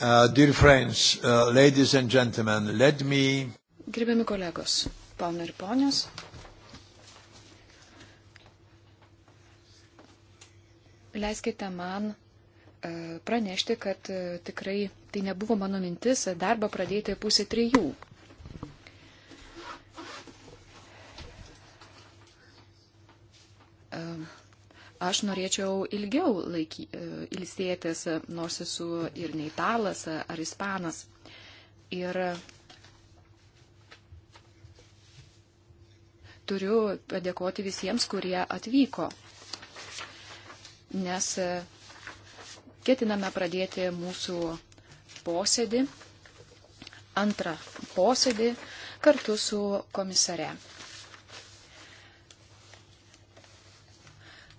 Uh, dear friends, uh, ladies and gentlemen, let me. Gerbiami kolegos, ponai ir ponios. Leiskite man uh, pranešti, kad uh, tikrai tai nebuvo mano mintis darbą pradėti pusė trijų. aš norėčiau ilgiau laiky, e, ilsėtis, nors esu ir ne italas ar ispanas. Ir turiu padėkoti visiems, kurie atvyko, nes e, ketiname pradėti mūsų posėdį, antrą posėdį kartu su komisare.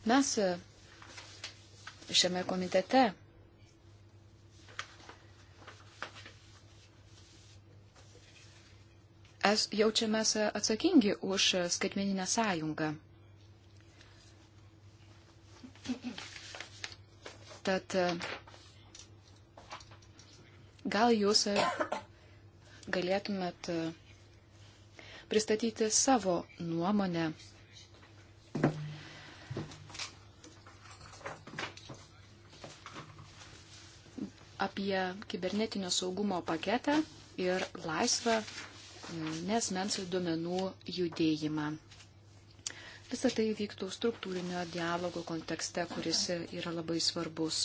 Mes e, šiame komitete es jaučiamės e, atsakingi už e, skaitmeninę sąjungą. Tad gal jūs galėtumėt pristatyti savo nuomonę apie kibernetinio saugumo paketą ir laisvą mm, nesmens duomenų judėjimą. Visą tai vyktų struktūrinio dialogo kontekste, kuris yra labai svarbus.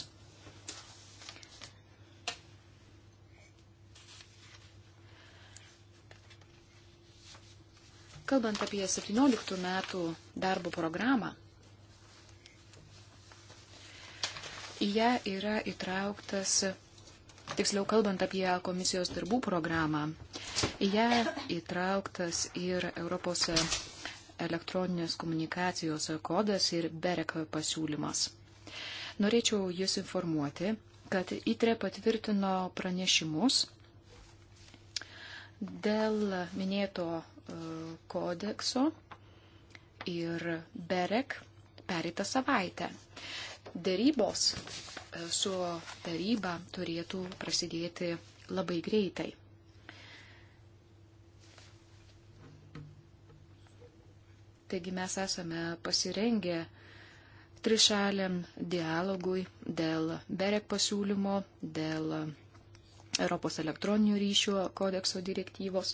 Kalbant apie 17 metų darbo programą, į ją yra įtrauktas Tiksliau kalbant apie komisijos darbų programą, į ją įtrauktas ir Europos elektroninės komunikacijos kodas ir BEREK pasiūlymas. Norėčiau Jūs informuoti, kad ITRE patvirtino pranešimus dėl minėto e, kodekso ir BEREK pereitą savaitę dėrybos e, su taryba turėtų prasidėti labai greitai. Taigi mes esame pasirengę trišaliam dialogui dėl berek pasiūlymo, dėl Europos elektroninių ryšių kodekso direktyvos.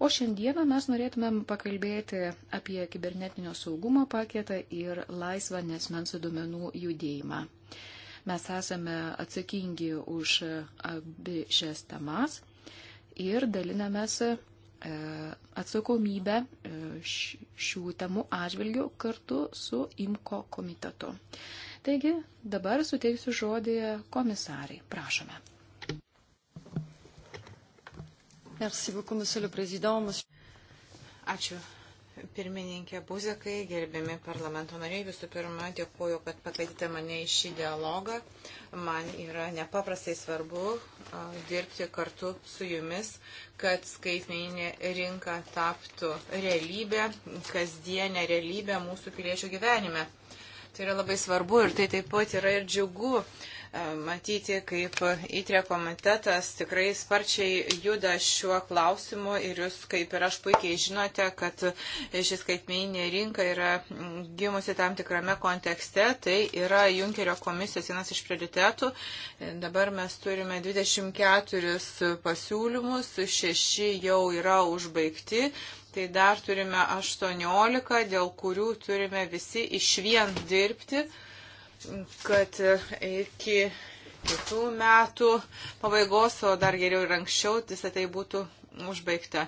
O šiandieną mes norėtumėm pakalbėti apie kibernetinio saugumo paketą ir laisvą nesmens duomenų judėjimą. Mes esame atsakingi už abi šias temas ir dalinamės e, atsakomybę e, šių temų atžvilgių kartu su IMKO komitetu. Taigi dabar suteiksiu žodį komisarai. Prašome. Merci beaucoup, monsieur le président. Monsieur... Ačiū. Pirmininkė Buzekai, gerbiami parlamento nariai, visų pirma, dėkuoju, kad pakvietėte mane į šį dialogą. Man yra nepaprastai svarbu dirbti kartu su jumis, kad skaitmeninė rinka taptų realybė, kasdienė realybė mūsų piliečių gyvenime. Tai yra labai svarbu ir tai taip pat yra ir džiugu. Uh, E, matyti, kaip įtrė komitetas tikrai sparčiai juda šiuo klausimu ir jūs, kaip ir aš puikiai žinote, kad šis skaitmeninė rinka yra gimusi tam tikrame kontekste, tai yra Junkerio komisijos vienas iš prioritetų. E, dabar mes turime 24 pasiūlymus, 6 jau yra užbaigti. Tai dar turime 18, dėl kurių turime visi iš vien dirbti kad iki kitų metų pabaigos, o dar geriau ir anksčiau, visą tai būtų užbaigta.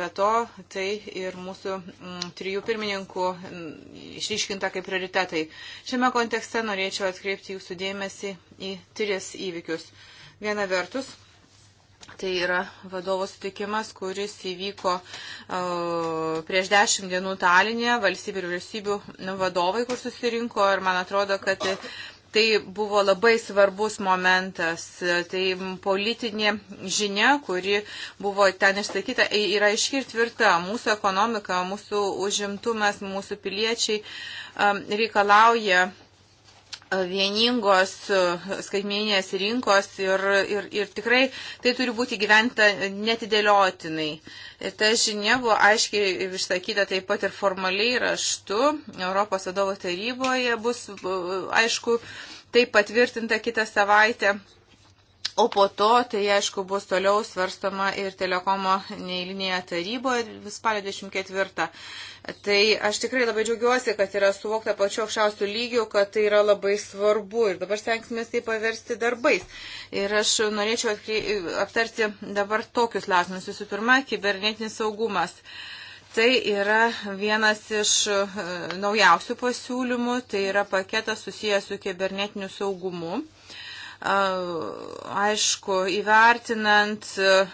Be to, tai ir mūsų mm, trijų pirmininkų mm, išryškinta kaip prioritetai. Šiame kontekste norėčiau atkreipti jūsų dėmesį į tris įvykius. Viena vertus, Tai yra vadovo sutikimas, kuris įvyko uh, prieš dešimt dienų Talinė, valstybių ir vyriausybių vadovai, kur susirinko ir man atrodo, kad tai buvo labai svarbus momentas. Tai politinė žinia, kuri buvo ten išsakyta, e, yra iški ir tvirta. Mūsų ekonomika, mūsų užimtumas, mūsų piliečiai um, reikalauja vieningos e, skaitmeninės rinkos ir, ir, ir tikrai tai turi būti gyventa netidėliotinai. Ir ta žinia buvo aiškiai išsakyta taip pat ir formaliai raštu. Europos vadovo taryboje bus, e, aišku, tai patvirtinta kitą savaitę. O po to, tai aišku, bus toliau svarstama ir telekomo neįlinėje taryboje spalio 24. Tai aš tikrai labai džiaugiuosi, kad yra suvokta pačiu aukščiausiu lygiu, kad tai yra labai svarbu ir dabar stengsime tai paversti darbais. Ir aš norėčiau atkri... aptarti dabar tokius lasmus. Visų pirma, kibernetinis saugumas. Tai yra vienas iš e, naujausių pasiūlymų, tai yra paketas susijęs su kibernetiniu saugumu aišku, įvertinant e,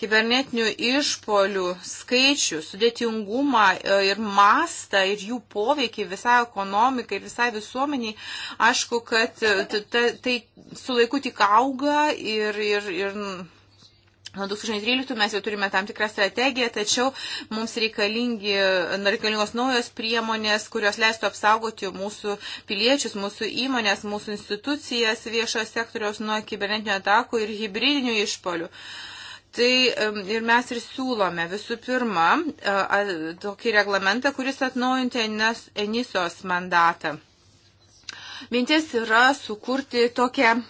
kibernetinių išpolių skaičių, sudėtingumą e, ir mastą ir jų poveikį visai ekonomikai ir visai visuomeniai, aišku, kad e, tai su laiku tik auga ir, ir, ir Nuo 2013 mes jau turime tam tikrą strategiją, tačiau mums nu, reikalingos naujos priemonės, kurios leistų apsaugoti mūsų piliečius, mūsų įmonės, mūsų institucijas viešojo sektoriaus nuo kibernetinių atakų ir hybridinių išpolių. Tai ir mes ir siūlome visų pirma tokį reglamentą, kuris atnaujinti Enisos mandatą. Mintis yra sukurti tokią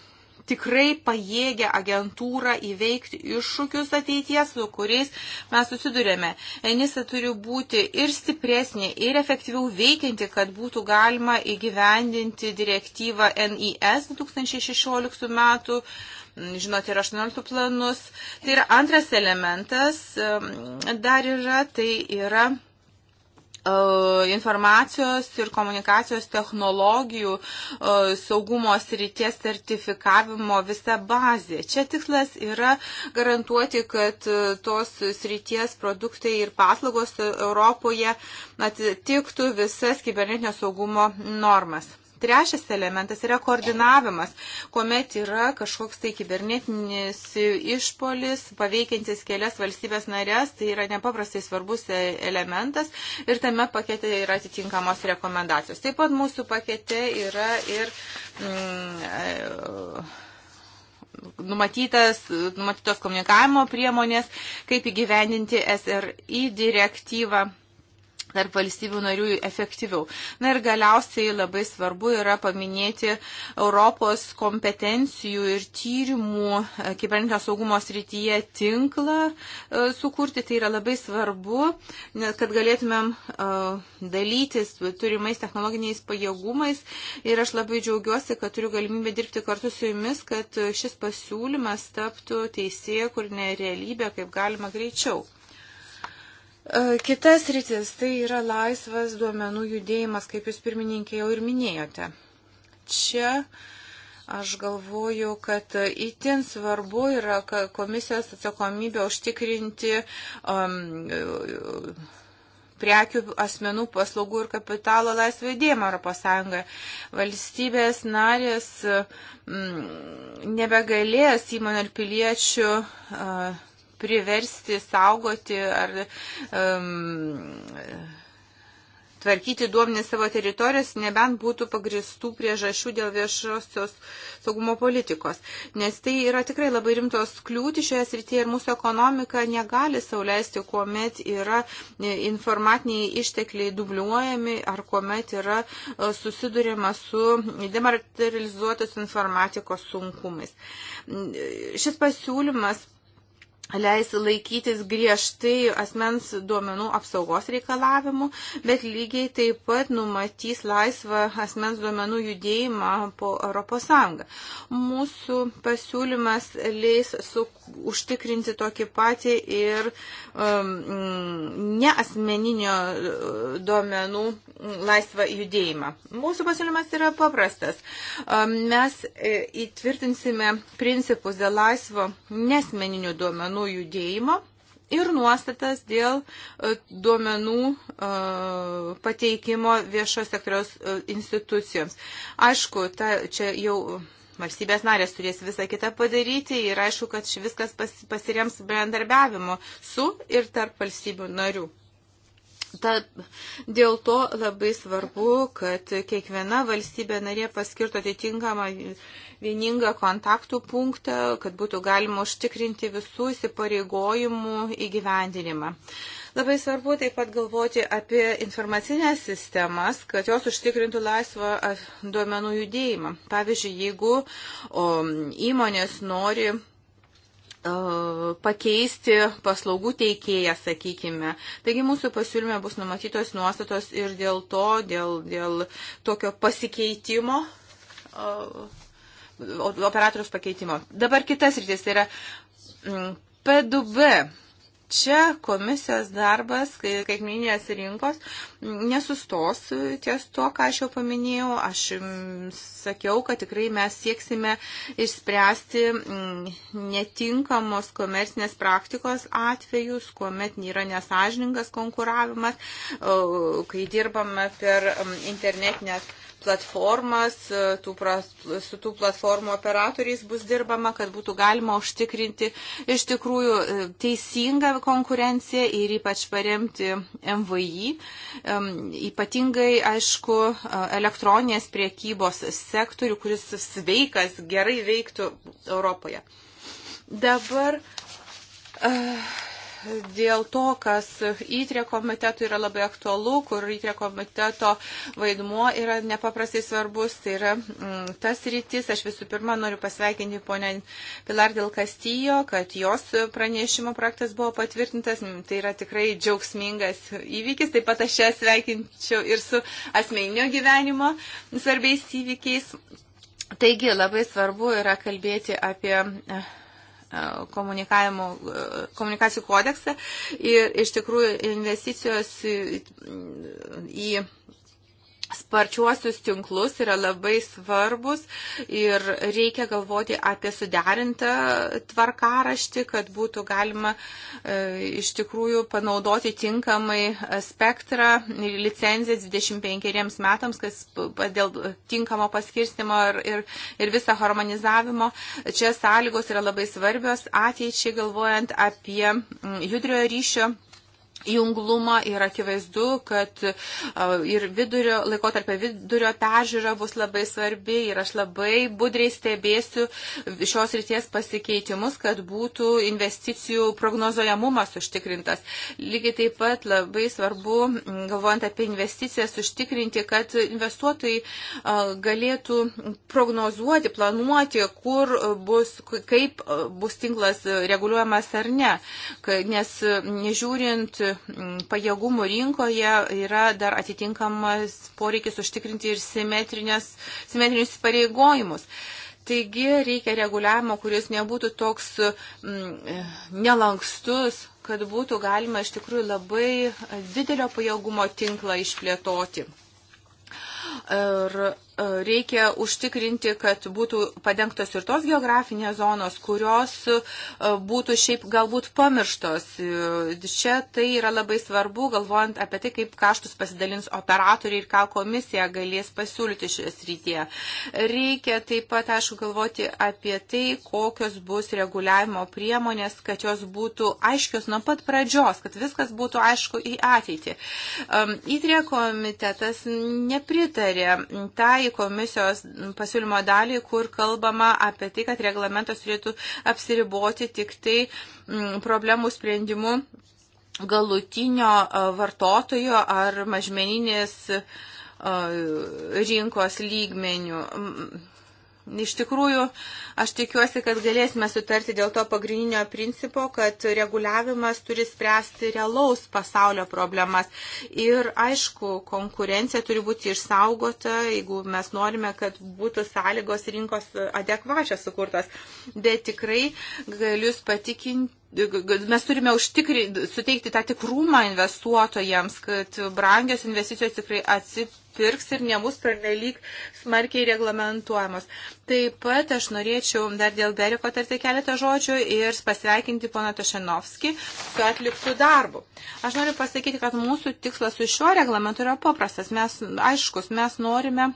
tikrai pajėgia agentūra įveikti iššūkius ateities, su kuriais mes susidurėme. Enisa turi būti ir stipresnė, ir efektyviau veikianti, kad būtų galima įgyvendinti direktyvą NIS 2016 metų žinote, ir 18 planus. Tai yra antras elementas, dar yra, tai yra E, informacijos ir komunikacijos technologijų e, saugumo srities sertifikavimo visa bazė. Čia tikslas yra garantuoti, kad e, tos srities produktai ir paslaugos Europoje atitiktų visas kibernetinio saugumo normas. Trečias elementas yra koordinavimas, kuomet yra kažkoks tai kibernetinis išpolis, paveikiantis kelias valstybės narės, tai yra nepaprastai svarbus e, elementas ir tame pakete yra atitinkamos rekomendacijos. Taip pat mūsų pakete yra ir. Mm, e, numatytas, numatytos komunikavimo priemonės, kaip įgyvendinti SRI direktyvą tarp valstybių narių efektyviau. Na ir galiausiai labai svarbu yra paminėti Europos kompetencijų ir tyrimų e, kibernetinio saugumo srityje tinklą e, sukurti. Tai yra labai svarbu, kad galėtumėm e, dalytis turimais technologiniais pajėgumais. Ir aš labai džiaugiuosi, kad turiu galimybę dirbti kartu su jumis, kad šis pasiūlymas taptų teisėje, kur nerealybė, kaip galima greičiau. E, kitas rytis tai yra laisvas duomenų judėjimas, kaip jūs pirmininkė jau ir minėjote. Čia aš galvoju, kad itin svarbu yra komisijos atsakomybė užtikrinti um, prekių, asmenų, paslaugų ir kapitalo laisvą judėjimą ES. Valstybės narės m, mm, nebegalės įmonių ir piliečių. Uh, priversti saugoti ar um, tvarkyti duomenis savo teritorijos, nebent būtų pagristų priežasčių dėl viešosios saugumo politikos. Nes tai yra tikrai labai rimtos kliūti šioje srityje ir mūsų ekonomika negali sauliaisti, kuomet yra informatiniai ištekliai dubliuojami ar kuomet yra e, susidurima su dematerializuotos informatikos sunkumais. Šis pasiūlymas leis laikytis griežtai asmens duomenų apsaugos reikalavimų, bet lygiai taip pat numatys laisvą asmens duomenų judėjimą po ES. Mūsų pasiūlymas leis su, užtikrinti tokį patį ir um, neasmeninio uh, duomenų mm, laisvą judėjimą. Mūsų pasiūlymas yra paprastas. Um, mes e, įtvirtinsime principus dėl laisvo nesmeninių duomenų duomenų judėjimo ir nuostatas dėl e, duomenų e, pateikimo viešo sektoriaus e, institucijoms. Aišku, ta, čia jau valstybės narės turės visą kitą padaryti ir aišku, kad viskas pasirems bendarbiavimu su ir tarp valstybių narių. Tad dėl to labai svarbu, kad kiekviena valstybė narė paskirtų atitinkamą vieningą kontaktų punktą, kad būtų galima užtikrinti visų įsipareigojimų įgyvendinimą. Labai svarbu taip pat galvoti apie informacinės sistemas, kad jos užtikrintų laisvą duomenų judėjimą. Pavyzdžiui, jeigu o, įmonės nori pakeisti paslaugų teikėją, sakykime. Taigi mūsų pasiūlyme bus numatytos nuostatos ir dėl to, dėl, dėl tokio pasikeitimo uh, operatorius pakeitimo. Dabar kitas rytis tai yra mm, P2B. Čia komisijos darbas, kaip minės rinkos, mm, nesustos ties to, ką aš jau paminėjau. Aš mm, sakiau, kad tikrai mes sieksime išspręsti netinkamos komercinės praktikos atvejus, kuomet nėra nesažiningas konkuravimas, kai dirbame per internetinės platformas, e, tų pras, su tų platformų operatoriais bus dirbama, kad būtų galima užtikrinti iš tikrųjų e, teisingą konkurenciją ir ypač paremti MVI. Ypatingai, aišku, e, elektroninės priekybos sektorių, kuris sveikas, gerai veiktų Europoje. Dabar. Uh, dėl to, kas įtrė komitetui yra labai aktualu, kur įtrė komiteto vaidmuo yra nepaprastai svarbus. Tai yra mm, tas rytis. Aš visų pirma noriu pasveikinti ponę Pilar dėl Kastijo, kad jos pranešimo projektas buvo patvirtintas. Mm, tai yra tikrai džiaugsmingas įvykis. Taip pat aš ją sveikinčiau ir su asmeninio gyvenimo svarbiais įvykiais. Taigi labai svarbu yra kalbėti apie. Uh, E, e, komunikacijų kodeksą ir iš tikrųjų investicijos į sparčiuosius tinklus yra labai svarbus ir reikia galvoti apie suderintą tvarkaraštį, kad būtų galima e, iš tikrųjų panaudoti tinkamai e, spektrą ir licenciją 25 metams, kas dėl tinkamo paskirstimo ir, ir, ir visą harmonizavimo. Čia sąlygos yra labai svarbios ateičiai galvojant apie judriojo ryšio junglumą ir akivaizdu, kad ir vidurio, laikotarpio vidurio peržiūra bus labai svarbi ir aš labai budriai stebėsiu šios ryties pasikeitimus, kad būtų investicijų prognozojamumas užtikrintas. Lygiai taip pat labai svarbu, galvojant apie investicijas, užtikrinti, kad investuotojai galėtų prognozuoti, planuoti, kur bus, kaip bus tinklas reguliuojamas ar ne, nes nežiūrint Mm, pajėgumų rinkoje yra dar atitinkamas poreikis užtikrinti ir simetrinius pareigojimus. Taigi reikia reguliavimo, kuris nebūtų toks mm, nelankstus, kad būtų galima iš tikrųjų labai didelio pajėgumo tinklą išplėtoti. Ir reikia užtikrinti, kad būtų padengtos ir tos geografinės zonos, kurios e, būtų šiaip galbūt pamirštos. E, čia tai yra labai svarbu, galvojant apie tai, kaip kaštus pasidalins operatoriai ir ką komisija galės pasiūlyti šioje srityje. Reikia taip pat, aišku, galvoti apie tai, kokios bus reguliavimo priemonės, kad jos būtų aiškios nuo pat pradžios, kad viskas būtų aišku į ateitį. Įtrė komitetas nepritarė tai į komisijos pasiūlymo dalį, kur kalbama apie tai, kad reglamentas turėtų apsiriboti tik tai mm, problemų sprendimu galutinio vartotojo ar mažmeninės rinkos lygmenių. Mm, Iš tikrųjų, aš tikiuosi, kad galėsime sutarti dėl to pagrindinio principo, kad reguliavimas turi spręsti realaus pasaulio problemas. Ir aišku, konkurencija turi būti išsaugota, jeigu mes norime, kad būtų sąlygos rinkos adekvačios sukurtos. Bet tikrai galiu patikinti mes turime užtikrinti, suteikti tą tikrumą investuotojams, kad brangios investicijos tikrai atsipirks pirks ir nebus pernelyg smarkiai reglamentuojamos. Taip pat aš norėčiau dar dėl Beriko tarti keletą žodžių ir pasveikinti poną Tošenovskį su atliktų darbu. Aš noriu pasakyti, kad mūsų tikslas su šiuo reglamentu yra paprastas. Mes, aiškus, mes norime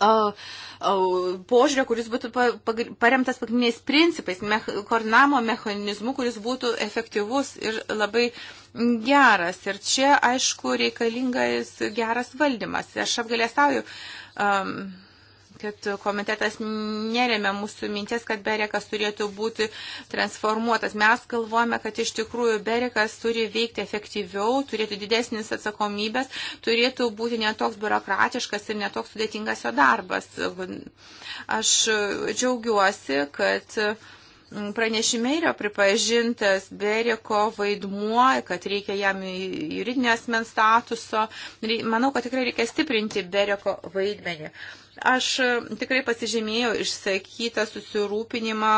požiūrio, kuris būtų paremtas pagrindiniais principais, koordinavimo mechanizmu, kuris būtų efektyvus ir labai geras. Ir čia, aišku, reikalingas geras valdymas. Aš apgalėstauju. Um, kad komitetas neremia mūsų minties, kad Berekas turėtų būti transformuotas. Mes galvojame, kad iš tikrųjų Berekas turi veikti efektyviau, turėtų didesnis atsakomybės, turėtų būti netoks biurokratiškas ir netoks sudėtingas jo darbas. Aš džiaugiuosi, kad pranešime yra pripažintas Beriko vaidmuo, kad reikia jam juridinės men statuso. Manau, kad tikrai reikia stiprinti Beriko vaidmenį. Aš e, tikrai pasižymėjau išsakytą susirūpinimą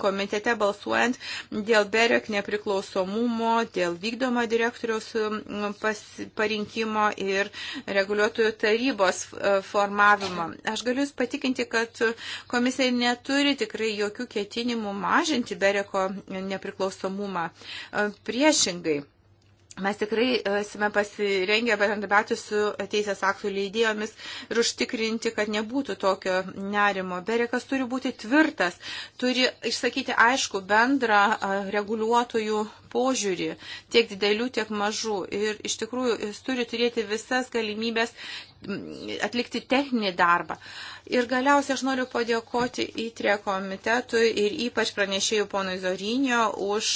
komitete balsuojant dėl Berek nepriklausomumo, dėl vykdomo direktoriaus parinkimo ir reguliuotojų tarybos e, formavimo. Aš galiu Jūs patikinti, kad komisija neturi tikrai jokių ketinimų mažinti Bereko nepriklausomumą. E, priešingai. Mes tikrai esame pasirengę bendradarbiauti su teisės aktų leidėjomis ir užtikrinti, kad nebūtų tokio nerimo. Berekas turi būti tvirtas, turi išsakyti aišku bendrą reguliuotojų požiūrį, tiek didelių, tiek mažų. Ir iš tikrųjų jis turi turėti visas galimybės atlikti techninį darbą. Ir galiausiai aš noriu padėkoti įtrė komitetui ir ypač pranešėjų ponui Zorinio už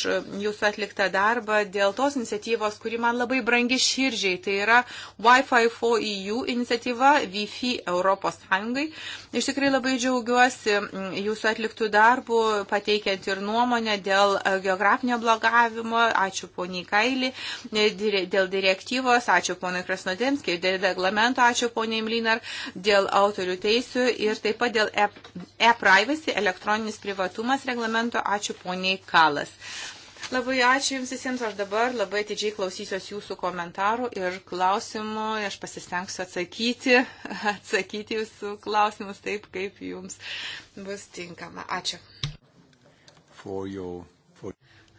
jūsų atliktą darbą dėl tos iniciatyvos, kuri man labai brangi širdžiai. Tai yra Wi-Fi 4EU iniciatyva Wi-Fi Europos Sąjungai. Iš tikrai labai džiaugiuosi jūsų atliktų darbų, pateikiant ir nuomonę dėl e, geografinio blogavimo pasiūlymo, ačiū poniai Kailį e, dėl direktyvos, ačiū ponai Krasnodemskiai, dėl reglamento, ačiū poniai Mlinar, dėl autorių teisių ir taip pat dėl e-, e-privacy, e elektroninis privatumas reglamento, ačiū poniai Kalas. Labai ačiū Jums visiems, aš dabar labai atidžiai klausysiuos Jūsų komentarų ir klausimų, aš pasistengsiu atsakyti, atsakyti Jūsų klausimus taip, kaip Jums bus tinkama. Ačiū. For your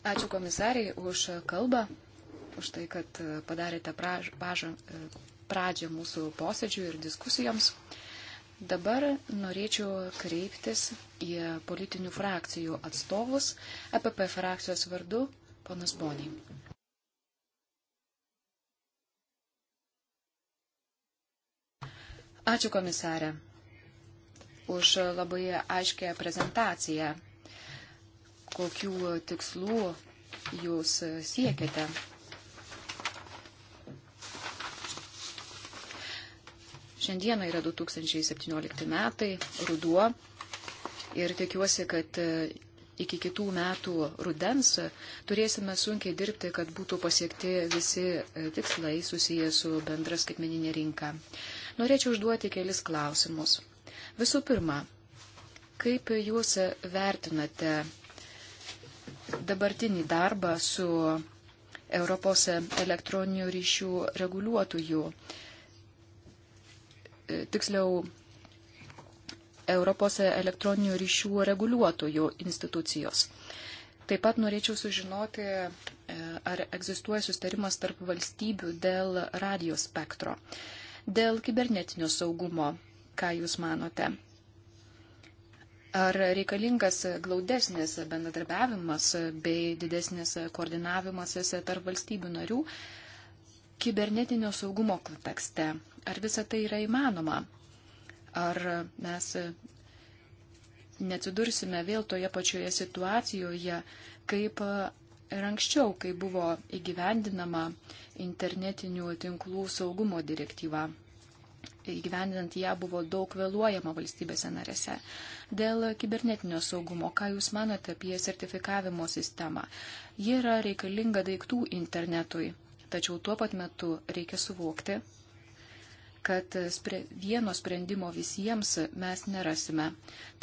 Ačiū komisariai už kalbą, už tai, kad e, padarėte praž, pažą, e, pradžią mūsų posėdžių ir diskusijoms. Dabar norėčiau kreiptis į politinių frakcijų atstovus, APP e frakcijos vardu, ponas Boniai. Ačiū komisarė už labai aiškę prezentaciją kokių tikslų jūs siekiate. Šiandieną yra 2017 metai, ruduo ir tikiuosi, kad e, iki kitų metų rudens turėsime sunkiai dirbti, kad būtų pasiekti visi e, tikslai susiję su bendra skaitmeninė rinka. Norėčiau užduoti kelis klausimus. Visų pirma, kaip jūs vertinate dabartinį darbą su Europos elektroninių ryšių reguliuotojų. Tiksliau, Europos elektroninių ryšių reguliuotojų institucijos. Taip pat norėčiau sužinoti, e, ar egzistuoja sustarimas tarp valstybių dėl radijos spektro, dėl kibernetinio saugumo. Ką Jūs manote? Ar reikalingas glaudesnis bendradarbiavimas bei didesnis koordinavimasis tarp valstybių narių kibernetinio saugumo kontekste? Ar visa tai yra įmanoma? Ar mes neatsidursime vėl toje pačioje situacijoje, kaip ir anksčiau, kai buvo įgyvendinama internetinių tinklų saugumo direktyva įgyvendinant ją buvo daug vėluojama valstybėse narėse. Dėl kibernetinio saugumo, ką Jūs manote apie sertifikavimo sistemą? Ji yra reikalinga daiktų internetui, tačiau tuo pat metu reikia suvokti, kad spre, vieno sprendimo visiems mes nerasime.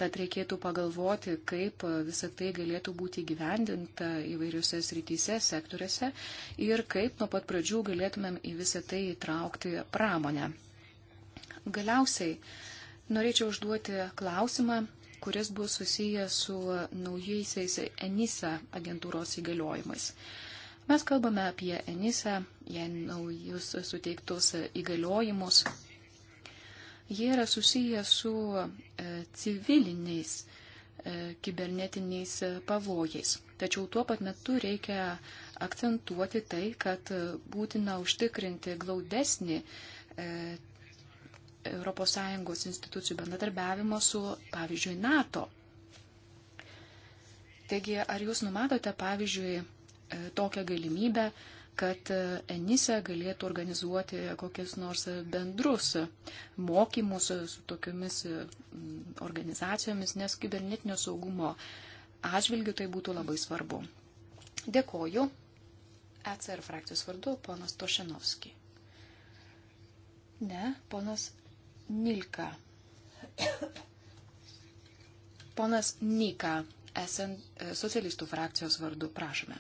Tad reikėtų pagalvoti, kaip visą tai galėtų būti gyvendinta įvairiuose srityse, sektoriuose ir kaip nuo pat pradžių galėtumėm į visą tai įtraukti pramonę. Galiausiai norėčiau užduoti klausimą, kuris bus susijęs su naujaisiais ENISA agentūros įgaliojimais. Mes kalbame apie ENISA, jai naujus suteiktus įgaliojimus. Jie yra susiję su e, civiliniais e, kibernetiniais pavojais. Tačiau tuo pat metu reikia akcentuoti tai, kad būtina užtikrinti glaudesnį e, ES institucijų bendradarbiavimo su, pavyzdžiui, NATO. Taigi, ar jūs numatote, pavyzdžiui, e, tokią galimybę, kad e, Enise galėtų organizuoti kokius nors bendrus mokymus su tokiomis e, organizacijomis, nes kibernetinio saugumo atžvilgių tai būtų labai svarbu. Dėkoju. ECR frakcijos vardu ponas Tošenovski. Ne, ponas Nilka. Ponas Nika, esant e, socialistų frakcijos vardu, prašome.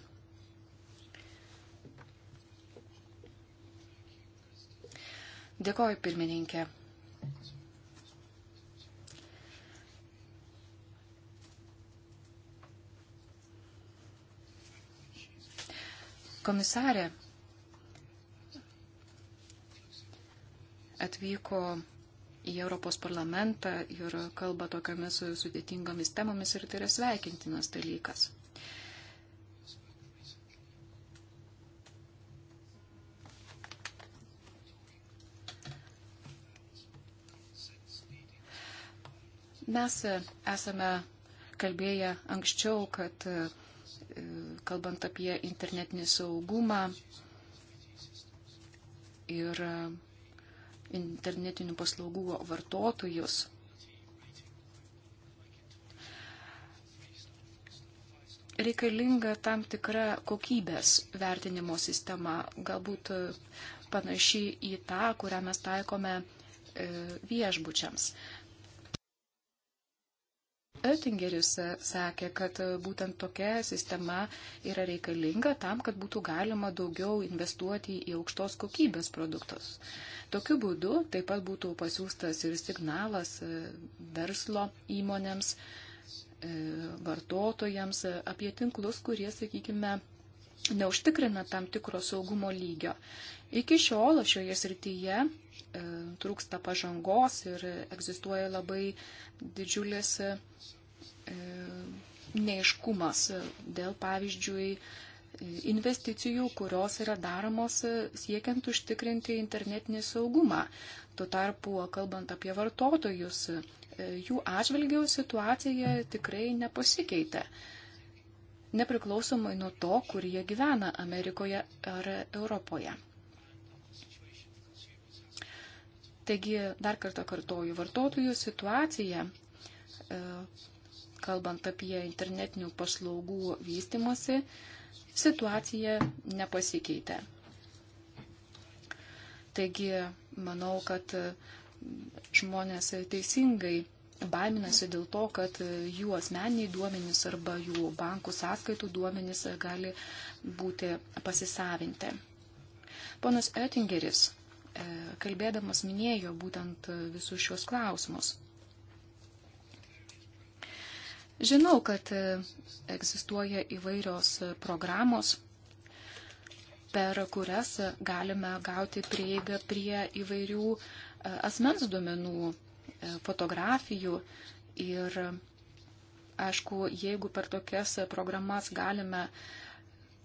Dėkoju, pirmininkė. Komisarė atvyko į Europos parlamentą ir kalba tokiamis sudėtingomis temomis ir tai yra sveikintinas dalykas. Mes esame kalbėję anksčiau, kad e, kalbant apie internetinį saugumą ir internetinių paslaugų vartotojus. Reikalinga tam tikra kokybės vertinimo sistema, galbūt e, panaši į tą, kurią mes taikome e, viešbučiams. Oettingeris sakė, kad būtent tokia sistema yra reikalinga tam, kad būtų galima daugiau investuoti į aukštos kokybės produktus. Tokiu būdu taip pat būtų pasiūstas ir signalas e, verslo įmonėms, e, vartotojams apie tinklus, kurie, sakykime, neužtikrina tam tikro saugumo lygio. Iki šiol šioje srityje e, trūksta pažangos ir egzistuoja labai didžiulis e, neiškumas dėl, pavyzdžiui, investicijų, kurios yra daromos e, siekiant užtikrinti internetinį saugumą. Tuo tarpu, kalbant apie vartotojus, e, jų atžvilgių situacija tikrai nepasikeitė. Nepriklausomai nuo to, kur jie gyvena Amerikoje ar Europoje. Taigi, dar kartą kartoju, vartotojų situacija, e, kalbant apie internetinių paslaugų vystimosi, situacija nepasikeitė. Taigi, manau, kad e, žmonės teisingai baiminasi dėl to, kad e, jų asmeniai duomenys arba jų bankų sąskaitų duomenys gali būti pasisavinti. Ponas Oettingeris E, kalbėdamas minėjo būtent visus šios klausimus. Žinau, kad e, egzistuoja įvairios programos, per kurias galime gauti prieigą prie įvairių e, asmens duomenų, fotografijų ir, aišku, jeigu per tokias programas galime uh,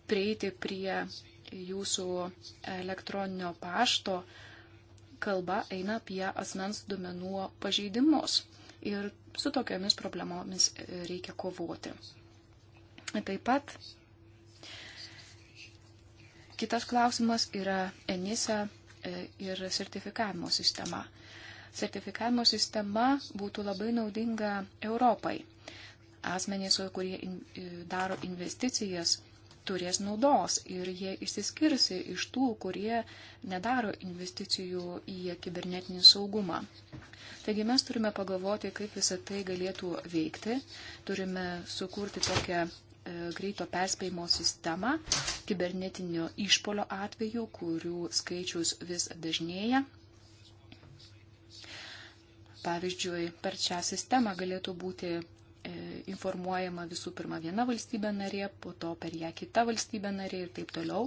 prieiti prie jūsų elektroninio pašto, kalba eina apie asmens duomenų pažeidimus. Ir su tokiamis problemomis reikia kovoti. Taip pat kitas klausimas yra ENISA e, ir sertifikavimo sistema. Sertifikavimo sistema būtų labai naudinga Europai. Asmenys, kurie in, e, daro investicijas turės naudos ir jie išsiskirsi iš tų, kurie nedaro investicijų į kibernetinį saugumą. Taigi mes turime pagalvoti, kaip visą tai galėtų veikti, turime sukurti tokią e, greito perspėjimo sistemą kibernetinio išpolio atveju, kurių skaičius vis dažnėja. Pavyzdžiui, per šią sistemą galėtų būti E, informuojama visų pirma viena valstybė narė, po to per ją kita valstybė narė ir taip toliau.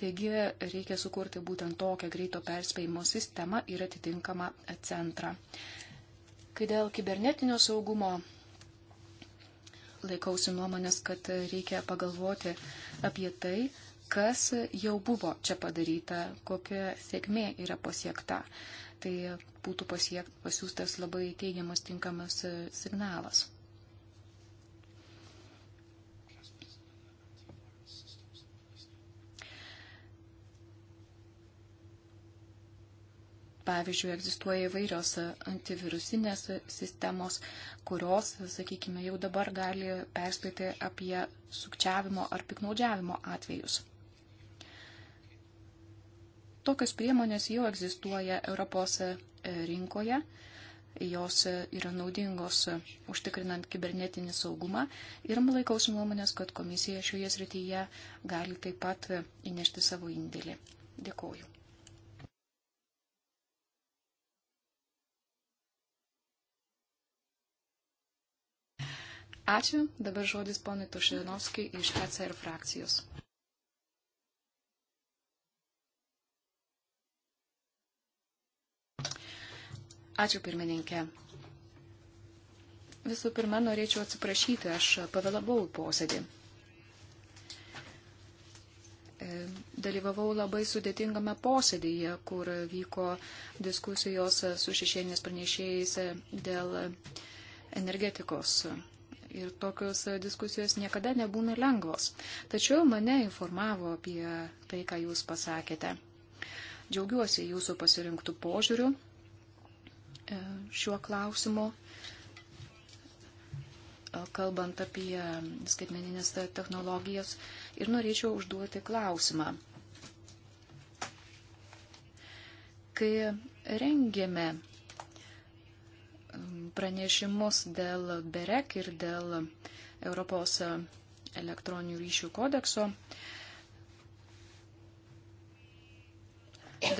Taigi reikia sukurti būtent tokią greito perspėjimo sistemą ir atitinkamą centrą. Kai dėl kibernetinio saugumo laikausi nuomonės, kad reikia pagalvoti apie tai, kas jau buvo čia padaryta, kokia sėkmė yra pasiekta tai būtų pasiekt, pasiūstas labai teigiamas tinkamas signalas. Pavyzdžiui, egzistuoja įvairios antivirusinės sistemos, kurios, sakykime, jau dabar gali perspėti apie sukčiavimo ar piknaudžiavimo atvejus. Tokios priemonės jau egzistuoja Europos e, rinkoje, jos e, yra naudingos užtikrinant kibernetinį saugumą ir laikausi nuomonės, kad komisija šioje srityje gali taip pat e, įnešti savo indėlį. Dėkuoju. Ačiū. Dabar žodis ponui Tušilinovskijui iš ECR frakcijos. Ačiū pirmininkė. Visų pirma, norėčiau atsiprašyti, aš pavėlavau posėdį e, dalyvavau labai sudėtingame posėdėje, kur vyko diskusijos su šešėlinės pranešėjais dėl energetikos ir tokios diskusijos niekada nebūna lengvos. Tačiau mane informavo apie tai, ką jūs pasakėte. Džiaugiuosi jūsų pasirinktų požiūrių e, šiuo klausimu, e, kalbant apie skaitmeninės technologijas. Ir norėčiau užduoti klausimą. Kai rengėme pranešimus dėl BEREK ir dėl Europos elektroninių ryšių kodekso,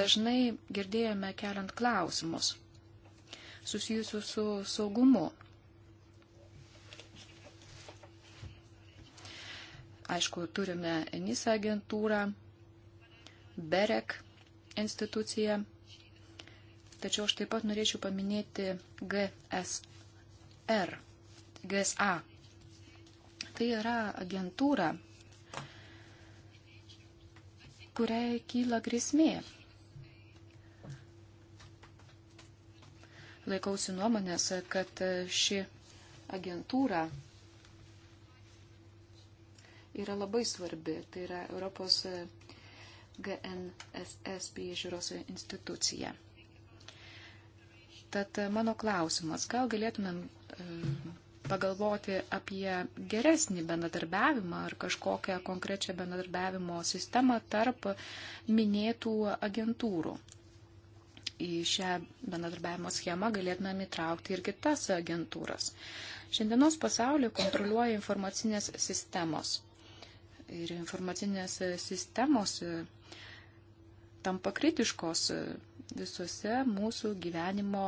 dažnai girdėjome keliant klausimus susijusius su saugumu. Aišku, turime ENISA agentūrą, BEREK instituciją Tačiau aš taip pat norėčiau paminėti GSR, GSA. Tai yra agentūra, kuriai kyla grėsmė. Laikausi nuomonės, kad ši agentūra yra labai svarbi. Tai yra Europos GNSS priežiūros institucija. Tad e, mano klausimas, gal galėtumėm e, pagalvoti apie geresnį bendradarbiavimą ar kažkokią konkrečią bendradarbiavimo sistemą tarp minėtų agentūrų. Į šią bendradarbiavimo schemą galėtumėm įtraukti ir kitas agentūras. Šiandienos pasaulį kontroliuoja informacinės sistemos. Ir informacinės sistemos e, tampa kritiškos visuose mūsų gyvenimo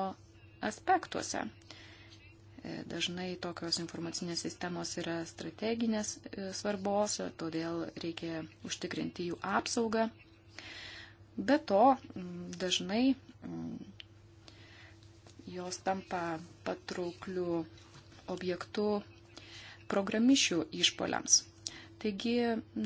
aspektuose. E, dažnai tokios informacinės sistemos yra strateginės e, svarbos, todėl reikia užtikrinti jų apsaugą. Be to, dažnai jos tampa patraukliu objektu programišių išpoliams. Taigi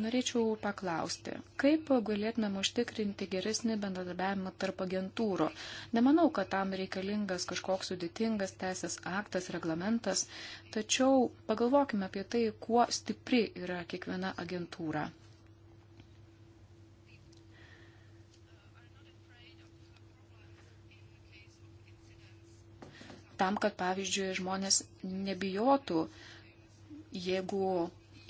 norėčiau paklausti, kaip galėtumėm užtikrinti geresnį bendradarbiavimą tarp agentūrų. Nemanau, kad tam reikalingas kažkoks sudėtingas teisės aktas, reglamentas, tačiau pagalvokime apie tai, kuo stipri yra kiekviena agentūra. Tam, kad pavyzdžiui žmonės nebijotų, jeigu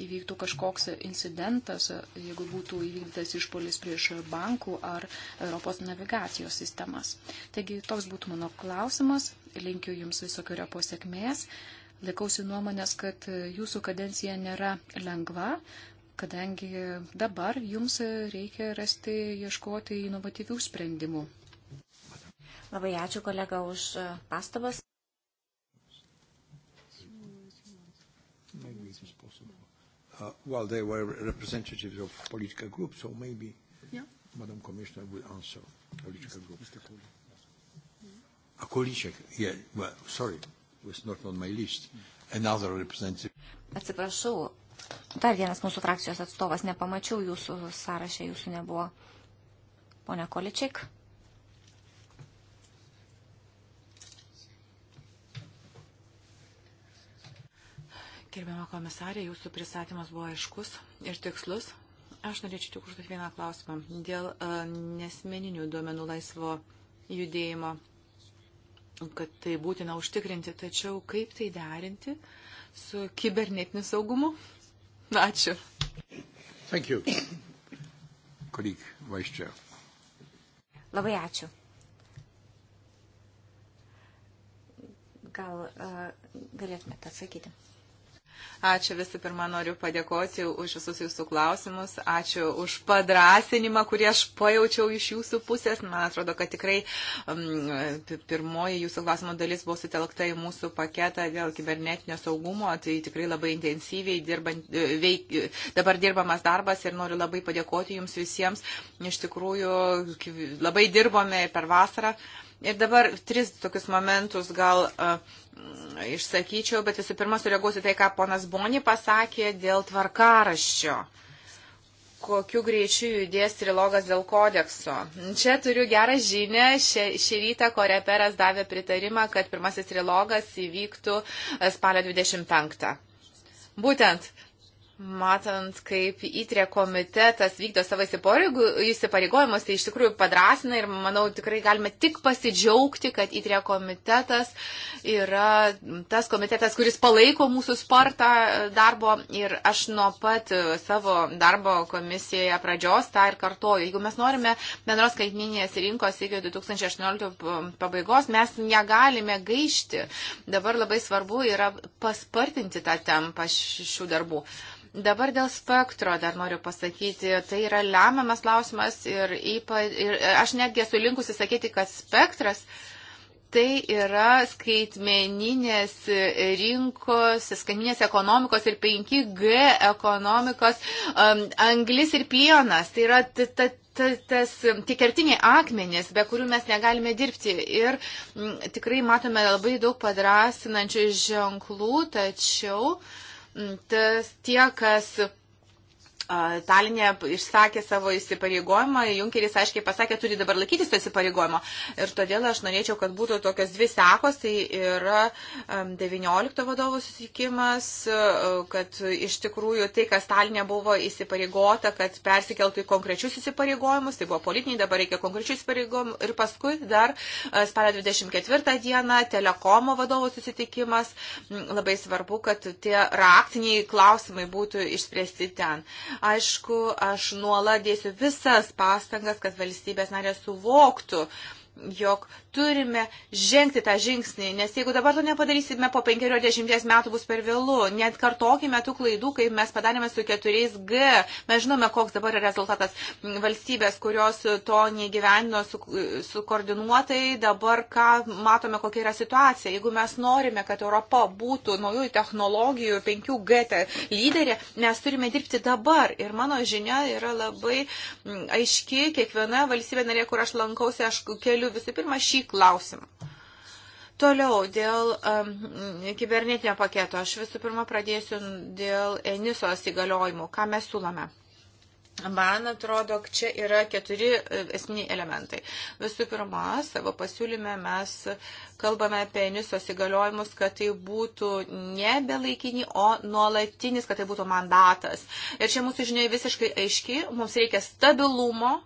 įvyktų kažkoks incidentas, jeigu būtų įvykdytas išpolis prieš bankų ar Europos navigacijos sistemas. Taigi toks būtų mano klausimas. Linkiu Jums visokiojo posėkmės. Laikausi nuomonės, kad Jūsų kadencija nėra lengva, kadangi dabar Jums reikia rasti, ieškoti inovatyvių sprendimų. Labai ačiū kolega už pastabas. Uh, well, they were representatives of political groups, so maybe yeah. Madam Commissioner will answer political groups. Mr. Kool. A Kolicek, yeah, well, sorry, was not on my list. Hmm. Another representative. Atsiprašau, dar vienas mūsų frakcijos atstovas, nepamačiau jūsų sąrašę, jūsų nebuvo. Pone Kolicek. Gerbiama komisarė, jūsų pristatymas buvo aiškus ir tikslus. Aš norėčiau tik užduoti vieną klausimą dėl uh, nesmeninių duomenų laisvo judėjimo, kad tai būtina užtikrinti, tačiau kaip tai derinti su kibernetiniu saugumu? Ačiū. Thank you. Kolik, vaiščia. Labai ačiū. Gal uh, galėtumėte atsakyti? Ačiū visų pirma, noriu padėkoti už visus jūsų klausimus, ačiū už padrasinimą, kurį aš pajaučiau iš jūsų pusės. Man atrodo, kad tikrai um, pirmoji jūsų klausimo dalis buvo sutelkta į mūsų paketą dėl kibernetinio saugumo, tai tikrai labai intensyviai dirbant, e, veik, e, dabar dirbamas darbas ir noriu labai padėkoti jums visiems. Iš tikrųjų, labai dirbome per vasarą. Uh, Ir dabar tris tokius momentus gal uh, išsakyčiau, bet visų pirma sureaguosiu tai, ką ponas Boni pasakė dėl tvarkaraščio kokiu greičiu judės trilogas dėl kodekso. Čia turiu gerą žinę, šį, šį rytą Koreperas davė pritarimą, kad pirmasis trilogas įvyktų e, spalio 25. Būtent matant, kaip įtrė komitetas vykdo savo įsipareigojimus, tai iš tikrųjų padrasina ir manau tikrai galime tik pasidžiaugti, kad įtrė komitetas yra tas komitetas, kuris palaiko mūsų spartą e, darbo ir aš nuo pat e, savo darbo komisijoje pradžios tą ir kartoju. Jeigu mes norime bendros skaitminės rinkos iki 2018 pabaigos, mes negalime gaišti. Dabar labai svarbu yra paspartinti tą tempą šių darbų. Dabar dėl spektro dar noriu pasakyti, tai yra lemiamas klausimas ir, ypa, ir e, aš netgi esu linkusi sakyti, kad spektras tai yra skaitmeninės rinkos, skaitmeninės ekonomikos ir 5G ekonomikos um, anglis ir plienas. Tai yra ta, ta, ta, tas tie kertiniai akmenys, be kurių mes negalime dirbti. Ir m, tikrai matome labai daug padrasinančių ženklų, tačiau. Uh, tas tie, kas Talinė išsakė savo įsipareigojimą, Junkeris aiškiai pasakė, turi dabar laikytis to įsipareigojimo. Ir todėl aš norėčiau, kad būtų tokios dvi sekos, tai yra 19 vadovų susitikimas, e, kad iš tikrųjų tai, kas Talinė buvo įsipareigota, kad persikeltų į konkrečius įsipareigojimus, tai buvo politiniai, dabar reikia konkrečių įsipareigojimų. Ir paskui dar e, spalio 24 dieną telekomo vadovų susitikimas. Labai svarbu, kad tie raktiniai klausimai būtų išspręsti ten. Aišku, aš nuolat dėsiu visas pastangas, kad valstybės narės suvoktų, uh, jog turime žengti tą žingsnį, nes jeigu dabar to nepadarysime, po 50 metų bus per vėlų. Net kartokime tų klaidų, kaip mes padarėme su 4G. Mes žinome, koks dabar yra rezultatas. Valstybės, kurios to negyvenino sukoordinuotai, su, su dabar ką matome, kokia yra situacija. Jeigu mes norime, kad Europa būtų naujųjų technologijų 5G te lyderė, mes turime dirbti dabar. Ir mano žinia yra labai aiški. Kiekviena valstybė narė, kur aš lankausi, aš keliu kelių. Visų pirma, šį klausimą. Toliau, dėl um, kibernetinio paketo. Aš visų pirma pradėsiu dėl Enisos įgaliojimų. Ką mes siūlome? Man atrodo, čia yra keturi e, esminiai elementai. Visų pirma, savo pasiūlyme mes kalbame apie Enisos įgaliojimus, kad tai būtų nebe laikini, o nuolatinis, kad tai būtų mandatas. Ir čia mūsų žinia visiškai aiški, mums reikia stabilumo e,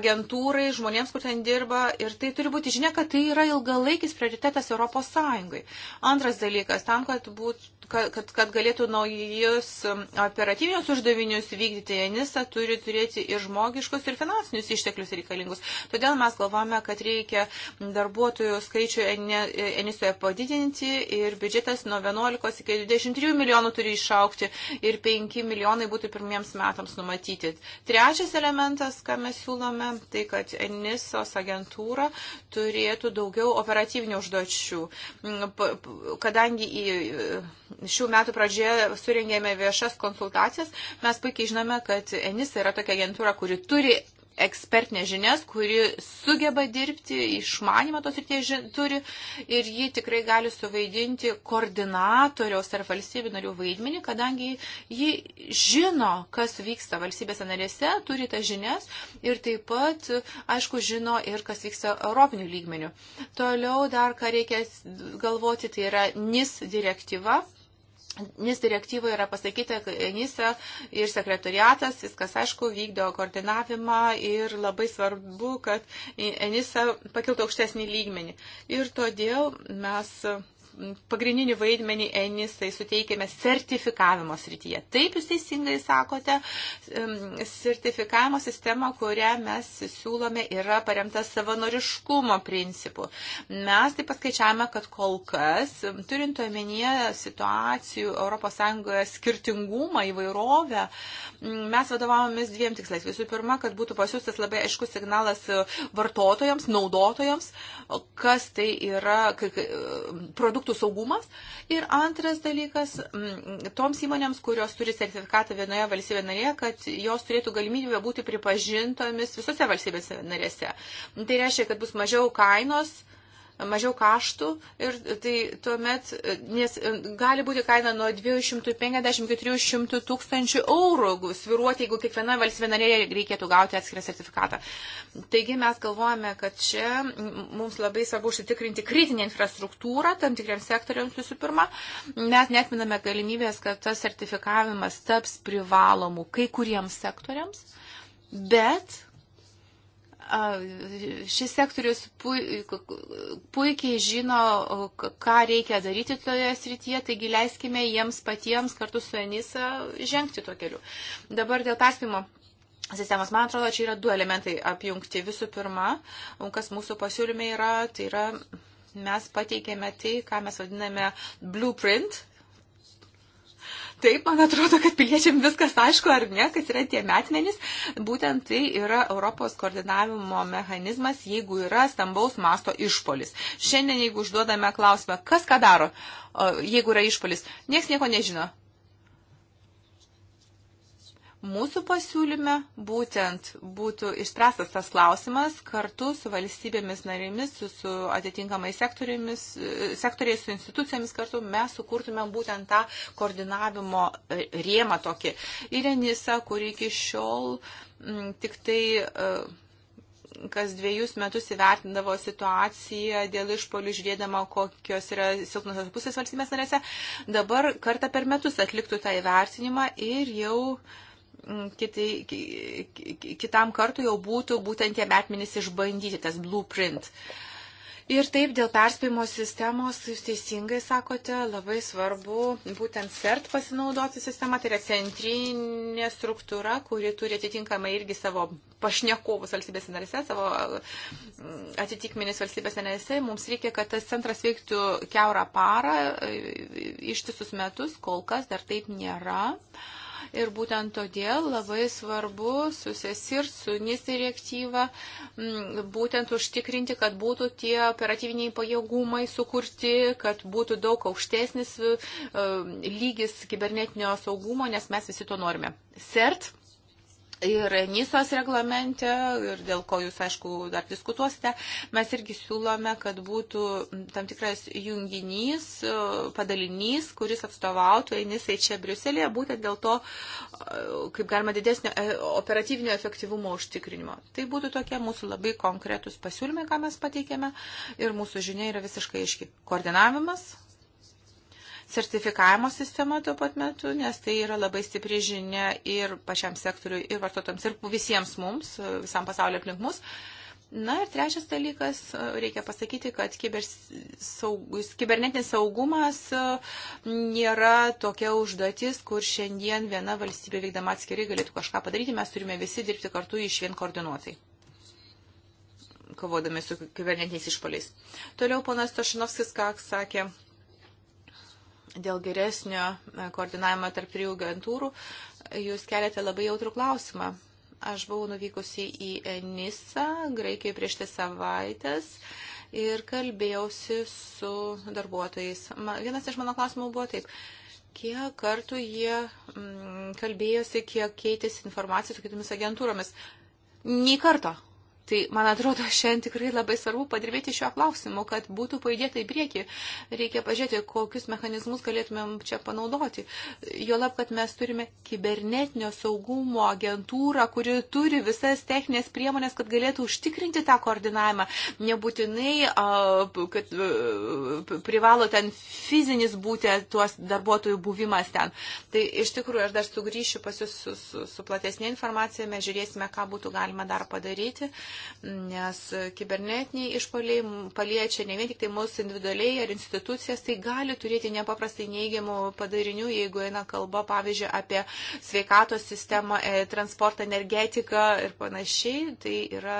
agentūrai, žmonėms, kur ten dirba, ir tai turi būti žinia, kad tai yra ilgalaikis prioritetas Europos Sąjungai. Antras dalykas, tam, kad, būt, kad, kad, kad galėtų naujus operatyvinius uždavinius vykdyti, Enisa turi turėti ir žmogiškus, ir finansinius išteklius reikalingus. Todėl mes galvojame, kad reikia darbuotojų skaičių Enisoje padidinti ir biudžetas nuo 11 iki 23 milijonų turi išaukti ir 5 milijonai būtų pirmiems metams numatyti. Trečias elementas, ką mes siūlome, tai kad Enisos agentūra turėtų daugiau operatyvinių užduočių. Mm, kadangi į šių metų pradžioje surengėme viešas konsultacijas, mes puikiai žinome, kad Enisa yra tokia agentūra, kuri turi ekspertinės žinias, kuri sugeba dirbti, išmanimą tos ir tie turi ir ji tikrai gali suvaidinti koordinatoriaus ar valstybių narių vaidmenį, kadangi ji žino, kas vyksta valstybėse narėse, turi tas žinias ir taip pat, aišku, žino ir kas vyksta europinių lygmenių. Toliau dar ką reikia galvoti, tai yra NIS direktyva NIS direktyvoje yra pasakyta, NISA ir sekretoriatas, viskas aišku, vykdo koordinavimą ir labai svarbu, kad NISA pakiltų aukštesnį lygmenį. Ir todėl mes pagrindinį vaidmenį enisai suteikėme sertifikavimo srityje. Taip jūs teisingai sakote, sertifikavimo sistema, kurią mes siūlome, yra paremta savanoriškumo principu. Mes taip paskaičiavome, kad kol kas, turint omenyje situacijų ES skirtingumą, įvairovę, mes vadovavomis dviem tikslais. Visų pirma, kad būtų pasiūstas labai aiškus signalas vartotojams, naudotojams, kas tai yra produktas produktų saugumas. Ir antras dalykas, mm, toms įmonėms, kurios turi sertifikatą vienoje valstybėje narėje, kad jos turėtų galimybę būti pripažintomis visose valstybėse narėse. Tai reiškia, kad bus mažiau kainos mažiau kaštų ir tai tuomet, nes e, gali būti kaina nuo 250 iki 300 tūkstančių eurų sviruoti, jeigu kiekviena valstybė narėje reikėtų gauti atskirą sertifikatą. Taigi mes galvojame, kad čia mums labai svarbu užsitikrinti kritinę infrastruktūrą tam tikriams sektoriams visų pirma. Mes netminame galimybės, kad tas sertifikavimas taps privalomu kai kuriems sektoriams, bet šis sektorius puikiai žino, ką reikia daryti toje srityje, taigi leiskime jiems patiems kartu su Enisa žengti tuo keliu. Dabar dėl perspimo. Sistemos, man atrodo, čia yra du elementai apjungti. Visų pirma, kas mūsų pasiūlyme yra, tai yra mes pateikėme tai, ką mes vadiname blueprint, Taip, man atrodo, kad piliečiam viskas aišku, ar ne, kas yra tie metmenys. Būtent tai yra Europos koordinavimo mechanizmas, jeigu yra stambaus masto išpolis. Šiandien, jeigu užduodame klausimą, kas ką daro, jeigu yra išpolis, niekas nieko nežino. Mūsų pasiūlyme būtent būtų išspręstas tas klausimas kartu su valstybėmis narėmis, su, su atitinkamais sektoriais, su institucijomis kartu mes sukurtume būtent tą koordinavimo e, rėmą tokį. Ir Enisa, kuri iki šiol m, tik tai. Uh, kas dviejus metus įvertindavo situaciją dėl išpolių, žiūrėdama, kokios yra silpnusios pusės valstybės narėse, dabar kartą per metus atliktų tą įvertinimą ir jau uh, Mm, kitai, kitam kartu jau būtų būtent tie metmenys išbandyti, tas blueprint. Ir taip, dėl perspėjimo sistemos, jūs teisingai sakote, labai svarbu būtent CERT pasinaudoti sistemą, tai yra centrinė struktūra, kuri turi atitinkamai irgi savo pašnekovus valstybės narėse, savo mm, atitikmenis valstybės narėse. Mums reikia, kad tas centras veiktų keurą parą, e, ištisus metus, kol kas dar taip nėra. Uh, ir būtent todėl labai svarbu susesir su NIS direktyva mm, būtent užtikrinti, kad būtų tie operatyviniai pajėgumai sukurti, kad būtų daug aukštesnis e, lygis kibernetinio saugumo, nes mes visi to norime. CERT ir NISOS reglamente, ir dėl ko jūs, aišku, dar diskutuosite, mes irgi siūlome, kad būtų tam tikras junginys, padalinys, kuris atstovautų NISai čia Briuselėje, būtent dėl to, kaip galima didesnio e, operatyvinio efektyvumo užtikrinimo. Tai būtų tokie mūsų labai konkretus pasiūlymai, ką mes pateikėme, ir mūsų žinia yra visiškai aiški. Koordinavimas, sertifikavimo sistema tuo pat metu, nes tai yra labai stipri žinia ir pačiam sektoriui, ir vartotojams, ir visiems mums, visam pasaulio aplink mus. Na ir trečias dalykas, reikia pasakyti, kad kibersaugus, kibernetinis saugumas e, nėra tokia užduotis, kur šiandien viena valstybė veikdama atskirai galėtų kažką padaryti, mes turime visi dirbti kartu iš vien koordinuotai kovodami su kibernetiniais išpoliais. Toliau ponas Tošinovskis, ką sakė, dėl geresnio e, koordinavimo tarp trijų agentūrų, jūs keliate labai jautrų klausimą. Aš buvau nuvykusi į Nisą, Graikijoje prieš tris savaitės ir kalbėjausi su darbuotojais. Vienas iš mano klausimų buvo taip kiek kartų jie mm, kalbėjosi, kiek keitėsi informacija su kitomis agentūromis. Nį kartą. Tai, man atrodo, šiandien tikrai labai svarbu padirbėti šiuo klausimu, kad būtų pajudėta į priekį. Reikia pažiūrėti, kokius mechanizmus galėtumėm čia panaudoti. Jolab, kad mes turime kibernetinio saugumo agentūrą, kuri turi visas techninės priemonės, kad galėtų užtikrinti tą koordinavimą. Nebūtinai, kad privalo ten fizinis būti tuos darbuotojų buvimas ten. Tai iš tikrųjų, aš dar sugrįšiu pas jūs su, su, su platesnė informacija, mes žiūrėsime, ką būtų galima dar padaryti nes kibernetiniai išpoliai paliečia ne vien tik tai mūsų individualiai ar institucijas, tai gali turėti nepaprastai neigiamų padarinių, jeigu eina kalba, pavyzdžiui, apie sveikatos sistemą, e, transportą, energetiką ir panašiai, tai yra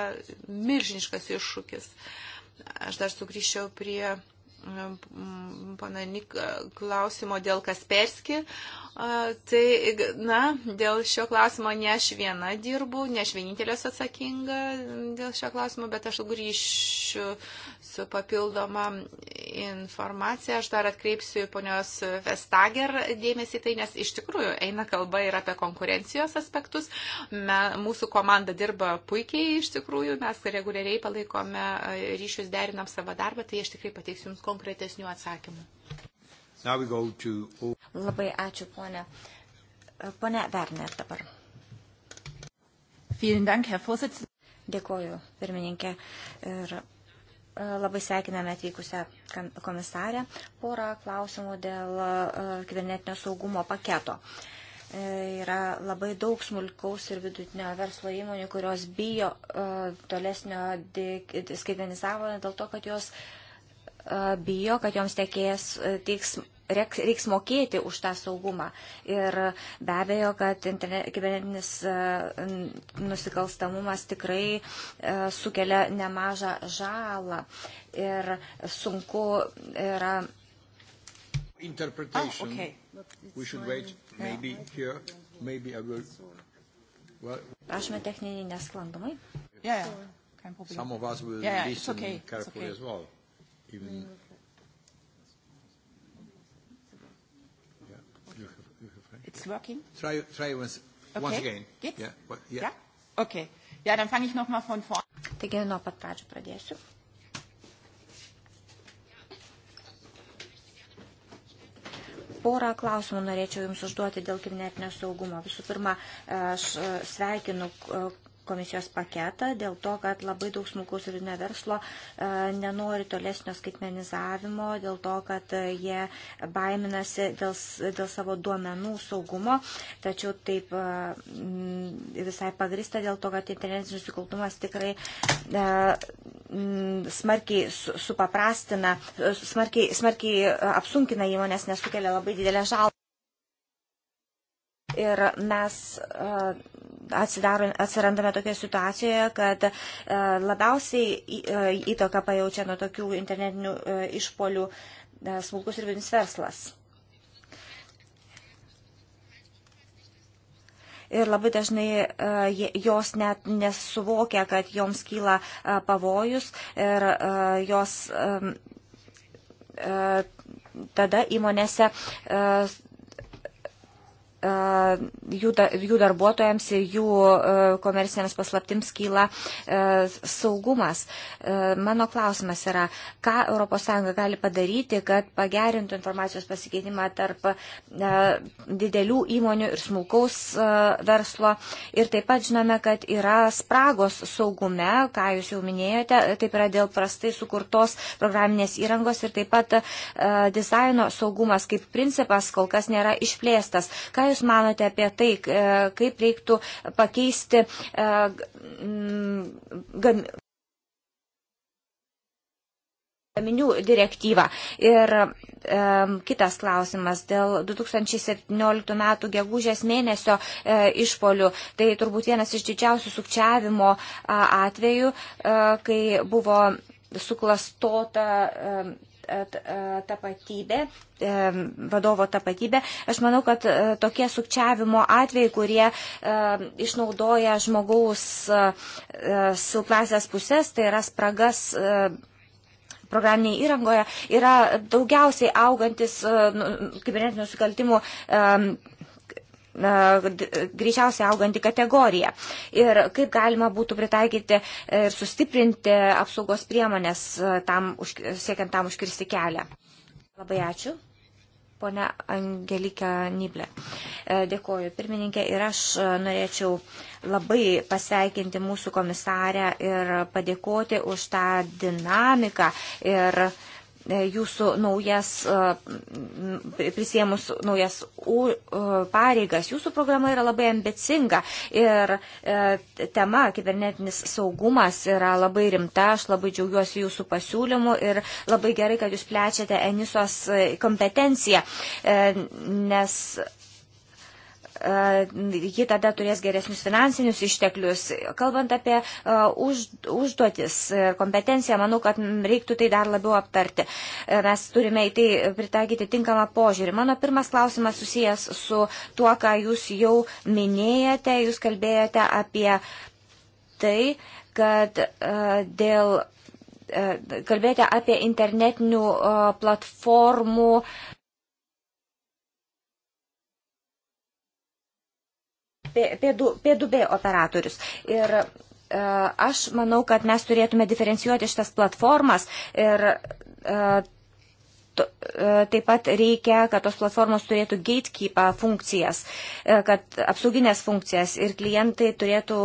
milžiniškas iššūkis. Aš dar sugrįžčiau prie pananik e, klausimo dėl Kasperski. E, tai, na, dėl šio klausimo ne aš viena dirbu, ne aš vienintelės atsakinga dėl šio klausimo, bet aš grįšiu su papildoma informacija. Aš dar atkreipsiu ponios Vestager dėmesį tai, nes iš tikrųjų eina kalba ir apie konkurencijos aspektus. Me, mūsų komanda dirba puikiai iš tikrųjų, mes reguliariai palaikome e, ryšius, derinam savo darbą, tai aš tikrai pateiksiu jums konkrečiai konkretesnių atsakymų. To... Labai ačiū, ponė. Pone Werner dabar. Dank, Dėkoju, pirmininkė. Ir e, Labai sveikiname atvykusią komisarę. Porą klausimų dėl e, kibernetinio saugumo paketo. E, yra labai daug smulkaus ir vidutinio verslo įmonių, kurios bijo tolesnio skaitmenizavimo dėl to, kad jos uh, E, bijo, kad joms tekės, e, teiks, reiks, reiks mokėti už tą saugumą. Ir be abejo, kad internet, kibernetinis e, nusikalstamumas tikrai sukelia nemažą žalą. Ir sunku yra. Interpretation. Oh, okay. We should wait. Maybe here. Maybe I will. Well. Prašome techniniai nesklandumai. Yeah, yeah. Some of us will yeah, yeah. listen okay. carefully okay. as well even. Mm. Yeah, you have, you have, right? It's working. Try, try once, okay. once again. Geht's? Yeah. What, yeah. yeah? Okay. Ja, dann fange ich nochmal von vorne. Taigi nuo pat pradžių pradėsiu. porą klausimų norėčiau Jums užduoti dėl kibernetinio saugumo. Visų pirma, aš e, sveikinu e, komisijos paketą dėl to, kad labai daug smulkaus ir verslo e, nenori tolesnio skaitmenizavimo, dėl to, kad e, jie baiminasi dėl, dėl savo duomenų saugumo, tačiau taip e, visai pagrista dėl to, kad internetinis nusikaltumas tikrai smarkiai supaprastina, smarkiai, smarkiai apsunkina įmonės, nes sukelia labai didelę žalą. Ir mes e, atsirandame tokioje situacijoje, kad e, labiausiai e, įtoką pajaučia nuo tokių internetinių išpolių smulkus ir vidinis verslas. ir labai dažnai jos net nesuvokia, kad joms kyla pavojus ir jos tada įmonėse E, jų, jų darbuotojams ir jų e, komerciniams paslaptims kyla e, saugumas. Mano klausimas yra, ką ES gali padaryti, kad pagerintų informacijos pasikeitimą tarp didelių įmonių ir smulkaus verslo. Ir taip pat žinome, kad yra spragos saugume, ką jūs jau minėjote, taip yra dėl prastai sukurtos programinės įrangos ir taip pat dizaino saugumas kaip principas kol kas nėra išplėstas. Ką jūs Jūs manote apie tai, e, kaip reiktų pakeisti e, gaminių direktyvą. Ir e, kitas klausimas dėl 2017 metų gegužės mėnesio e, išpolių. Tai turbūt vienas iš didžiausių sukčiavimo a, atvejų, e, kai buvo suklastota. E, E, e, tapatybė, e, vadovo tapatybė. Aš manau, kad tokie sukčiavimo atvejai, kurie išnaudoja žmogaus silpnasias pusės, tai yra spragas programinėje įrangoje, yra daugiausiai augantis nu, kibernetinių nusikaltimų greičiausiai auganti kategorija. Ir kaip galima būtų pritaikyti ir sustiprinti apsaugos priemonės e, tam, siekiant tam užkirsti kelią. Labai ačiū. Pone Angelika Niblė. E, dėkoju pirmininkė ir aš e, norėčiau labai pasveikinti mūsų komisarę ir padėkoti už tą dinamiką ir uh, E, jūsų naujas, e, prisėmus naujas e, pareigas. Jūsų programa yra labai ambicinga ir tema kibernetinis saugumas yra labai rimta. Aš labai džiaugiuosi jūsų pasiūlymu ir labai gerai, kad jūs plečiate Enisos kompetenciją, nes E, ji tada turės geresnius finansinius išteklius. Kalbant apie e, už, užduotis ir e, kompetenciją, manau, kad reiktų tai dar labiau aptarti. Mes turime į tai pritaikyti tinkamą požiūrį. Mano pirmas klausimas susijęs su tuo, ką jūs jau minėjote. Jūs kalbėjote apie tai, kad dėl kalbėti apie internetinių platformų uh, P2, P2B operatorius. Ir e, aš manau, kad mes turėtume diferencijuoti šitas platformas ir e, e, taip pat reikia, kad tos platformos turėtų gatekeep funkcijas, kad apsauginės funkcijas ir klientai turėtų,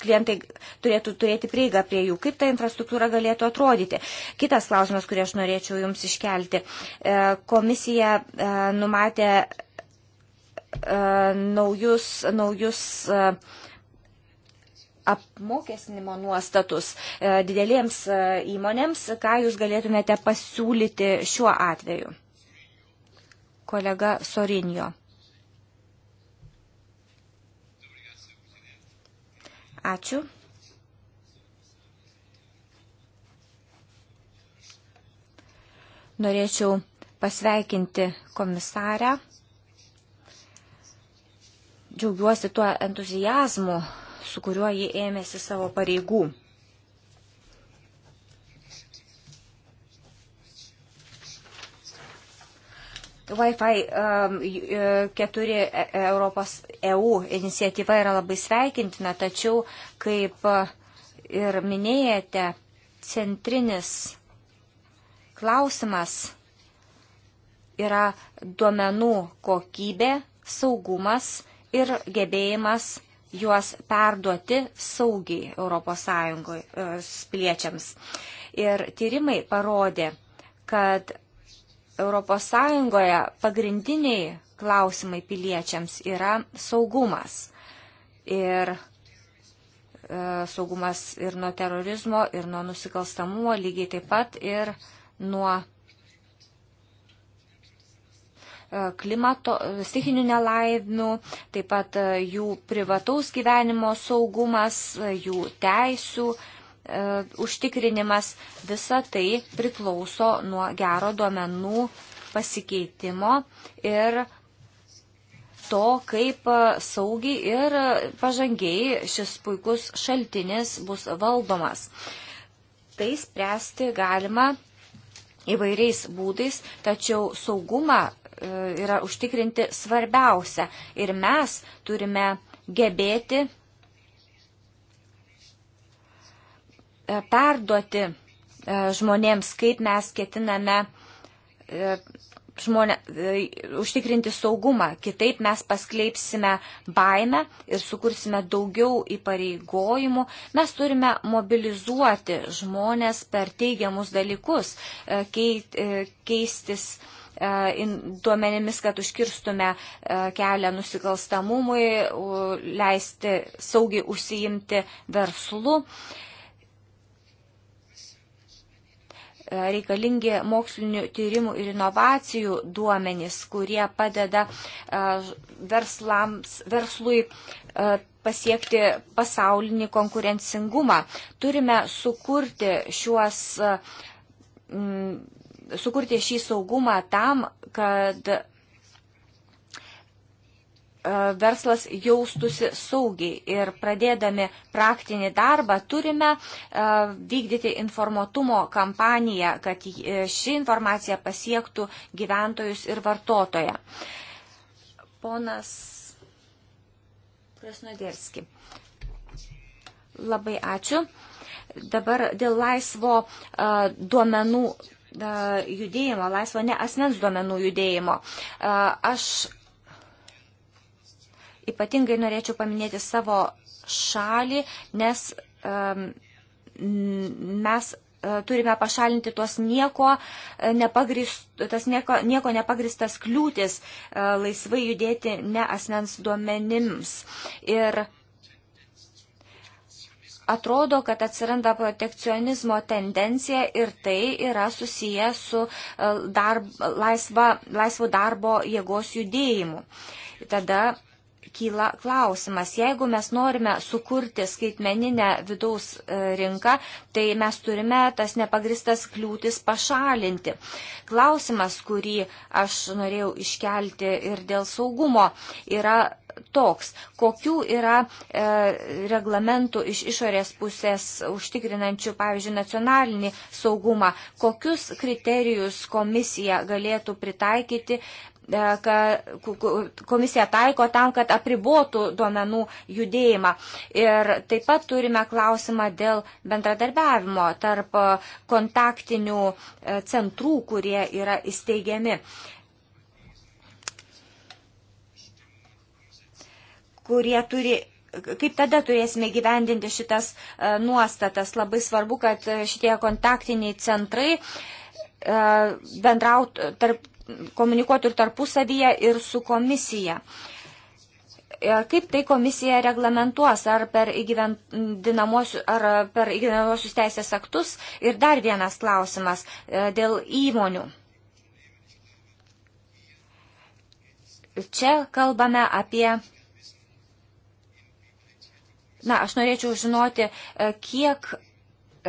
klientai turėtų turėti prieigą prie jų, kaip ta infrastruktūra galėtų atrodyti. Kitas klausimas, kurį aš norėčiau Jums iškelti. Komisija numatė E, naujus, naujus e, apmokestinimo nuostatus e, didelėms įmonėms, ką jūs galėtumėte pasiūlyti šiuo atveju? Kolega Sorinjo. Ačiū. Norėčiau pasveikinti komisarę džiaugiuosi tuo entuzijazmu, su kuriuo ji ėmėsi savo pareigų. Wi-Fi 4 um, e, e, e, Europos EU iniciatyva yra labai sveikintina, tačiau, kaip ir minėjate, centrinis klausimas yra duomenų kokybė, saugumas ir gebėjimas juos perduoti saugiai ES e, piliečiams. Ir tyrimai parodė, kad ES pagrindiniai klausimai piliečiams yra saugumas. Ir e, saugumas ir nuo terorizmo, ir nuo nusikalstamumo, lygiai taip pat ir nuo E, klimato, e, stichinių nelaimių, taip pat e, jų privataus gyvenimo saugumas, jų teisių užtikrinimas, visa tai priklauso nuo gero duomenų pasikeitimo ir to, kaip saugiai ir pažangiai šis puikus šaltinis bus valdomas. Tai spręsti galima įvairiais būdais, tačiau saugumą E, yra užtikrinti svarbiausia. Ir mes turime gebėti e, perduoti e, žmonėms, kaip mes ketiname žmonė, užtikrinti saugumą. Kitaip mes paskleipsime baimę ir sukursime daugiau įpareigojimų. Mes turime mobilizuoti žmonės per teigiamus dalykus, keistis E, duomenimis, kad užkirstume e, kelią nusikalstamumui, leisti saugiai užsiimti verslu. E, reikalingi mokslinių tyrimų ir inovacijų duomenys, kurie padeda verslams, verslui pasiekti pasaulinį konkurencingumą. Turime sukurti šiuos sukurti šį saugumą tam, kad e, verslas jaustusi saugiai ir pradėdami praktinį darbą turime e, vykdyti informatumo kampaniją, kad e, ši informacija pasiektų gyventojus ir vartotoją. Ponas Krasnodirski. Labai ačiū. Dabar dėl laisvo duomenų judėjimo laisvo, ne asmens duomenų judėjimo. Aš ypatingai norėčiau paminėti savo šalį, nes mes turime pašalinti tuos nieko, nepagrist, tas nieko, nieko nepagristas kliūtis laisvai judėti ne asmens duomenims. Ir atrodo, kad atsiranda protekcionizmo tendencija ir tai yra susiję su e, darb, laisva, laisvo darbo jėgos judėjimu. Tada kyla klausimas, jeigu mes norime sukurti skaitmeninę vidaus e, rinką, tai mes turime tas nepagristas kliūtis pašalinti. Klausimas, kurį aš norėjau iškelti ir dėl saugumo, yra toks. Kokių yra e, reglamentų iš išorės pusės užtikrinančių, pavyzdžiui, nacionalinį saugumą? Kokius kriterijus komisija galėtų pritaikyti? E, ka, komisija taiko tam, kad apribotų duomenų judėjimą. Ir taip pat turime klausimą dėl bendradarbiavimo tarp kontaktinių e, centrų, kurie yra įsteigiami. E, kurie turi kaip tada turėsime gyvendinti šitas e, nuostatas. Labai svarbu, kad šitie kontaktiniai centrai e, bendrautų, tarp, komunikuotų ir tarpusavyje, ir su komisija. E, kaip tai komisija reglamentuos, ar per įgyvendinamosius teisės aktus? Ir dar vienas klausimas dėl įmonių. Čia kalbame apie Na, aš norėčiau žinoti, e, kiek e,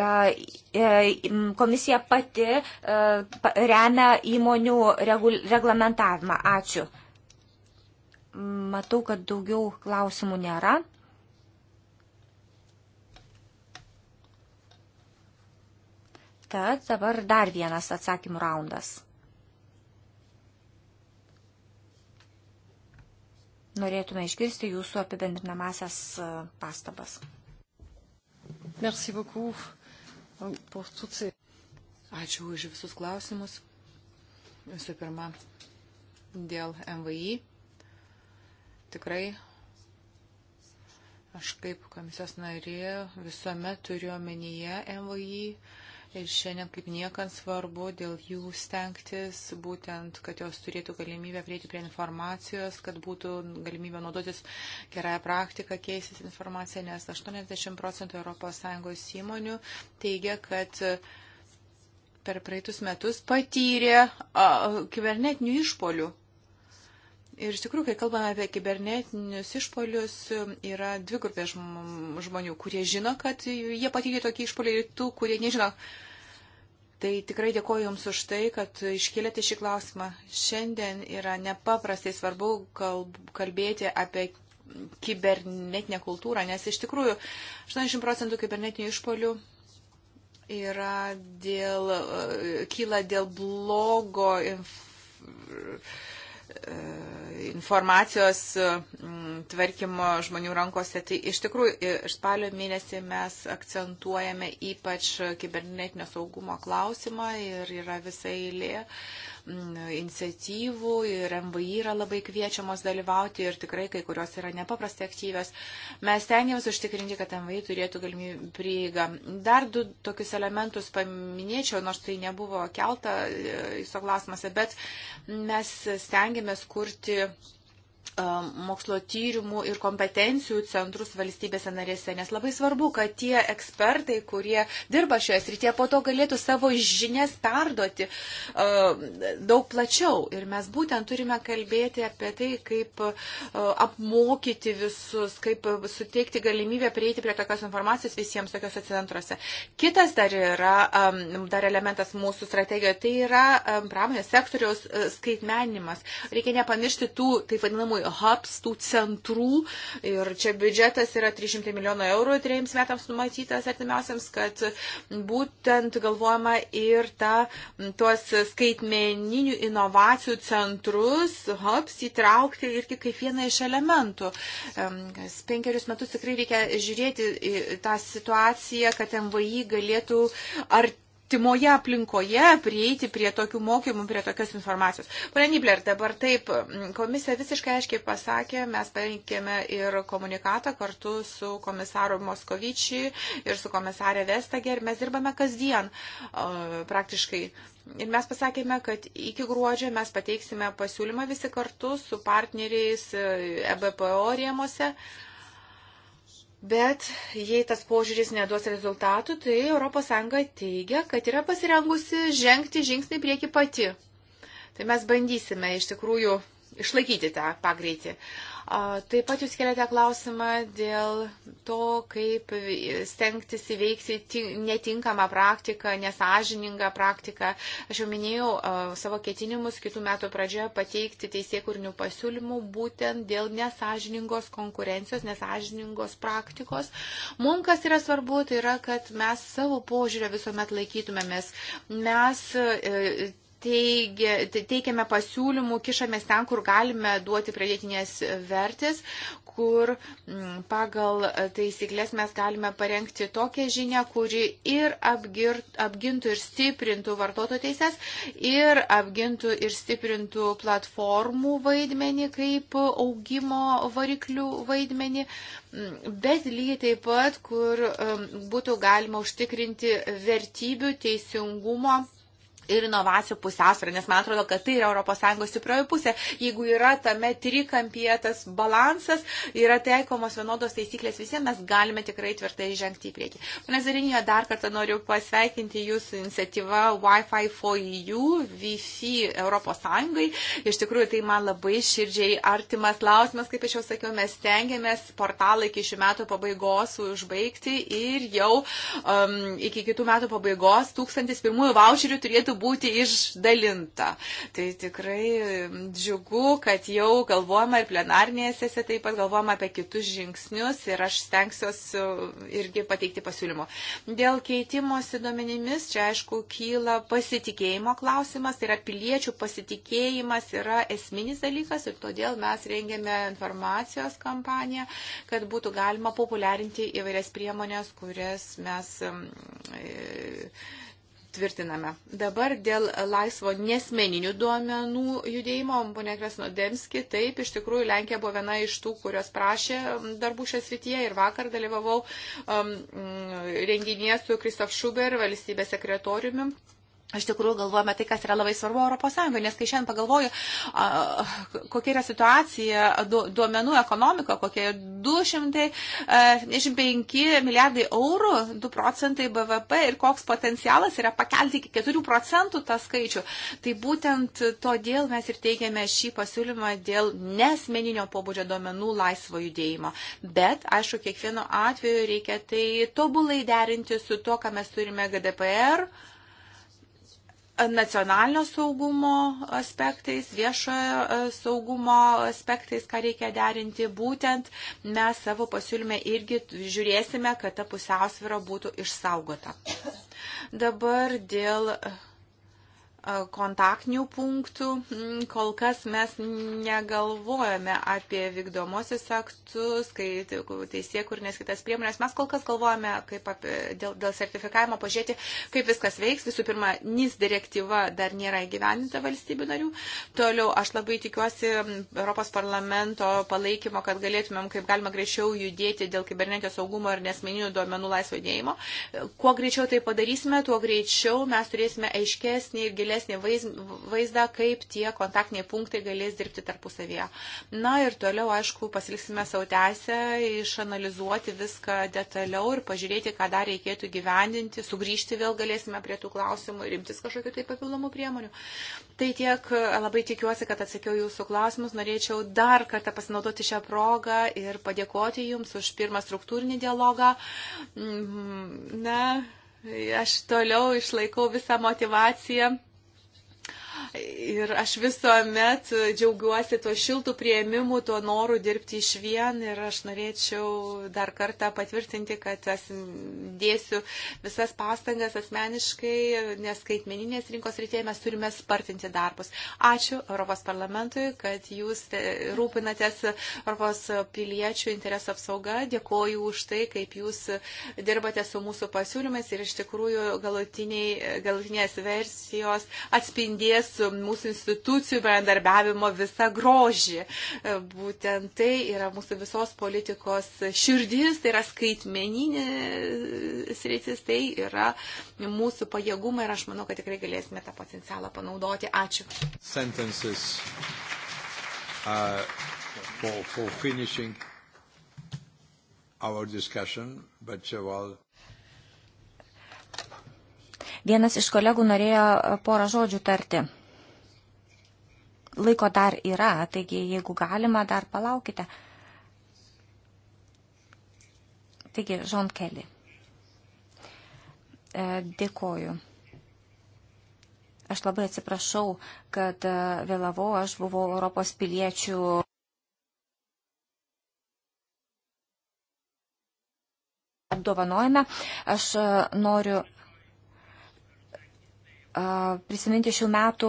e, komisija pati remia įmonių reglamentavimą. Ačiū. Matau, kad daugiau klausimų nėra. Tad dabar dar vienas atsakymų raundas. norėtume išgirsti jūsų apibendrinamasias e, pastabas. Merci beaucoup euh, pour toutes ces... Ačiū už visus klausimus. Visų pirma, dėl MVI. Tikrai aš kaip komisijos narė visuomet turiu omenyje MVI Ir šiandien kaip niekant svarbu dėl jų stengtis, būtent, kad jos turėtų galimybę prieiti prie informacijos, kad būtų galimybė naudotis gerąją praktiką, keistis informaciją, nes 80 procentų ES įmonių teigia, kad per praeitus metus patyrė a, kibernetinių išpolių. Ir iš tikrųjų, kai kalbame apie kibernetinius išpolius, yra dvi grupės žmonių, kurie žino, kad jie patyrė tokį išpolį ir tų, kurie nežino, Tai tikrai dėkoju Jums už tai, kad iškėlėte šį klausimą. Šiandien yra nepaprastai svarbu kalbėti apie kibernetinę kultūrą, nes iš tikrųjų 80 procentų kibernetinių išpolių yra dėl, e, kyla dėl blogo inf, e, informacijos mm, tvarkymo žmonių rankose. Tai iš tikrųjų spalio mėnesį mes akcentuojame ypač kibernetinio saugumo klausimą ir yra visa eilė iniciatyvų ir MVI yra labai kviečiamos dalyvauti ir tikrai kai kurios yra nepaprastai aktyvios. Mes tengiamės užtikrinti, kad MVI turėtų galimybę prieigą. Dar du tokius elementus paminėčiau, nors tai nebuvo kelta įsoklausimuose, e, bet mes stengiamės kurti Um, mokslo tyrimų ir kompetencijų centrus valstybėse narėse, nes labai svarbu, kad tie ekspertai, kurie dirba šioje srityje, po to galėtų savo žinias perduoti um, daug plačiau. Ir mes būtent turime kalbėti apie tai, kaip uh, apmokyti visus, kaip suteikti galimybę prieiti prie tokios informacijos visiems tokiuose centruose. Kitas dar yra, um, dar elementas mūsų strategijoje, tai yra pramonės sektoriaus uh, skaitmenimas. Reikia nepamiršti tų, taip vadinamų, hubs, tų centrų. Ir čia biudžetas yra 300 milijonų eurų trejams metams numatytas artimiausiams, kad būtent galvojama ir ta, tuos skaitmeninių inovacijų centrus, hubs įtraukti irgi kaip vieną iš elementų. Penkerius metus tikrai reikia žiūrėti tą situaciją, kad MVI galėtų arti artimoje aplinkoje prieiti prie tokių mokymų, prie tokios informacijos. Pane Nibler, dabar taip, mm, komisija visiškai aiškiai pasakė, mes parinkėme ir komunikatą kartu su komisaru Moskovičiai ir su komisarė Vestager, mes dirbame kasdien praktiškai. Ir mes pasakėme, kad iki gruodžio mes pateiksime pasiūlymą visi kartu su partneriais EBPO e rėmose. Uh, Bet jei tas požiūris neduos rezultatų, tai ES teigia, kad yra pasirengusi žengti žingsnį prieki pati. Tai mes bandysime iš tikrųjų išlaikyti tą pagreitį. Taip pat jūs keliate klausimą dėl to, kaip stengtis įveikti netinkamą praktiką, nesažiningą praktiką. Aš jau minėjau savo ketinimus kitų metų pradžioje pateikti teisėkurinių pasiūlymų būtent dėl nesažiningos konkurencijos, nesažiningos praktikos. Mums kas yra svarbu, tai yra, kad mes savo požiūrę visuomet laikytumėmės. Mes e, teigia, teikiame pasiūlymų, kišamės ten, kur galime duoti pridėtinės vertės, kur mm, pagal taisyklės mes galime parengti tokią žinią, kuri ir apgirt, apgintų ir stiprintų vartotojų teises, ir apgintų ir stiprintų platformų vaidmenį kaip augimo variklių vaidmenį, mm, bet lygiai taip pat, kur mm, būtų galima užtikrinti vertybių teisingumo ir inovacijų pusiausvyrą, nes man atrodo, kad tai yra ES stiprioji pusė. Jeigu yra tame trikampyje tas balansas, yra teikomos vienodos taisyklės visiems, mes galime tikrai tvirtai žengti į priekį. Pane Zarinijo, dar kartą noriu pasveikinti jūsų iniciatyvą Wi-Fi for EU, Wi-Fi ES. Iš tikrųjų, tai man labai širdžiai artimas klausimas, kaip aš jau sakiau, mes stengiamės portalą iki šių metų pabaigos užbaigti ir jau um, iki kitų metų pabaigos tūkstantis pirmųjų voucherių turėtų būti išdalinta. Tai tikrai džiugu, kad jau galvojama ir plenarnėje sesijoje taip pat galvojama apie kitus žingsnius ir aš stengsiuosi irgi pateikti pasiūlymų. Dėl keitimosi duomenimis čia aišku kyla pasitikėjimo klausimas, tai yra piliečių pasitikėjimas yra esminis dalykas ir todėl mes rengėme informacijos kampaniją, kad būtų galima populiarinti įvairias priemonės, kurias mes. Mm, e, tvirtiname. Dabar dėl laisvo nesmeninių duomenų judėjimo, ponė Kresnodemski, taip, iš tikrųjų Lenkija buvo viena iš tų, kurios prašė darbų šią srityje ir vakar dalyvavau um, renginėje su Kristof Šuber, valstybės sekretoriumi iš tikrųjų galvojame tai, kas yra labai svarbu Europos Sąjungoje, nes kai šiandien pagalvoju, kokia yra situacija duomenų ekonomika, kokie 275 e, milijardai eurų, 2 procentai BVP ir koks potencialas yra pakelti iki 4 procentų tą skaičių. Tai būtent todėl mes ir teigiame šį pasiūlymą dėl nesmeninio pobūdžio duomenų laisvo judėjimo. Bet, aišku, kiekvieno atveju reikia tai tobulai derinti su tuo, ką mes turime GDPR nacionalinio saugumo aspektais, viešojo e, saugumo aspektais, ką reikia derinti, būtent mes savo pasiūlyme irgi žiūrėsime, kad ta pusiausvėra būtų išsaugota. Dabar dėl kontaktinių punktų. Mm, kol kas mes negalvojame apie vykdomosius aktus, kai teisė, kur nes kitas priemonės. Mes kol kas galvojame kaip apie, dėl, dėl sertifikavimo, pažiūrėti, kaip viskas veiks. Visų pirma, NIS direktyva dar nėra įgyveninta valstybių narių. Toliau aš labai tikiuosi Europos parlamento palaikymo, kad galėtumėm kaip galima greičiau judėti dėl kibernetinio saugumo ir nesmeninių duomenų laisvo judėjimo. Kuo greičiau tai padarysime, tuo greičiau mes turėsime aiškesnį ir gilesnį geresnį vaizdą, kaip tie kontaktiniai punktai galės dirbti tarpusavėje. Na ir toliau, aišku, pasiliksime savo teisę išanalizuoti viską detaliau ir pažiūrėti, ką dar reikėtų gyvendinti, sugrįžti vėl galėsime prie tų klausimų ir imtis kažkokiu tai papildomų priemonių. Tai tiek, labai tikiuosi, kad atsakiau jūsų klausimus. Norėčiau dar kartą pasinaudoti šią progą ir padėkoti jums už pirmą struktūrinį dialogą. Mm, na, aš toliau išlaikau visą motivaciją Ir aš visuomet džiaugiuosi tuo šiltų prieimimu, tuo noru dirbti iš vien ir aš norėčiau dar kartą patvirtinti, kad aš dėsiu visas pastangas asmeniškai, nes skaitmeninės rinkos rytėje mes turime spartinti darbus. Ačiū Europos parlamentui, kad jūs rūpinatės Europos piliečių interesų apsauga. Dėkoju už tai, kaip jūs dirbate su mūsų pasiūlymais ir iš tikrųjų galutinės versijos atspindės mūsų institucijų bendarbiavimo visą grožį. E, būtent tai yra mūsų visos politikos širdis, tai yra skaitmeninė sritis, tai yra mūsų pajėgumai ir aš manau, kad tikrai galėsime tą potencialą panaudoti. Ačiū. Sentences. Uh, for, for finishing our discussion, but Cheval. Uh, Vienas iš kolegų norėjo uh, porą žodžių tarti laiko dar yra, taigi jeigu galima, dar palaukite. Taigi, Žon Kelly. E, dėkoju. Aš labai atsiprašau, kad e, vėlavau, aš buvau Europos piliečių. Apdovanojame. Aš e, noriu prisiminti šių metų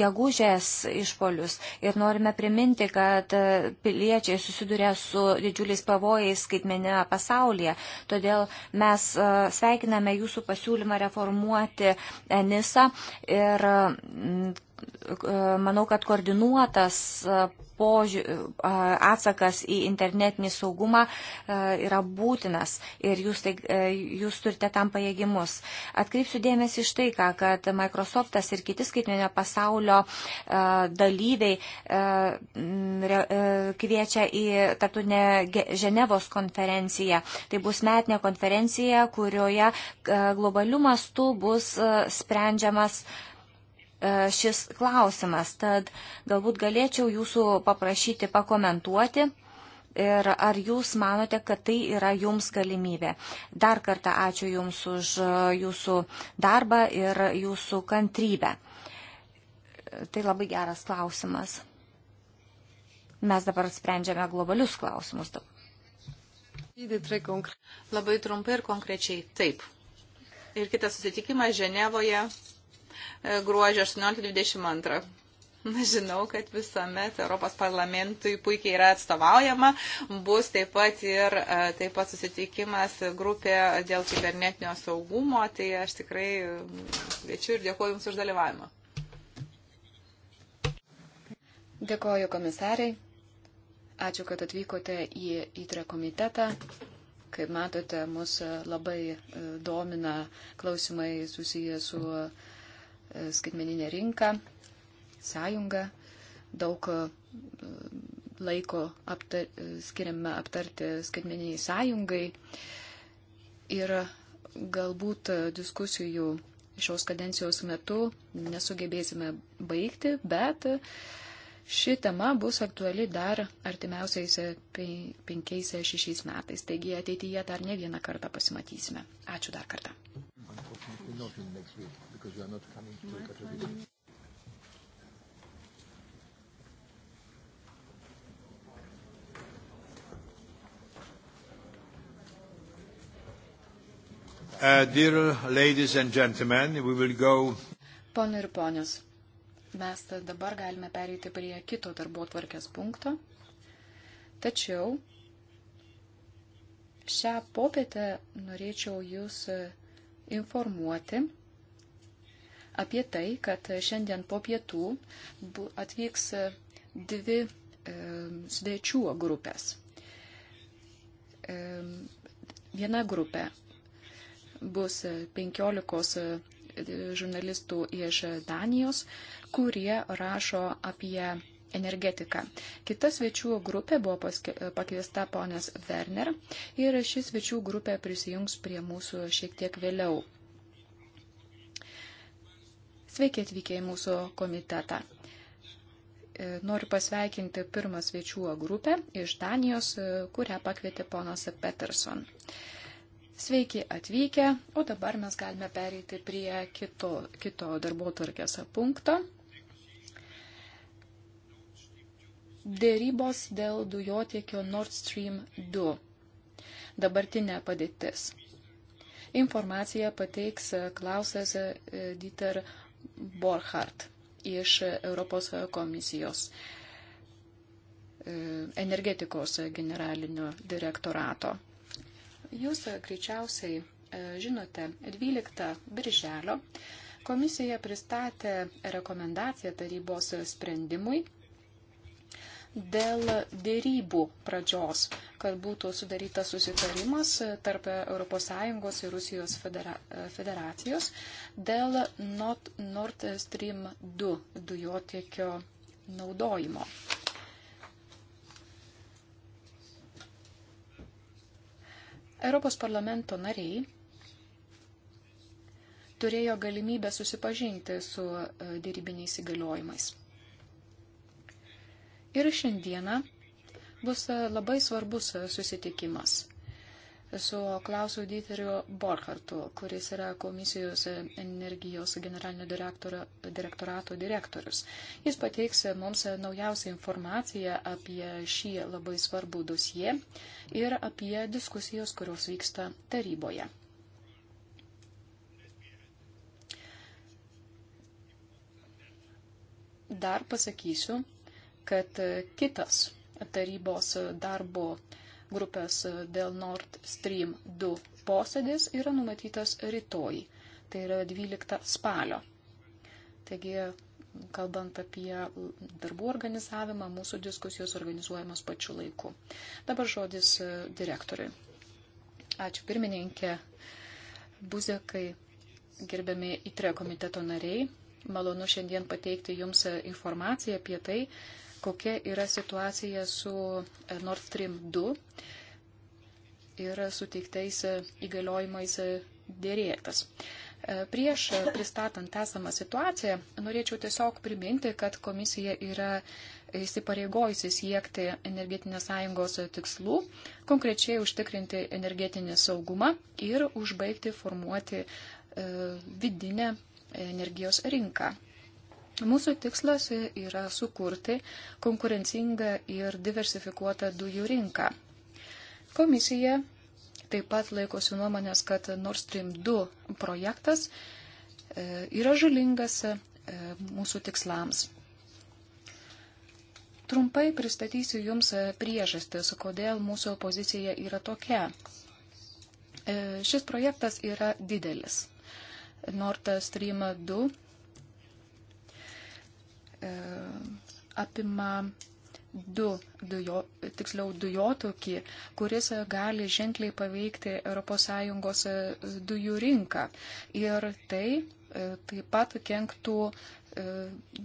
gegužės išpolius ir norime priminti, kad piliečiai susiduria su didžiuliais pavojais skaitmenė pasaulyje. Todėl mes sveikiname jūsų pasiūlymą reformuoti Enisa ir manau, kad koordinuotas požiū, atsakas į internetinį saugumą yra būtinas ir jūs, tai, jūs turite tam pajėgimus. Atkreipsiu dėmesį iš tai, ką, kad Microsoftas ir kiti skaitmenio pasaulio dalyviai kviečia į tartutinę Ženevos konferenciją. Tai bus metinė konferencija, kurioje globalių mastų bus sprendžiamas E, šis klausimas, tad galbūt galėčiau jūsų paprašyti pakomentuoti. Ir ar jūs manote, kad tai yra jums galimybė? Dar kartą ačiū Jums už Jūsų darbą ir Jūsų kantrybę. Tai labai geras klausimas. Mes dabar sprendžiame globalius klausimus. Labai trumpai ir konkrečiai. Taip. Ir kitas susitikimas Ženevoje E, gruodžio 18-22. Žinau, kad visuomet Europos parlamentui puikiai yra atstovaujama. Bus taip pat ir e, taip pat susitikimas grupė dėl kibernetinio saugumo. Tai aš tikrai mm, kviečiu ir dėkuoju Jums už dalyvavimą. Dėkuoju komisarai. Ačiū, kad atvykote į įtrę komitetą. Kaip matote, mus labai e, domina klausimai susiję su. Uh, skaitmeninę rinką, sąjungą. Daug e, laiko aptar, e, skiriame aptarti skaitmeniniai sąjungai. Ir galbūt diskusijų šios kadencijos metu nesugebėsime baigti, bet ši tema bus aktuali dar artimiausiais penkiais šešiais metais. Taigi ateityje dar ne vieną kartą pasimatysime. Ačiū dar kartą because you are not coming to Katowice. Uh, dear ladies and gentlemen, we will go. Pone ir ponios, mes dabar galime pereiti prie kito darbo tvarkės punkto. Tačiau šią popietę norėčiau jūs informuoti, apie tai, kad šiandien po pietų atvyks dvi e, svečių grupės. E, viena grupė bus 15 e, žurnalistų iš Danijos, kurie rašo apie energetiką. Kita svečių grupė buvo pakviesta ponas Werner ir ši svečių grupė prisijungs prie mūsų šiek tiek vėliau. Sveiki atvykę į mūsų komitetą. E, noriu pasveikinti pirmą svečių grupę iš Danijos, e, kurią pakvietė ponas Peterson. Sveiki atvykę, o dabar mes galime pereiti prie kito, kito darbo tvarkės punkto. Dėrybos dėl dujotiekio Nord Stream 2. Dabartinė padėtis. Informaciją pateiks e, Klausas Dieter Borchardt iš Europos komisijos e, energetikos generalinio direktorato. Jūs greičiausiai e, žinote, 12 birželio komisija pristatė rekomendaciją tarybos sprendimui dėl dėrybų pradžios, kad būtų sudarytas susitarimas tarp ES ir Rusijos federa federacijos dėl Nord Stream 2 dujotiekio naudojimo. Europos parlamento nariai turėjo galimybę susipažinti su e, dėrybiniais įgaliojimais. Ir šiandieną bus labai svarbus susitikimas su Klausu Dieteriu Borchartu, kuris yra komisijos energijos generalinio direktorato direktorius. Jis pateiks mums naujausią informaciją apie šį labai svarbų dosiją ir apie diskusijos, kurios vyksta taryboje. Dar pasakysiu, kad kitas tarybos darbo grupės dėl Nord Stream 2 posėdis yra numatytas rytoj, tai yra 12 spalio. Taigi, kalbant apie darbų organizavimą, mūsų diskusijos organizuojamos pačiu laiku. Dabar žodis direktoriui. Ačiū pirmininkė Buzekai, gerbiami įtre komiteto nariai. Malonu šiandien pateikti Jums informaciją apie tai, kokia yra situacija su e, Nord Stream 2 ir suteiktais e, įgaliojimais e, dėrėtas. Prieš pristatant esamą situaciją, norėčiau tiesiog priminti, kad komisija yra įsipareigojusi siekti energetinės sąjungos tikslų, konkrečiai užtikrinti energetinį saugumą ir užbaigti formuoti vidinę energijos rinką. Mūsų tikslas yra sukurti konkurencingą ir diversifikuotą dujų rinką. Komisija taip pat laikosi nuomonės, kad Nord Stream 2 projektas e, yra žalingas e, mūsų tikslams. Trumpai pristatysiu Jums e, priežastis, kodėl mūsų pozicija yra tokia. Šis projektas yra didelis. Nord Stream 2 E, apima du dujo, tiksliau dujotokį, kuris gali ženkliai paveikti ES e, dujų rinką. Ir tai e, taip pat kenktų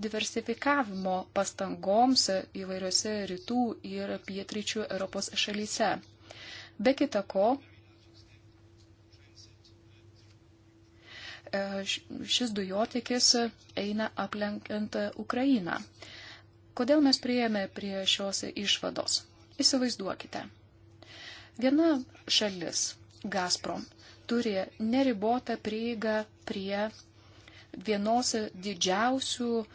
diversifikavimo pastangoms įvairiose rytų ir pietryčių Europos šalyse. Be kita ko, E, šis dujotikis eina aplenkiant Ukrainą. Kodėl mes prieėmė prie šios išvados? Įsivaizduokite. Viena šalis, Gazprom, turi neribotą prieigą prie vienos didžiausių e,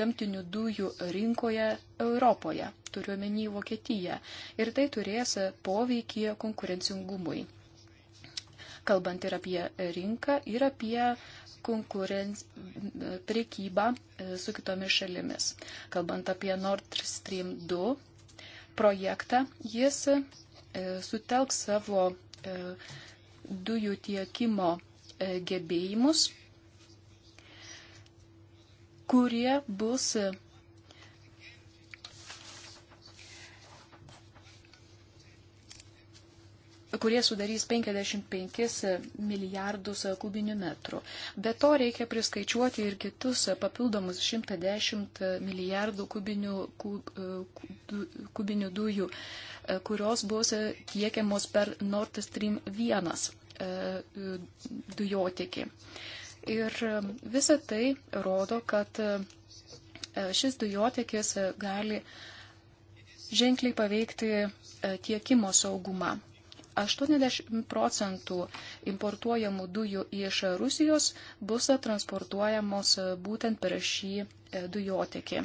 gamtinių dujų rinkoje Europoje, turiuomenį Vokietiją. Ir tai turės poveikį konkurencingumui kalbant ir apie rinką, ir apie konkurenc... prekybą e, su kitomis šalimis. Kalbant apie Nord Stream 2 projektą, jis e, sutelks savo e, dujų tiekimo gebėjimus, kurie bus kurie sudarys 55 milijardus kubinių metrų. Be to reikia priskaičiuoti ir kitus papildomus 110 milijardų kubinių, kub, kubinių dujų, kurios bus tiekiamos per Nord Stream 1 e, dujotikį. Ir visa tai rodo, kad e, šis dujotekis gali ženkliai paveikti e, tiekimo saugumą. 80 procentų importuojamų dujų iš Rusijos bus transportuojamos e, būtent per šį e, dujotekį.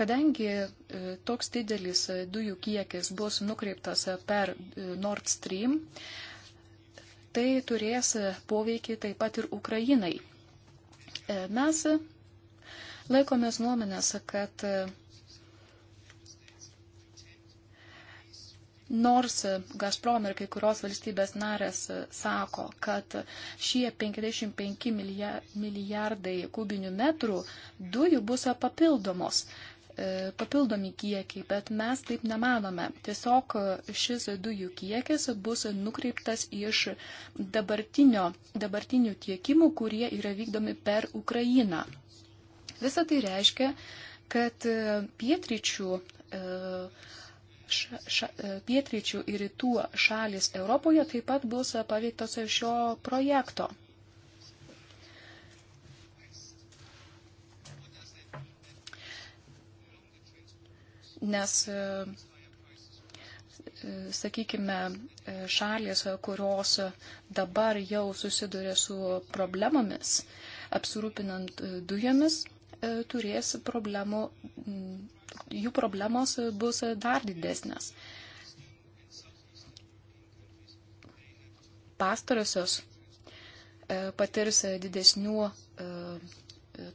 Kadangi e, toks didelis dujų kiekis bus nukreiptas per Nord Stream, tai turės poveikį taip pat ir Ukrainai. Mes laikomės nuomenės, kad Nors Gazprom ir kai kurios valstybės narės sako, kad šie 55 milijardai kubinių metrų dujų bus papildomos, e, papildomi kiekiai, bet mes taip nemanome. Tiesiog šis dujų kiekis bus nukreiptas iš dabartinių tiekimų, kurie yra vykdomi per Ukrainą. Visą tai reiškia, kad pietryčių e, ša, ša, e, pietryčių ir rytų šalis Europoje taip pat bus e, paveiktos šio projekto. Nes, e, sakykime, šalis, kurios dabar jau susiduria su problemomis, apsirūpinant dujomis, turės problemų jų problemos bus dar didesnės. Pastarosios e, patirs didesnių e,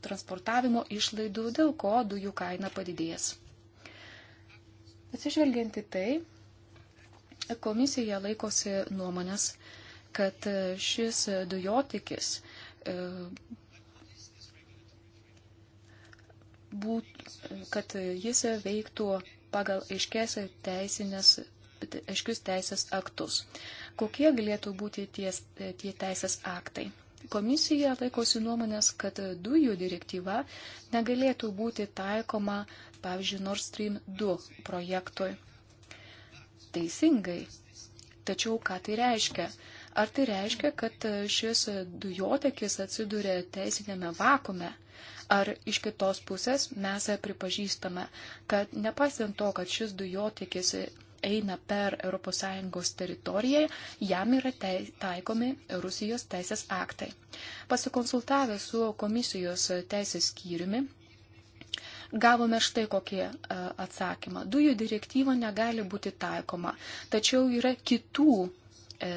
transportavimo išlaidų, dėl ko dujų kaina padidės. Atsižvelgiant į tai, komisija laikosi nuomonės, kad šis dujotikis e, būt, kad jis veiktų pagal aiškės teisinės aiškius teisės aktus. Kokie galėtų būti ties, tie teisės aktai? Komisija laikosi nuomonės, kad dujų direktyva negalėtų būti taikoma, pavyzdžiui, Nord Stream 2 projektui. Teisingai. Tačiau ką tai reiškia? Ar tai reiškia, kad šis dujotekis atsiduria teisinėme vakume? Ar iš kitos pusės mes pripažįstame, kad nepaisant to, kad šis dujotiekis eina per ES teritoriją, jam yra taikomi Rusijos teisės aktai. Pasikonsultavę su komisijos teisės skyriumi, gavome štai kokį e, atsakymą. Dujų direktyva negali būti taikoma, tačiau yra kitų e,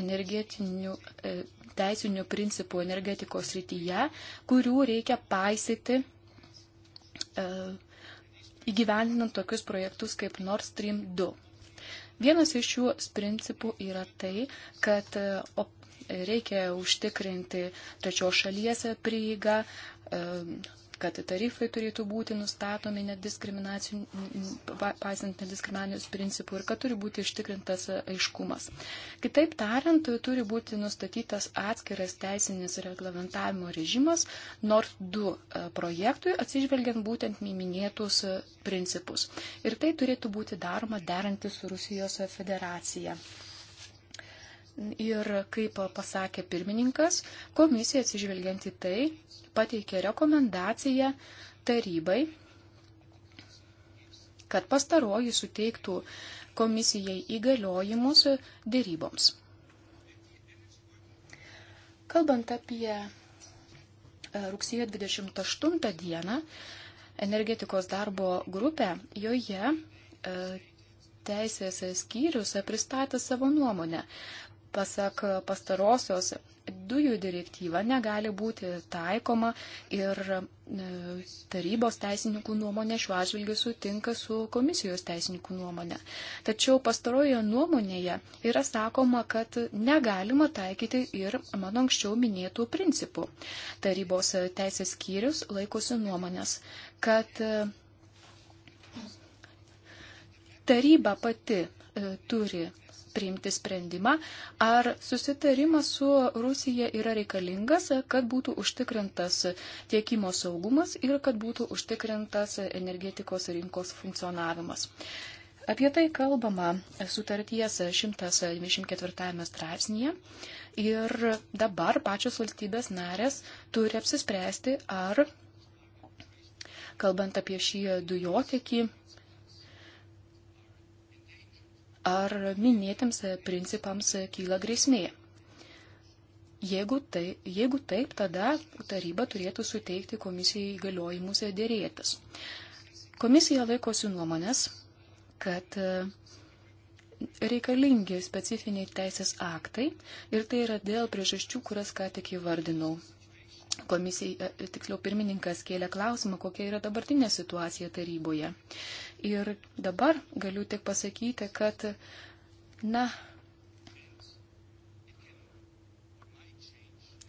energetinių e, teisinių principų energetikos rytyje, kurių reikia paisyti e, įgyvendinant tokius projektus kaip Nord Stream 2. Vienas iš šių principų yra tai, kad e, reikia užtikrinti trečios šalies prieigą e, kad tarifai turėtų būti nustatomi paisant nediskriminacijos principų ir kad turi būti ištikrintas aiškumas. Kitaip tariant, turi būti nustatytas atskiras teisinis reglamentavimo režimas NORT 2 e, projektui, atsižvelgiant būtent minėtus e, principus. Ir tai turėtų būti daroma derantys su Rusijos federacija. Ir kaip pasakė pirmininkas, komisija atsižvelgiant į tai pateikė rekomendaciją tarybai, kad pastaroji suteiktų komisijai įgaliojimus dėryboms. Kalbant apie e, rugsėjo 28 dieną, energetikos darbo grupę, joje e, teisės skyrius pristatė savo nuomonę pasak pastarosios dujų direktyva negali būti taikoma ir e, tarybos teisininkų nuomonė šiuo atžvilgiu sutinka su komisijos teisininkų nuomonė. Tačiau pastarojoje nuomonėje yra sakoma, kad negalima taikyti ir mano anksčiau minėtų principų. Tarybos teisės skyrius laikosi nuomonės, kad e, taryba pati e, turi priimti sprendimą, ar susitarimas su Rusija yra reikalingas, kad būtų užtikrintas tiekimo saugumas ir kad būtų užtikrintas energetikos rinkos funkcionavimas. Apie tai kalbama sutarties 124 straipsnėje ir dabar pačios valstybės narės turi apsispręsti, ar, kalbant apie šį dujotekį, ar minėtiems principams kyla grėsmė. Jeigu, tai, jeigu taip, tada taryba turėtų suteikti komisijai įgaliojimus dėrėtis. Komisija laikosi nuomonės, kad e, reikalingi specifiniai teisės aktai ir tai yra dėl priežasčių, kurias ką tik įvardinau. Komisija, e, e, tiksliau pirmininkas kėlė klausimą, kokia yra dabartinė situacija taryboje. Ir dabar galiu tik pasakyti, kad, na,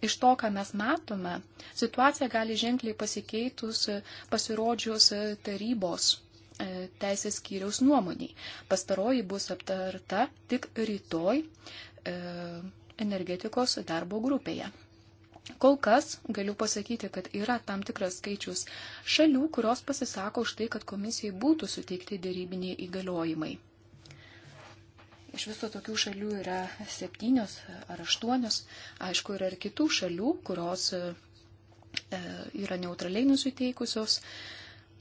iš to, ką mes matome, situacija gali ženkliai pasikeitus e, pasirodžius tarybos teisės skyriaus nuomoniai. Pastaroji bus aptarta tik rytoj energetikos darbo grupėje. Kol kas galiu pasakyti, kad yra tam tikras skaičius šalių, kurios pasisako už tai, kad komisijai būtų suteikti dėrybiniai įgaliojimai. Iš viso tokių šalių yra septynios ar aštuonios. Aišku, yra ir kitų šalių, kurios e, yra neutraliai nusiteikusios.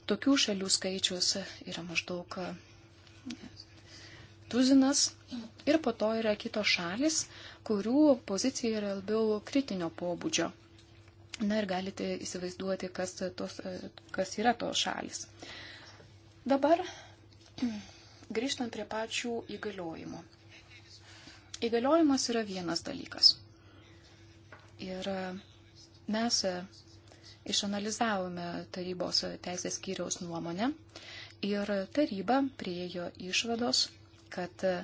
Tokių šalių skaičius yra maždaug tuzinas ir po to yra kitos šalis, kurių pozicija yra labiau kritinio pobūdžio. Na ir galite įsivaizduoti, kas, tos, kas yra tos šalis. Dabar grįžtant prie pačių įgaliojimų. Įgaliojimas yra vienas dalykas. Ir mes išanalizavome tarybos teisės skyriaus nuomonę ir taryba priejo išvados, kad e,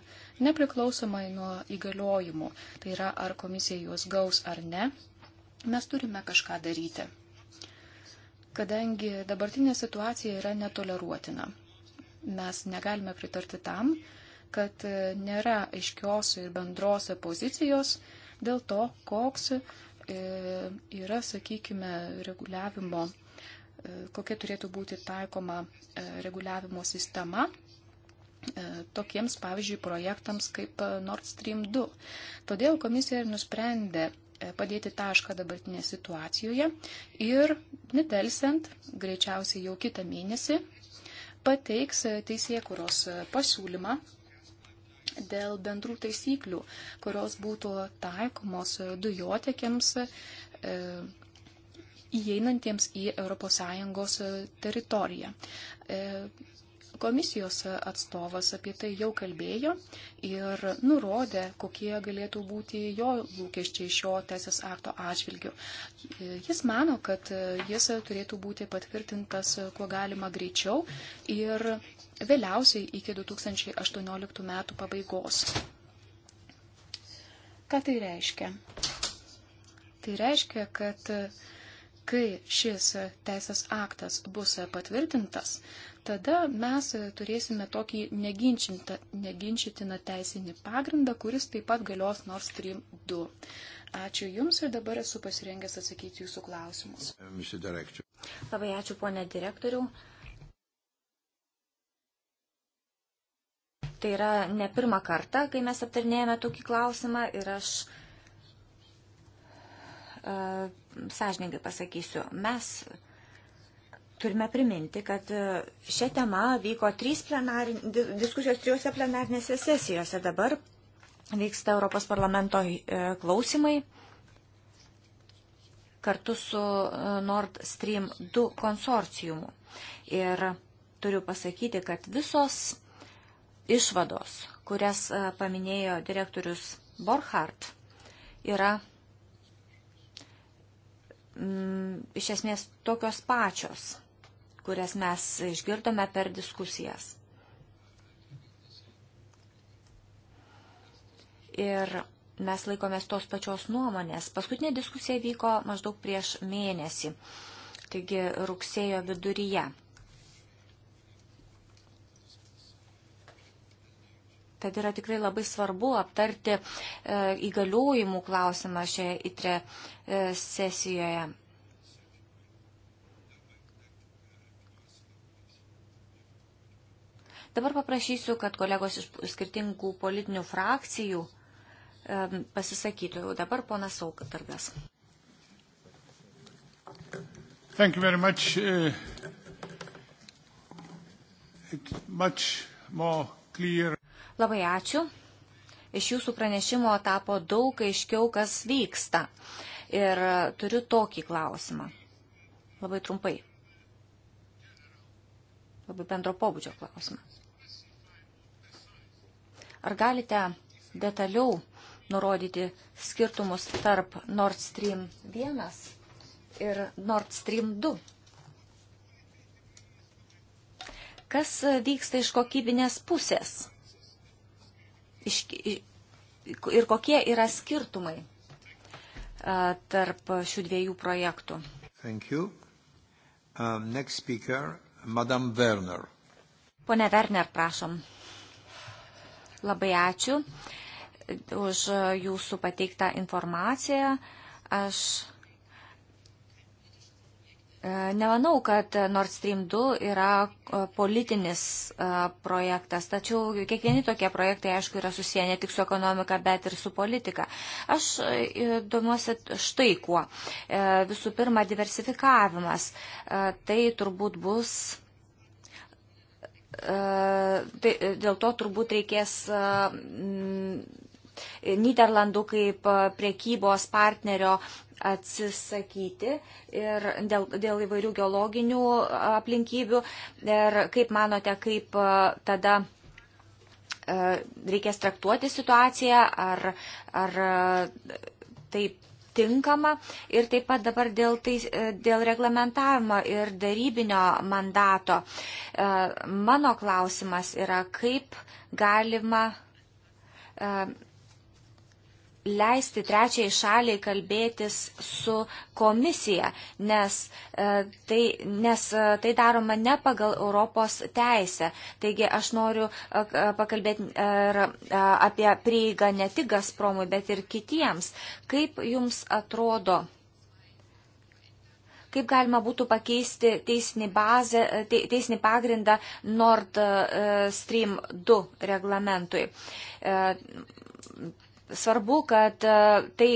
nepriklausomai nuo įgaliojimų, tai yra ar komisija juos gaus ar ne, mes turime kažką daryti. Kadangi dabartinė situacija yra netoleruotina, mes negalime pritarti tam, kad e, nėra aiškios ir bendros pozicijos dėl to, koks e, yra, sakykime, reguliavimo, kokia turėtų būti taikoma reguliavimo sistema E, tokiems, pavyzdžiui, projektams kaip e, Nord Stream 2. Todėl komisija ir nusprendė e, padėti tašką dabartinėje situacijoje ir, nedelsiant, greičiausiai jau kitą mėnesį, pateiks teisėkuros pasiūlymą dėl bendrų taisyklių, kurios būtų taikomos dujotekiams įeinantiems į ES teritoriją. Komisijos atstovas apie tai jau kalbėjo ir nurodė, kokie galėtų būti jo lūkesčiai šio teisės akto atžvilgiu. Jis mano, kad jis turėtų būti patvirtintas kuo galima greičiau ir vėliausiai iki 2018 metų pabaigos. Ką tai reiškia? Tai reiškia, kad Kai šis teisės aktas bus patvirtintas, tada mes turėsime tokį neginčytiną teisinį pagrindą, kuris taip pat galios Nord Stream 2. Ačiū Jums ir dabar esu pasirengęs atsakyti Jūsų klausimus. Uh, Labai ačiū, ponė direktoriau. Tai yra ne pirmą kartą, kai mes aptarnėjame tokį klausimą ir aš. Uh, sąžininkai pasakysiu, mes turime priminti, kad šią temą vyko trys plenarin, diskusijos trijose plenarinėse sesijose. Dabar vyksta Europos parlamento e, klausimai kartu su e, Nord Stream 2 konsorciumu. Ir turiu pasakyti, kad visos išvados, kurias e, paminėjo direktorius Borchardt, yra mm, iš esmės tokios pačios, kurias mes išgirdome per diskusijas. Ir mes laikomės tos pačios nuomonės. Paskutinė diskusija vyko maždaug prieš mėnesį, taigi rugsėjo viduryje. Tad yra tikrai labai svarbu aptarti e, įgaliojimų klausimą šioje ITRE e, sesijoje. Dabar paprašysiu, kad kolegos iš skirtingų politinių frakcijų e, pasisakytų. Jau dabar ponas Saukatargas. Thank you very much. Uh, much more clear. Labai ačiū. Iš jūsų pranešimo tapo daug aiškiau, kas vyksta. Ir turiu tokį klausimą. Labai trumpai. Labai bendro pobūdžio klausimą. Ar galite detaliau nurodyti skirtumus tarp Nord Stream 1 ir Nord Stream 2. Kas vyksta iš kokybinės pusės? iš, ir kokie yra skirtumai tarp šių dviejų projektų. Thank you. Um, next speaker, Madame Werner. Pone Werner, prašom. Labai ačiū e, už e, jūsų pateiktą informaciją. Aš E, nemanau, kad Nord Stream 2 yra e, politinis e, projektas, tačiau kiekvieni tokie projektai, aišku, yra susiję ne tik su ekonomika, bet ir su politika. Aš domiuosi štai kuo. Visų pirma, diversifikavimas. Tai turbūt bus. Tai dėl to turbūt reikės Niderlandų kaip priekybos partnerio atsisakyti ir dėl, dėl įvairių geologinių aplinkybių. Ir kaip manote, kaip e, tada e, reikės traktuoti situaciją, ar, ar e, taip tinkama ir taip pat dabar dėl, tai, dėl reglamentavimo ir darybinio mandato. Mano klausimas yra, kaip galima leisti trečiai šaliai kalbėtis su komisija, nes, e, tai, nes e, tai daroma ne pagal Europos teisę. Taigi aš noriu e, e pakalbėti ir e, e, apie prieigą ne tik Gazpromui, bet ir kitiems. Kaip jums atrodo? Kaip galima būtų pakeisti teisinį, bazę, te, teisinį pagrindą Nord e, Stream 2 reglamentui? E, Svarbu, kad e, tai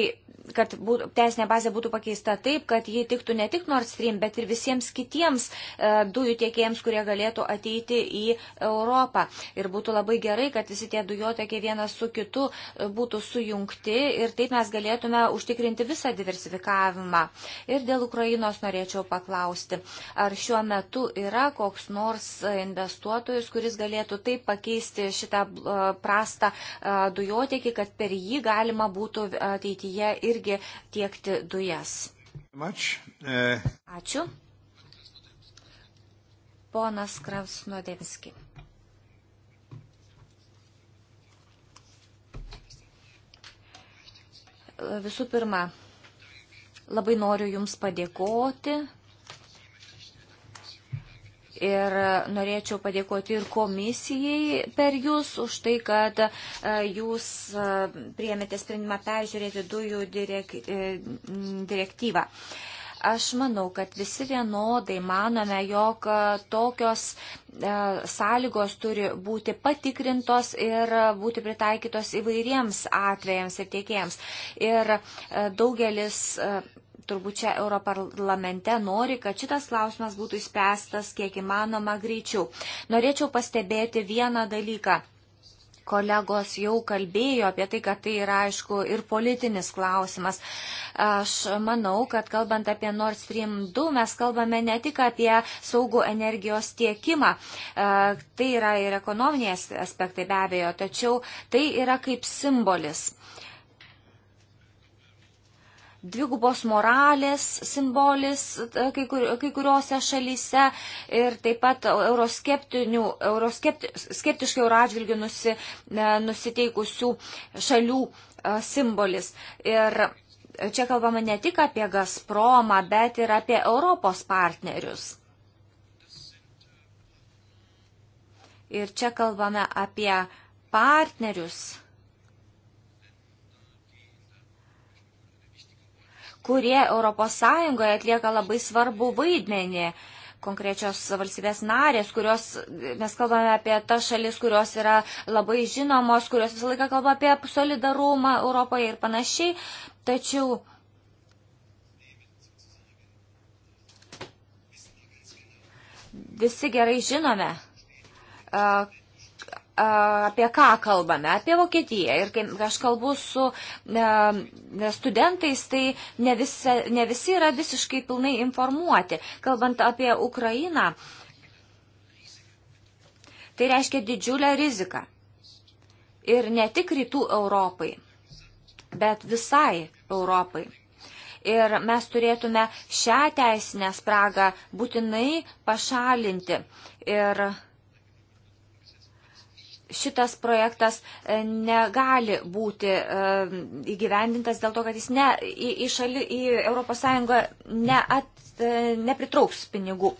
kad būtų, teisinė bazė būtų pakeista taip, kad ji tiktų ne tik Nord Stream, bet ir visiems kitiems e, dujų tiekėjams, kurie galėtų ateiti į Europą. Ir būtų labai gerai, kad visi tie dujotekiai vienas su kitu e, būtų sujungti ir taip mes galėtume užtikrinti visą diversifikavimą. Ir dėl Ukrainos norėčiau paklausti, ar šiuo metu yra koks nors investuotojas, kuris galėtų taip pakeisti šitą e, prastą e, dujotekį, kad per jį galima būtų ateityje ir irgi tiekti dujas. E. Ačiū. Ponas Krasnodemski. Visų pirma, labai noriu Jums padėkoti Ir norėčiau padėkoti ir komisijai per jūs už tai, kad e, jūs e, priemėte sprendimą peržiūrėti dujų direk, e, direktyvą. Aš manau, kad visi vienodai manome, jog tokios sąlygos turi būti patikrintos ir būti pritaikytos įvairiems atvejams ir tiekėjams. Ir daugelis turbūt čia Europarlamente nori, kad šitas klausimas būtų įspęstas kiek įmanoma greičiau. Norėčiau pastebėti vieną dalyką kolegos jau kalbėjo apie tai, kad tai yra, aišku, ir politinis klausimas. Aš manau, kad kalbant apie Nord Stream 2, mes kalbame ne tik apie saugų energijos tiekimą. E, tai yra ir ekonominiai aspektai be abejo, tačiau tai yra kaip simbolis dvigubos moralės simbolis e, kai, kur, kai kuriuose šalyse ir taip pat euroskeptiškai euroskepti, euro atžvilgių nusi, e, nusiteikusių šalių e, simbolis. Ir čia kalbama ne tik apie Gazpromą, bet ir apie Europos partnerius. Ir čia kalbame apie partnerius kurie ES atlieka labai svarbu vaidmenį konkrečios valstybės narės, kurios, mes kalbame apie tas šalis, kurios yra labai žinomos, kurios visą laiką kalba apie solidarumą Europoje ir panašiai. Tačiau visi gerai žinome, apie ką kalbame, apie Vokietiją. Ir kai aš kalbu su studentais, tai ne, visi, ne visi yra visiškai pilnai informuoti. Kalbant apie Ukrainą, tai reiškia didžiulę riziką. Ir ne tik rytų Europai, bet visai Europai. Ir mes turėtume šią teisinę spragą būtinai pašalinti. Ir šitas projektas e, negali būti e, įgyvendintas dėl to, kad jis ne, į, į, šali, į ES neat, e, nepritrauks pinigų.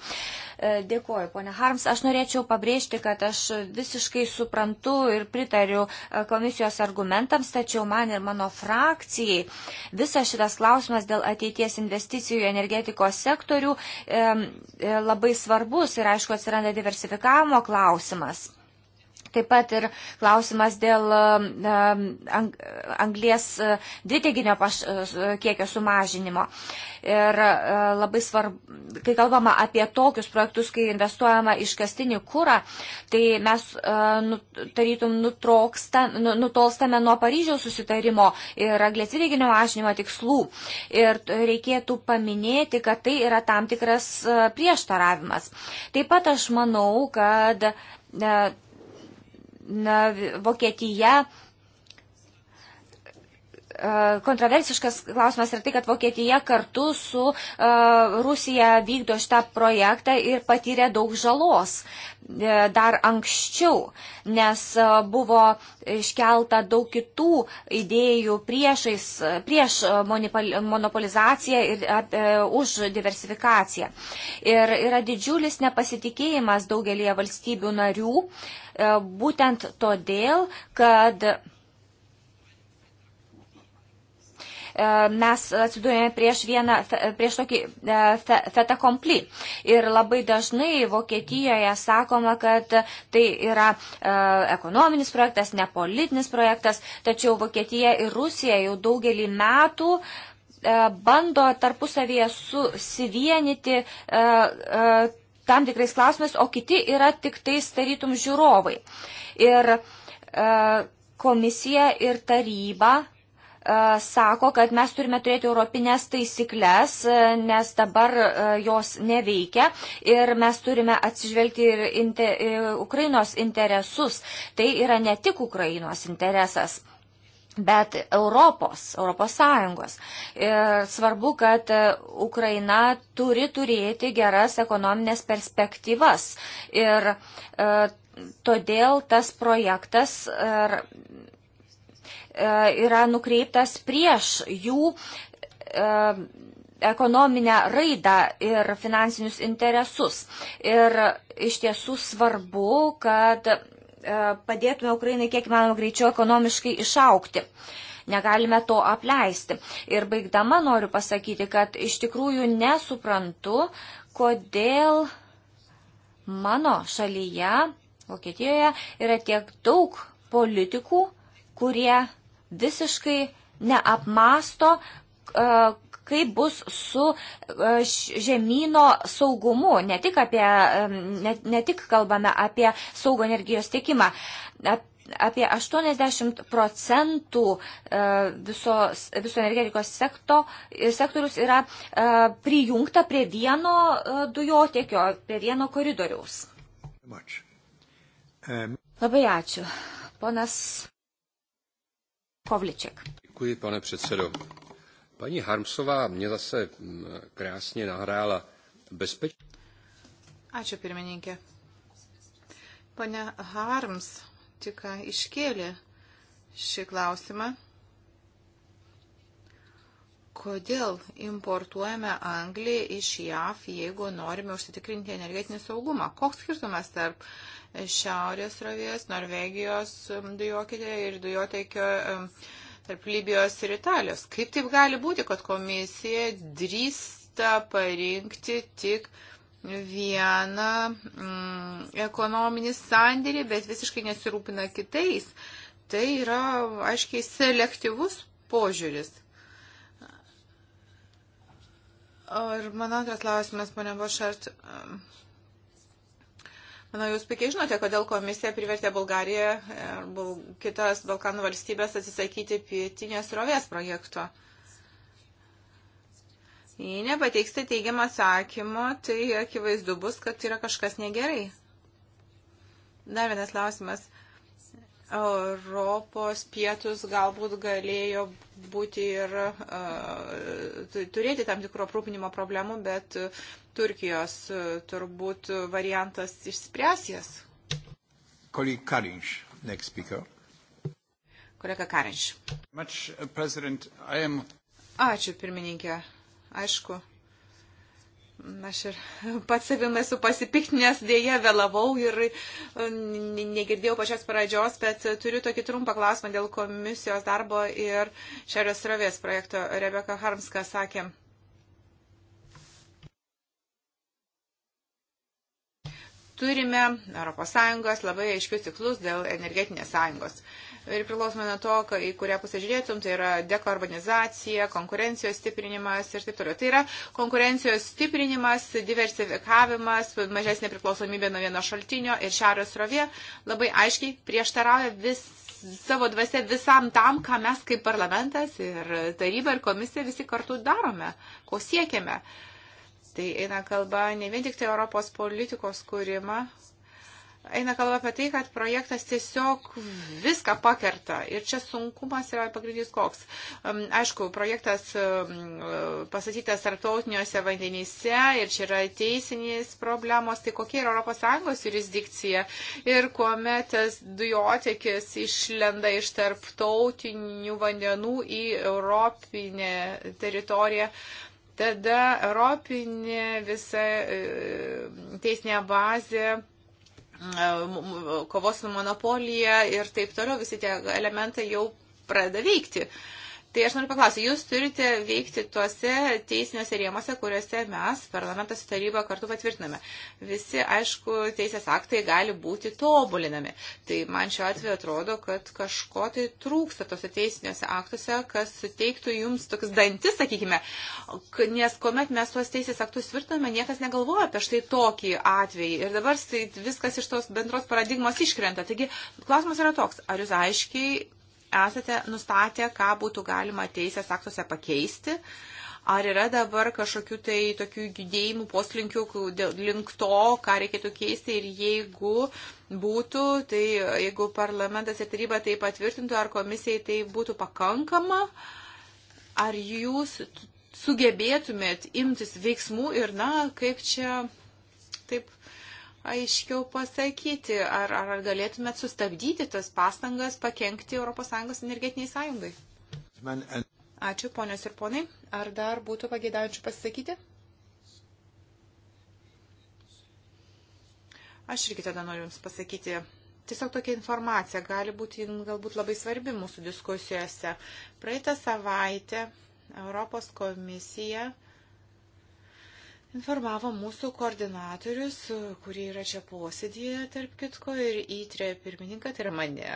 Dėkuoju, ponia Harms. Aš norėčiau pabrėžti, kad aš visiškai suprantu ir pritariu komisijos argumentams, tačiau man ir mano frakcijai visas šitas klausimas dėl ateities investicijų į energetikos sektorių e, labai svarbus ir aišku atsiranda diversifikavimo klausimas Taip pat ir klausimas dėl um, um, anglės uh, dviteginio uh, kiekio sumažinimo. Ir uh, labai svarbu, kai kalbama apie tokius projektus, kai investuojama iškastinį kūrą, tai mes nu, tarytum nu, nutolstame nuo Paryžiaus susitarimo ir anglės dvideginio mažinimo tikslų. Ir reikėtų paminėti, kad tai yra tam tikras prieštaravimas. Taip pat aš manau, kad na, Vokietija Kontroversiškas klausimas yra tai, kad Vokietija kartu su e, Rusija vykdo šitą projektą ir patyrė daug žalos e, dar anksčiau, nes e, buvo iškelta daug kitų idėjų priešais, prieš monopolizaciją ir apie, už diversifikaciją. Ir yra didžiulis nepasitikėjimas daugelie valstybių narių, būtent todėl, kad E, mes atsidūrėme prieš vieną, prieš tokį e, feta komply. Ir labai dažnai Vokietijoje sakoma, kad tai yra e, ekonominis projektas, ne politinis projektas, tačiau Vokietija ir Rusija jau daugelį metų bando tarpusavėje susivienyti tam tikrais klausimais, o kiti yra tik tais tarytum žiūrovai. Ir komisija ir taryba E, sako, kad mes turime turėti europinės taisyklės, e, nes dabar e, jos neveikia ir mes turime atsižvelgti ir inter, Ukrainos interesus. Tai yra ne tik Ukrainos interesas bet Europos, Europos Sąjungos. Ir svarbu, kad Ukraina turi turėti geras ekonominės perspektyvas. Ir e, todėl tas projektas ir E, yra nukreiptas prieš jų e, ekonominę raidą ir finansinius interesus. Ir iš tiesų svarbu, kad e, padėtume Ukrainai kiek įmanoma greičiau ekonomiškai išaukti. Negalime to apleisti. Ir baigdama noriu pasakyti, kad iš tikrųjų nesuprantu, kodėl mano šalyje, Vokietijoje, yra tiek daug politikų, kurie visiškai neapmasto, e, kaip bus su e, žemynų saugumu. Ne tik, apie, ne, ne tik kalbame apie saugų energijos tiekimą. Apie 80 procentų e, visos, viso energetikos sekto, sektorius yra prijungta prie vieno dujotiekio, prie vieno koridoriaus. Labai ačiū. Ponas Kovliček. Děkuji, pane předsedo. Paní Harmsová mě zase mm, krásně nahrála bezpeč... Ačiū pirmininkė. Pane Harms tik iškėlė šį klausimą. Kodėl importuojame Angliją iš JAV, jeigu norime užsitikrinti energetinį saugumą? Koks skirtumas tarp uh, šiaurės rovės, Norvegijos um, dujokite ir dujotekio um, tarp Libijos ir Italijos. Kaip taip gali būti, kad komisija drįsta parinkti tik vieną mm, ekonominį sandėrį, bet visiškai nesirūpina kitais. Tai yra, aiškiai, selektyvus požiūris. Ir man antras klausimas, ponia Bošart, um, Manau, jūs puikiai žinote, kodėl komisija privertė Bulgariją ir e, kitas Balkanų valstybės atsisakyti pietinės rovės projekto. Jei nepateiksite teigiamą atsakymą, tai akivaizdu bus, kad yra kažkas negerai. Dar vienas klausimas. Europos pietus galbūt galėjo būti ir uh, turėti tam tikro aprūpinimo problemų, bet uh, Turkijos e, turbūt variantas išspręs jas. Kolega Karinš, next speaker. Kolega Karinš. Much, uh, am... Ačiū, pirmininkė. Aišku, Aš ir pats savimi esu pasipiktinęs, dėje vėlavau ir e, negirdėjau pačios pradžios, bet turiu tokį trumpą klausimą dėl komisijos darbo ir Šerijos rovės projekto. Rebeka Harmska sakė, turime ES labai aiškius tikslus dėl energetinės sąjungos. Ir priklausomai nuo to, kai, į kurią pusę žiūrėtum, tai yra dekarbonizacija, konkurencijos stiprinimas ir taip toliau. Tai yra konkurencijos stiprinimas, diversifikavimas, mažesnė priklausomybė nuo vieno šaltinio ir šiaurės rovė labai aiškiai prieštarauja vis savo dvasia visam tam, ką mes kaip parlamentas ir taryba ir komisija visi kartu darome, ko siekiame. Uh, Tai eina kalba ne vien tik tai Europos politikos kūrimą, eina kalba apie tai, kad projektas tiesiog viską pakerta. Ir čia sunkumas yra pagrindinis koks. Aišku, projektas pasakytas tarptautiniuose vandenyse ir čia yra teisinės problemos. Tai kokia yra ES jurisdikcija? Ir kuomet tas dujotekis išlenda iš tarptautinių vandenų į europinę teritoriją Tada Europinė visa e, teisinė bazė e, kovos su monopolija ir taip toliau, visi tie elementai jau pradeda veikti. Uh, Tai aš noriu paklausyti, jūs turite veikti tuose teisiniuose rėmose, kuriuose mes, parlamentas ir taryba, kartu patvirtiname. Visi, aišku, teisės aktai gali būti tobulinami. Tai man šiuo atveju atrodo, kad kažko tai trūksta tuose teisiniuose aktuose, kas suteiktų jums toks dantis, sakykime. Nes kuomet mes tuos teisės aktus tvirtiname, niekas negalvoja apie štai tokį atvejį. Ir dabar tai viskas iš tos bendros paradigmos iškrenta. Taigi, klausimas yra toks, ar jūs aiškiai esate nustatę, ką būtų galima teisės aktuose pakeisti? Ar yra dabar kažkokių tai tokių judėjimų, poslinkių link to, ką reikėtų keisti ir jeigu būtų, tai jeigu parlamentas ir taryba tai patvirtintų, ar komisijai tai būtų pakankama, ar jūs sugebėtumėt imtis veiksmų ir, na, kaip čia taip aiškiau pasakyti, ar, ar galėtumėt sustabdyti tas pastangas pakengti ES energetiniai sąjungai? Ačiū, ponios ir ponai. Ar dar būtų pagėdaujančių pasisakyti? Aš irgi tada noriu Jums pasakyti. Tiesiog tokia informacija gali būti galbūt labai svarbi mūsų diskusijose. Praeitą savaitę Europos komisija uh, Informavo mūsų koordinatorius, kurie yra čia posėdėje, tarp kitko, ir įtrė pirmininką, tai yra mane.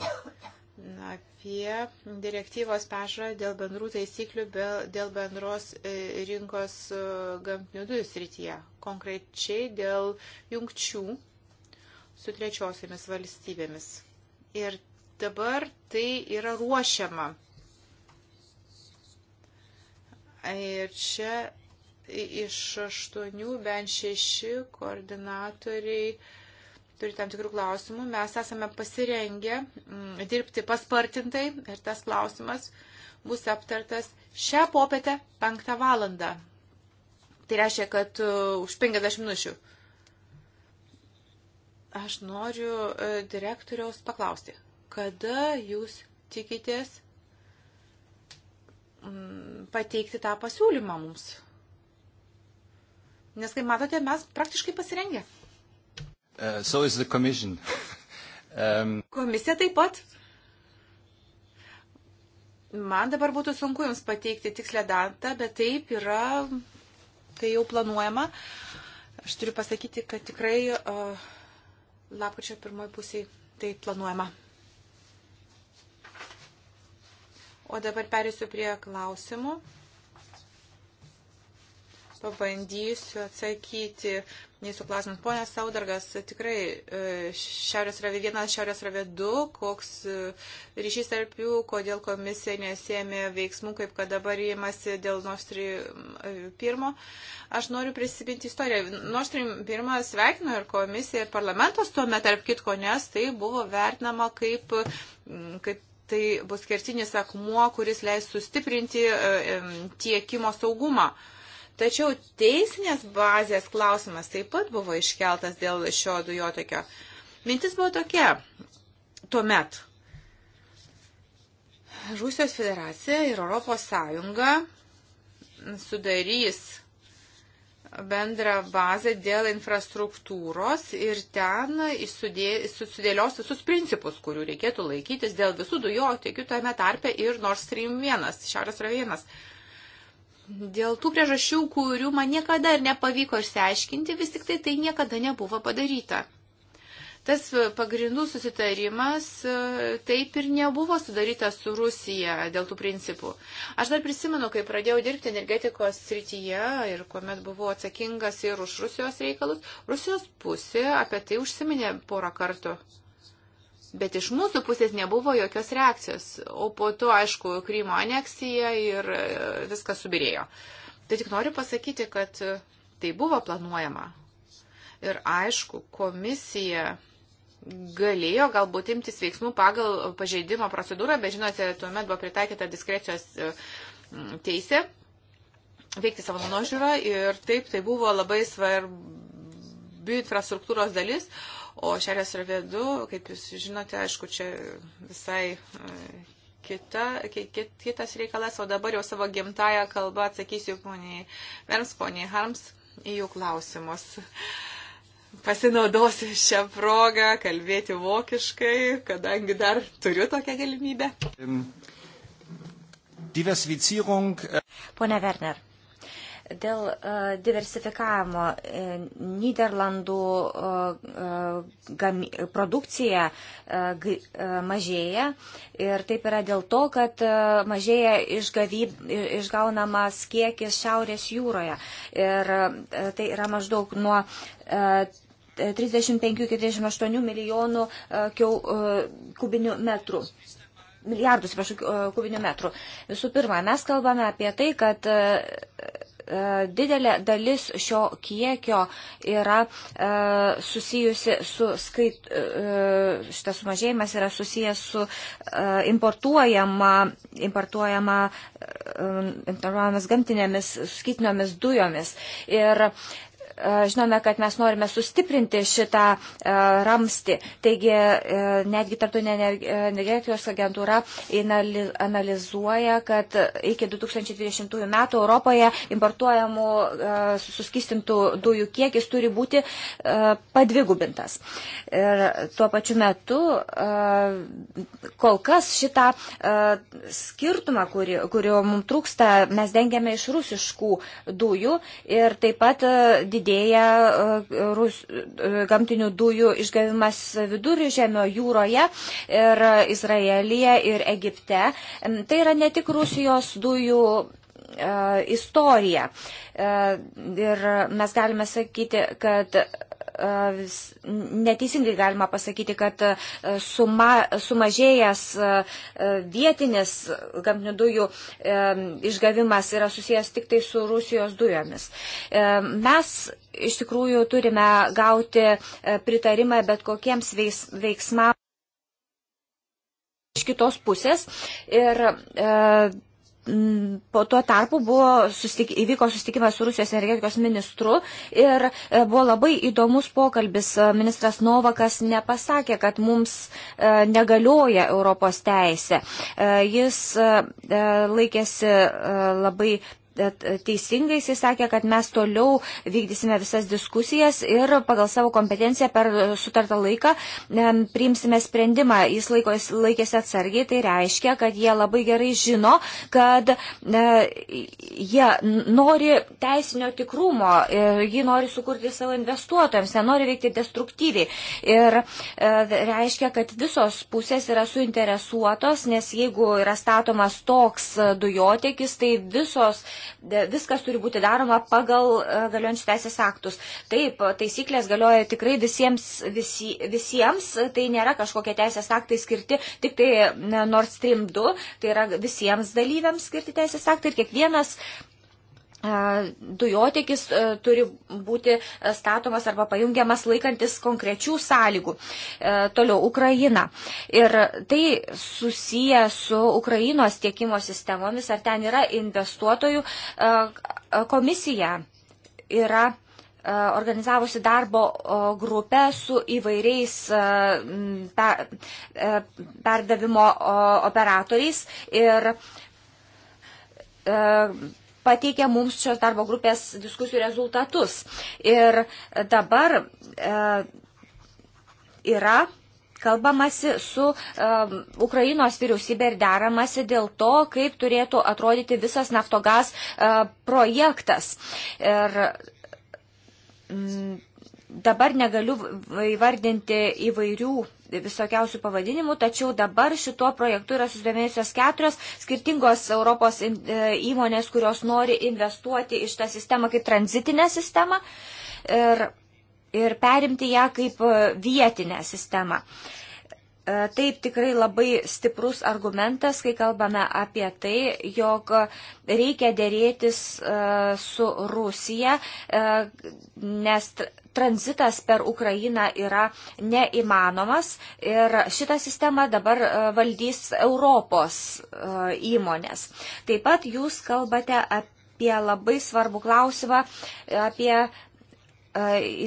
Apie direktyvos pažą dėl bendrų taisyklių, dėl bendros e, rinkos e, gamtinių dujų srityje, konkrečiai dėl jungčių su trečiosiamis valstybėmis. Ir dabar tai yra ruošiama Ir čia iš aštuonių bent šeši koordinatoriai turi tam tikrų klausimų. Mes esame pasirengę mm, dirbti paspartintai ir tas klausimas bus aptartas šią popietę penktą valandą. Tai reiškia, kad e, už 50 minučių. Aš noriu e, direktoriaus paklausti, kada jūs tikitės Mm, pateikti tą pasiūlymą mums. Nes, kaip matote, mes praktiškai pasirengę. Uh, so um... Komisija taip pat. Man dabar būtų sunku Jums pateikti tikslę datą, bet taip yra, tai jau planuojama. Aš turiu pasakyti, kad tikrai uh, lapkričio pirmoji pusiai tai planuojama. O dabar perėsiu prie klausimų. Pabandysiu atsakyti jūsų klausimus. Pone Saudargas, tikrai e, Šiaurės ravė 1, Šiaurės ravė 2, koks e, ryšys tarp jų, kodėl komisija nesėmė veiksmų, kaip kad dabar įmasi dėl Nord Stream 1. E, Aš noriu prisiminti istoriją. Nord Stream 1 sveikino ir komisija, ir parlamentas tuo metu, tarp kitko, nes tai buvo vertinama kaip, kaip Tai bus kertinis akmuo, kuris leis sustiprinti e, tiekimo saugumą. Tačiau teisinės bazės klausimas taip pat buvo iškeltas dėl šio dujotokio. Mintis buvo tokia. Tuomet Rusijos federacija ir Europos Sąjunga sudarys bendrą bazę dėl infrastruktūros ir ten sudėlios visus principus, kurių reikėtų laikytis dėl visų dujotiekių tame tarpe ir Nord Stream 1, Šiaurės yra 1. Dėl tų priežasčių, kurių man niekada ir nepavyko išsiaiškinti, vis tik tai tai niekada nebuvo padaryta. Tas pagrindų susitarimas e, taip ir nebuvo sudarytas su Rusija dėl tų principų. Aš dar prisimenu, kai pradėjau dirbti energetikos srityje ir kuomet buvau atsakingas ir už Rusijos reikalus, Rusijos pusė apie tai užsiminė porą kartų. Bet iš mūsų pusės nebuvo jokios reakcijos. O po to, aišku, Krymo aneksija ir e, viskas subirėjo. Tai tik noriu pasakyti, kad e, tai buvo planuojama. Ir aišku, komisija galėjo galbūt imtis veiksmų pagal pažeidimo procedūrą, bet žinote, tuomet buvo pritaikyta diskrecijos e, teisė veikti savo nuožiūrą ir taip tai buvo labai svarbi infrastruktūros dalis, o šerės yra vėdu, kaip jūs žinote, aišku, čia visai e, kita, kit, kitas reikalas, o dabar jau savo gimtają kalbą atsakysiu poniai Verms, poniai Harms į jų klausimus. Uh, pasinaudosiu šią progą kalbėti vokiškai, kadangi dar turiu tokią galimybę. Diversifizierung. E, Pone Werner. Dėl uh, diversifikavimo uh, Niderlandų uh, gami, produkcija uh, g, uh, mažėja ir taip yra dėl to, kad uh, mažėja išgavyb, išgaunamas kiekis Šiaurės jūroje. Ir uh, tai yra maždaug nuo uh, 35-48 milijonų e, e, kubinių metrų. Milijardus, prašau, e, kubinių metrų. Visų pirma, mes kalbame apie tai, kad didelė dalis šio kiekio yra e, susijusi su skait, e, šitas sumažėjimas yra susijęs su e, importuojama, importuojama, importuojamas gamtinėmis skaitiniomis dujomis. Ir E, žinome, kad mes norime sustiprinti šitą e, ramsti. Taigi e, netgi tarptautinė energetikos agentūra analizuoja, kad iki 2020 metų Europoje importuojamų suskistintų dujų kiekis turi būti padvigubintas. Ir tuo pačiu metu kol kas šitą skirtumą, kurio mums trūksta, mes dengiame iš rusiškų dujų ir taip pat didėja didėja e, rus, e, gamtinių dujų išgavimas viduržėmio jūroje ir Izraelyje ir Egipte. Tai yra ne tik Rusijos dujų e, istorija. Ir mes galime sakyti, kad E, neteisingai galima pasakyti, kad e, suma, sumažėjęs e, vietinis gamtinių dujų išgavimas yra susijęs tik tai su Rusijos dujomis. Mes iš tikrųjų turime gauti pritarimą bet kokiems veiksmams iš kitos pusės ir Mm, po tuo tarpu buvo sustik, įvyko susitikimas su Rusijos energetikos ministru ir e, buvo labai įdomus pokalbis. E, ministras Novakas nepasakė, kad mums e, negalioja Europos teisė. Jis laikėsi labai teisingai jis sakė, kad mes toliau vykdysime visas diskusijas ir pagal savo kompetenciją per sutartą laiką priimsime sprendimą. Jis laikos, laikėsi atsargiai, tai reiškia, kad jie labai gerai žino, kad e, jie nori teisinio tikrumo ir e, jį nori sukurti savo investuotojams, nenori veikti destruktyviai. Ir e, reiškia, kad visos pusės yra suinteresuotos, nes jeigu yra statomas toks dujotekis, tai visos Viskas turi būti daroma pagal e, galiojančius teisės aktus. Taip, taisyklės galioja tikrai visiems, visi, visiems, tai nėra kažkokie teisės aktai skirti tik tai e, Nord Stream 2, tai yra visiems dalyviams skirti teisės aktai ir kiekvienas dujotekis turi būti statomas arba pajungiamas laikantis konkrečių sąlygų. Toliau Ukraina. Ir tai susiję su Ukrainos tiekimo sistemomis, ar ten yra investuotojų komisija. Yra organizavusi darbo grupę su įvairiais perdavimo operatoriais ir pateikė mums šios darbo grupės diskusijų rezultatus. Ir dabar e, yra kalbamasi su um, Ukrainos vyriausybė ir deramasi dėl to, kaip turėtų atrodyti visas naftogas uh, e, projektas. Ir, mm, dabar negaliu įvardinti įvairių visokiausių pavadinimų, tačiau dabar šituo projektu yra susidomėjusios keturios skirtingos Europos e, įmonės, kurios nori investuoti iš tą sistemą kaip tranzitinę sistemą ir, ir perimti ją kaip e, vietinę sistemą. Uh, E, Taip tikrai labai stiprus argumentas, kai kalbame apie tai, jog reikia dėrėtis e, su Rusija, e, nes tranzitas per Ukrainą yra neįmanomas ir šitą sistemą dabar valdys Europos įmonės. Taip pat jūs kalbate apie labai svarbų klausimą, apie E,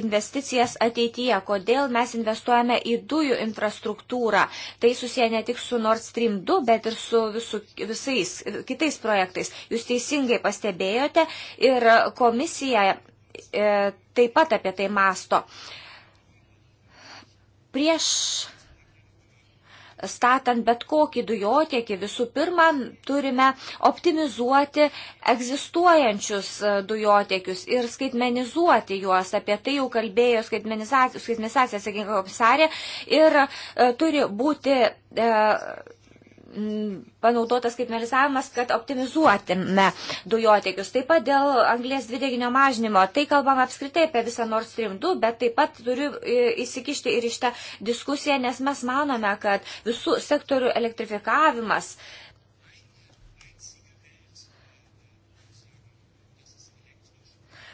investicijas ateityje, kodėl mes investuojame į dujų infrastruktūrą. Tai susiję ne tik su Nord Stream 2, bet ir su visu, visais kitais projektais. Jūs teisingai pastebėjote ir komisija e, taip pat apie tai masto. Prieš statant bet kokį dujotiekį, visų pirma, turime optimizuoti egzistuojančius e, dujotiekius ir skaitmenizuoti juos. Apie tai jau kalbėjo skaitmenizacija, sakykime, komisarė. Ir e, turi būti e, panaudotas kaip melisavimas, kad optimizuotume dujotiekius. Taip pat dėl anglės dvideginio mažinimo. Tai kalbam apskritai apie visą Nord Stream 2, bet taip pat turiu įsikišti ir iš tą diskusiją, nes mes manome, kad visų sektorių elektrifikavimas uh,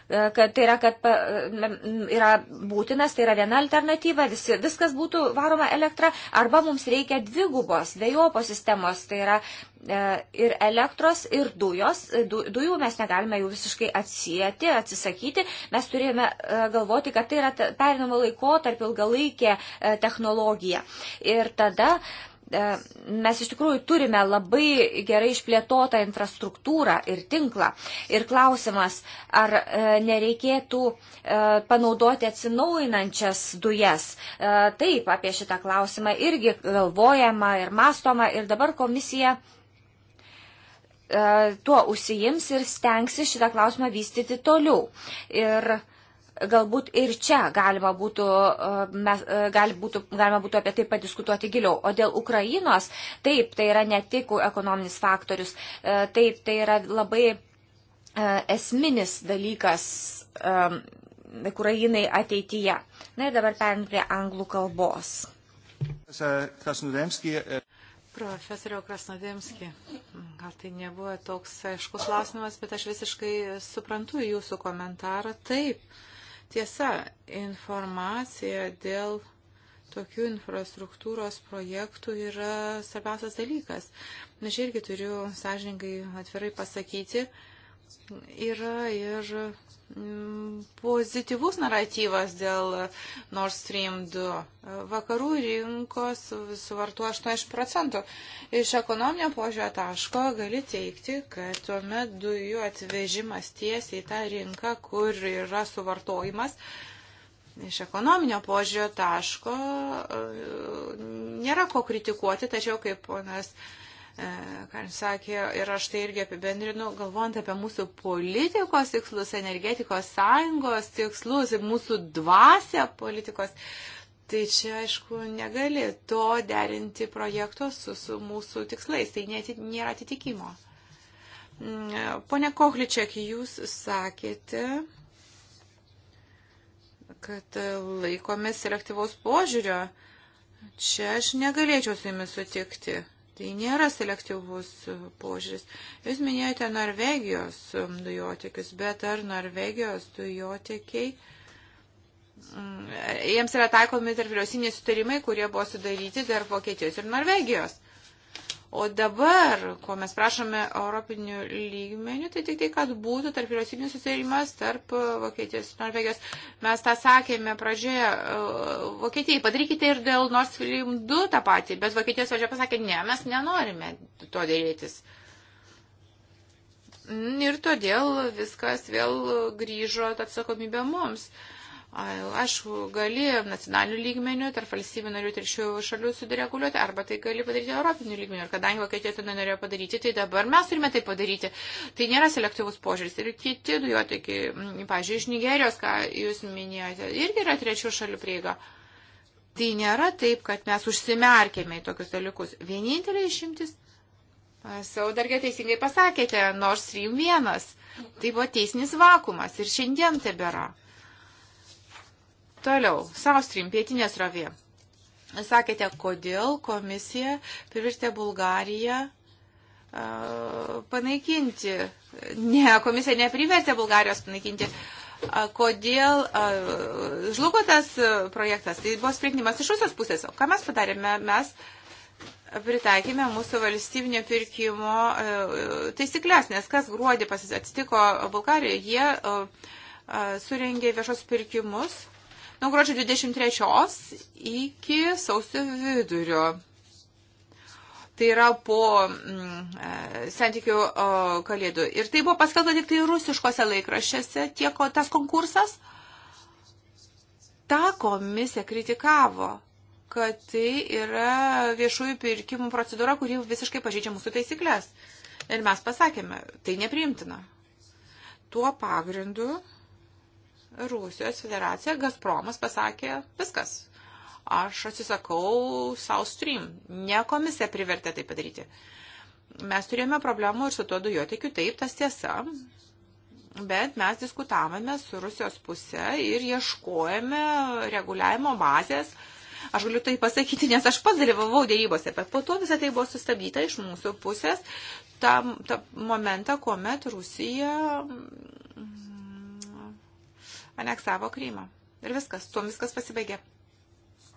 kad tai yra, kad yra būtinas, tai yra viena alternatyva, vis, viskas būtų varoma elektra, arba mums reikia dvigubos, dviejopos sistemos, tai yra e, ir elektros, ir dujos. E, du, dujų mes negalime jų visiškai atsijėti, atsisakyti, mes turėjome e, galvoti, kad tai yra perinamo laiko tarp ilgalaikė technologija. Ir tada E, mes iš tikrųjų turime labai gerai išplėtotą infrastruktūrą ir tinklą. Ir klausimas, ar e, nereikėtų e, panaudoti atsinaujinančias dujas. Taip, apie šitą klausimą irgi galvojama ir mastoma. Ir dabar komisija tuo užsijims ir stengsi šitą klausimą vystyti toliau. Ir uh, galbūt ir čia galima būtų, e, mes, e, gali būtų, galima būtų apie tai padiskutuoti giliau. O dėl Ukrainos, taip, tai yra ne tik ekonominis faktorius, e, taip, tai yra labai esminis dalykas Ukrainai ateityje. Na ir dabar perėm prie anglų kalbos. Profesoriau Krasnodemski, gal tai nebuvo toks aiškus klausimas, bet aš visiškai suprantu jūsų komentarą. Taip, uh, Tiesa, informacija dėl tokių infrastruktūros projektų yra svarbiausias dalykas. Aš irgi turiu sąžininkai atvirai pasakyti, yra ir mm, pozityvus naratyvas dėl Nord Stream 2. Vakarų rinkos suvartu 80 procentų. Iš ekonominio požiūrio taško gali teikti, kad tuomet dujų atvežimas tiesiai į tą rinką, kur yra suvartojimas. Iš ekonominio požiūrio taško e, nėra ko kritikuoti, tačiau kaip ponas. Uh, E, ką jis sakė, ir aš tai irgi apibendrinu, galvojant apie mūsų politikos tikslus, energetikos sąjungos tikslus ir mūsų dvasę politikos. Tai čia, aišku, negali to derinti projektus su, su mūsų tikslais, tai net, nėra atitikimo. Mm, e, pone Kohličiak, jūs sakėte, kad laikomės selektyvaus požiūrio. Čia aš negalėčiau su jumis sutikti. Tai nėra selektyvus požiūris. Jūs minėjote Norvegijos um, dujotiekius, bet ar Norvegijos dujotiekiai, mm, jiems yra taikomi tarp vyriausybiniai sutarimai, kurie buvo sudaryti tarp Vokietijos ir Norvegijos. O dabar, ko mes prašome europinių lygmenių, tai tik tai, kad būtų tarp vyriausybinis susirimas, tarp uh, Vokietijos ir Norvegijos. Mes tą sakėme pradžioje, uh, Vokietijai padarykite ir dėl Nord Stream 2 tą patį, bet Vokietijos valdžia pasakė, ne, mes nenorime to dėrėtis. Ir todėl viskas vėl grįžo atsakomybė mums. Uh, Aišku, gali nacionalinių lygmenių tarp valstybių narių trečių šalių sudireguliuoti, arba tai gali padaryti europinių lygmenių. Ir kadangi Vokietija to nenorėjo padaryti, tai dabar mes turime tai padaryti. Tai nėra selektyvus požiūris. Ir kiti dujotikiai, pažiūrėjau, iš Nigerijos, ką jūs minėjote, irgi yra trečių šalių prieiga. Tai nėra taip, kad mes užsimerkėme į tokius dalykus. Vienintelė išimtis Saudargė teisingai pasakėte, nors Rym vienas. Tai buvo teisinis vakumas ir šiandien tebėra. Toliau, South Stream, pietinė srovė. Sakėte, kodėl komisija privirtė Bulgariją panaikinti. Ne, komisija neprivertė Bulgarijos panaikinti. Kodėl žlugo tas projektas? Tai buvo sprendimas iš Rusijos pusės. O ką mes padarėme? Mes pritaikėme mūsų valstybinio pirkimo taisyklės, nes kas gruodį atsitiko Bulgarijoje, jie surengė viešos pirkimus nuo gruodžio 23 iki sausio vidurio. Tai yra po mm, e, santykių o, kalėdų. Ir tai buvo paskelbta tik tai rusiškose laikraščiuose tiek tas konkursas. Ta komisija kritikavo, kad tai yra viešųjų pirkimų procedūra, kuri visiškai pažeidžia mūsų taisyklės. Ir mes pasakėme, tai nepriimtina. Tuo pagrindu Rusijos federacija Gazpromas pasakė viskas. Aš atsisakau South Stream. Ne komisija privertė tai padaryti. Mes turėjome problemų ir su tuo dujotekiu, taip, tas tiesa. Bet mes diskutavome su Rusijos pusė ir ieškojame reguliavimo bazės. Aš galiu tai pasakyti, nes aš pats dalyvavau dėrybose, bet po to visą tai buvo sustabdyta iš mūsų pusės tą, tą momentą, kuomet Rusija aneksavo Krymą. Ir viskas, tuom viskas pasibaigė.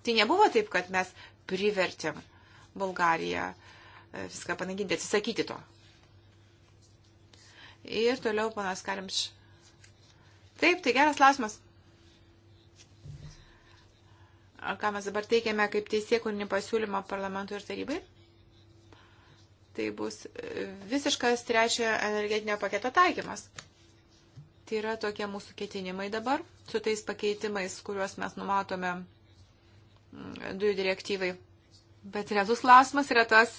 Tai nebuvo taip, kad mes privertėm Bulgariją e, viską panaginti, atsisakyti to. Ir toliau panas Karimš. Taip, tai geras klausimas. Ar ką mes dabar teikiame kaip teisėkūrinį pasiūlymą parlamentui ir tarybai? Tai bus e, visiškas trečiojo energetinio paketo taikymas. Tai yra tokie mūsų ketinimai dabar su tais pakeitimais, kuriuos mes numatome mm, dujų direktyvai. Bet realus klausimas yra tas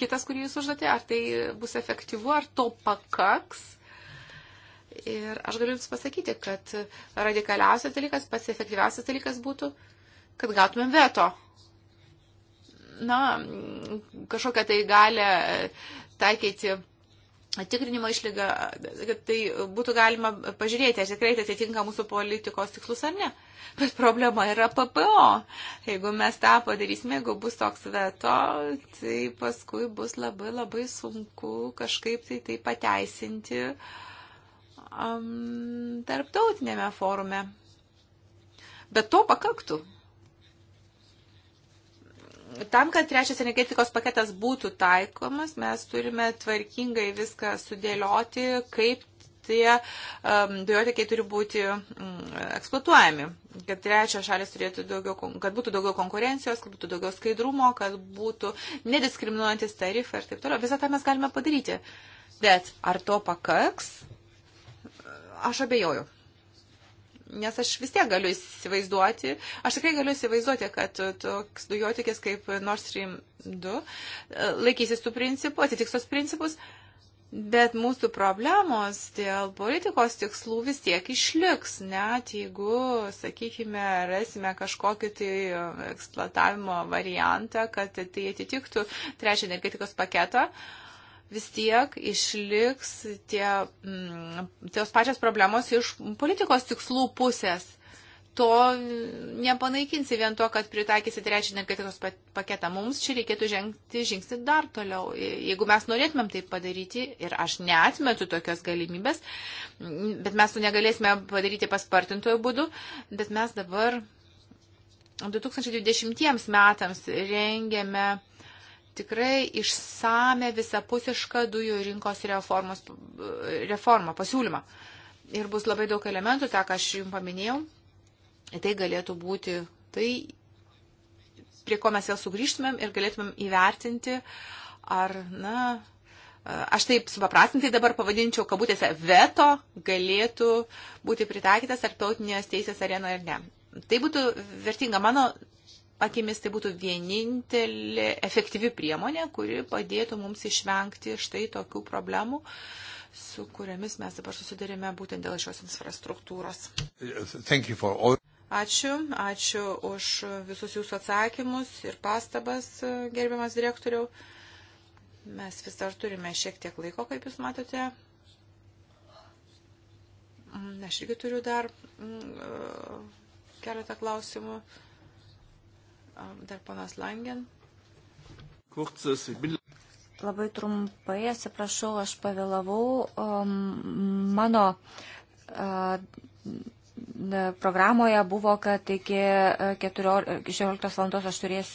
kitas, kurį jūs užduotė, ar tai bus efektyvu, ar to pakaks. Ir aš galiu Jums pasakyti, kad radikaliausias dalykas, pats efektyviausias dalykas būtų, kad gautumėm veto. Na, kažkokią tai galę taikyti tikrinimo išlyga, kad tai būtų galima pažiūrėti, ar tikrai tai atitinka mūsų politikos tikslus ar ne. Bet problema yra PPO. Jeigu mes tą padarysime, jeigu bus toks veto, tai paskui bus labai labai sunku kažkaip tai, tai pateisinti um, tarptautinėme forume. Bet to pakaktų tam, kad trečias energetikos paketas būtų taikomas, mes turime tvarkingai viską sudėlioti, kaip tie um, dujotekiai turi būti um, eksploatuojami, kad trečias šalis turėtų daugiau, kad būtų daugiau konkurencijos, kad būtų daugiau skaidrumo, kad būtų nediskriminuojantis tarifai ir taip toliau. Visą tą mes galime padaryti. Bet ar to pakaks? Aš abejoju. Nes aš vis tiek galiu įsivaizduoti, aš tikrai galiu įsivaizduoti, kad toks dujotikis kaip Nord Stream 2 e, laikysis tų principų, atitiks tos principus, bet mūsų problemos dėl politikos tikslų vis tiek išliks, net jeigu, sakykime, rasime kažkokį tai eksploatavimo variantą, kad tai atitiktų trečią energetikos paketą. Uh, vis tiek išliks tie, mm, tos pačios problemos iš politikos tikslų pusės. To nepanaikinsi vien to, kad pritaikysi trečią energetikos paketą. Mums čia reikėtų žengti žingsnį dar toliau. Jeigu mes norėtumėm tai padaryti, ir aš neatmetu tokios galimybės, bet mes to negalėsime padaryti paspartintojų būdų, bet mes dabar 2020 metams rengėme tikrai išsame visapusišką dujų rinkos reformos, reformą, pasiūlymą. Ir bus labai daug elementų, tą, ką aš jums paminėjau. Tai galėtų būti tai, prie ko mes vėl sugrįžtumėm ir galėtumėm įvertinti, ar, na, aš taip supaprastintai dabar pavadinčiau, kabutėse, veto galėtų būti pritaikytas ar tautinės teisės arenoje ar ne. Tai būtų vertinga. Mano akimis tai būtų vienintelė efektyvi priemonė, kuri padėtų mums išvengti štai tokių problemų, su kuriamis mes dabar susidurime būtent dėl šios infrastruktūros. All... Ačiū, ačiū už visus jūsų atsakymus ir pastabas, gerbiamas direktoriau. Mes vis dar turime šiek tiek laiko, kaip jūs matote. Mm, aš irgi turiu dar mm, e, keletą klausimų. Dar panas Langen. Labai trumpai, atsiprašau, aš pavėlavau. Um, mano programoje buvo, kad iki 16 valandos aš turės,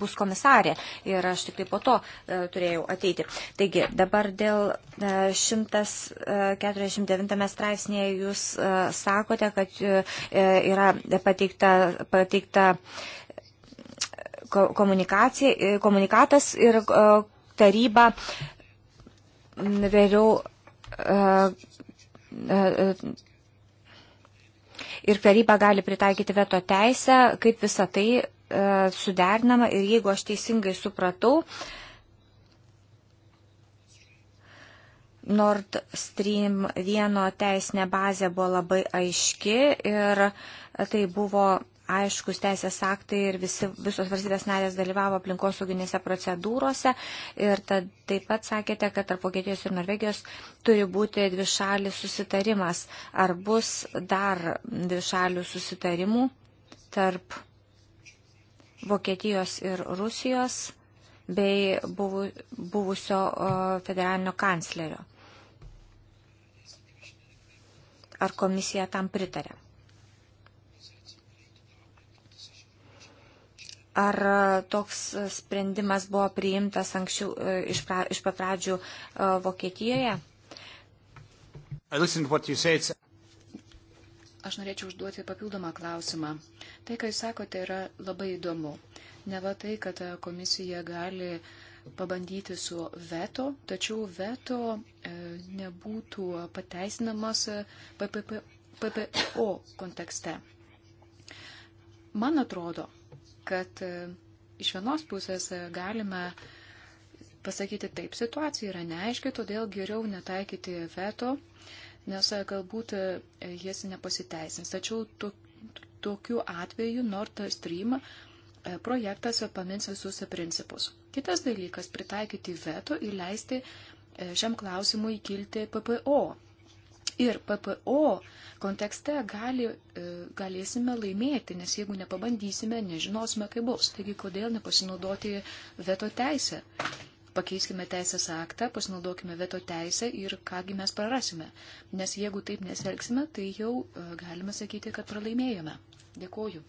bus komisarė ir aš tik tai po to turėjau ateiti. Taigi, dabar dėl 149 straipsnėje jūs sakote, kad yra pateikta, pateikta E, komunikatas ir e, taryba vėliau e, ir taryba gali pritaikyti veto teisę, kaip visa tai suderinama ir jeigu aš teisingai supratau, Nord Stream 1 teisinė bazė buvo labai aiški ir tai buvo aiškus teisės aktai ir visi, visos valstybės narės dalyvavo aplinkosauginėse procedūrose. Ir tad, taip pat sakėte, kad tarp Vokietijos ir Norvegijos turi būti dvišalis susitarimas. Ar bus dar dvišalių susitarimų tarp Vokietijos ir Rusijos bei buvu, buvusio federalinio kanclerio? Ar komisija tam pritarė? Ar e, toks sprendimas buvo priimtas anksčiau e, iš, pra, iš papradžių e, Vokietijoje? Aš norėčiau užduoti papildomą klausimą. Tai, ką jūs sakote, yra labai įdomu. Ne va tai, kad komisija gali pabandyti su veto, tačiau veto nebūtų pateisinamas PPO kontekste. Man atrodo, kad e, iš vienos pusės e, galime pasakyti taip, situacija yra neaiški, todėl geriau netaikyti veto, nes e, galbūt jis nepasiteisins. Tačiau to, tokiu atveju Nord Stream projektas pamins visus principus. Kitas dalykas - pritaikyti veto ir leisti šiam klausimui kilti PPO ir PPO kontekste gali, e, galėsime laimėti, nes jeigu nepabandysime, nežinosime, kaip bus. Taigi, kodėl nepasinaudoti veto teisę? Pakeiskime teisės aktą, pasinaudokime veto teisę ir kągi mes prarasime. Nes jeigu taip neselgsime, tai jau e, galime sakyti, kad pralaimėjome. Dėkoju.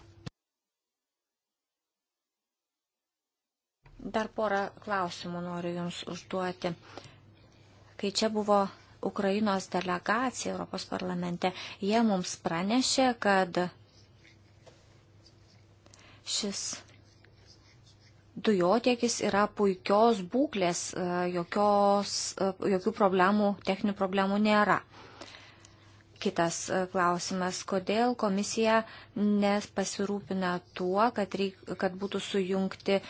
Dar porą klausimų noriu Jums užduoti. Kai čia buvo Ukrainos delegacija Europos parlamente, jie mums pranešė, kad šis dujotiekis yra puikios būklės, e, jokios, e, jokių problemų, techninių problemų nėra. Kitas e, klausimas, kodėl komisija nepasirūpina tuo, kad, reik, kad būtų sujungti e,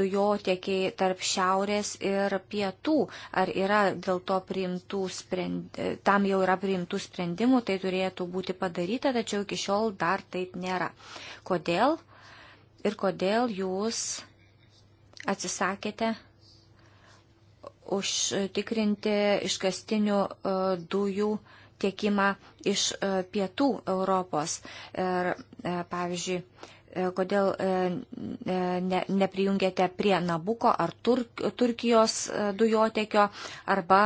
dujotiekiai tarp šiaurės ir pietų? Ar yra dėl to priimtų sprendimų, e, tam jau yra priimtų sprendimų, tai turėtų būti padaryta, tačiau iki šiol dar taip nėra. Kodėl ir kodėl jūs atsisakėte užtikrinti iškastinių dujų tiekimą iš e, pietų Europos. Ir, e, pavyzdžiui, e, kodėl ne, neprijungėte prie Nabuko ar Turk, Turkijos dujotekio arba,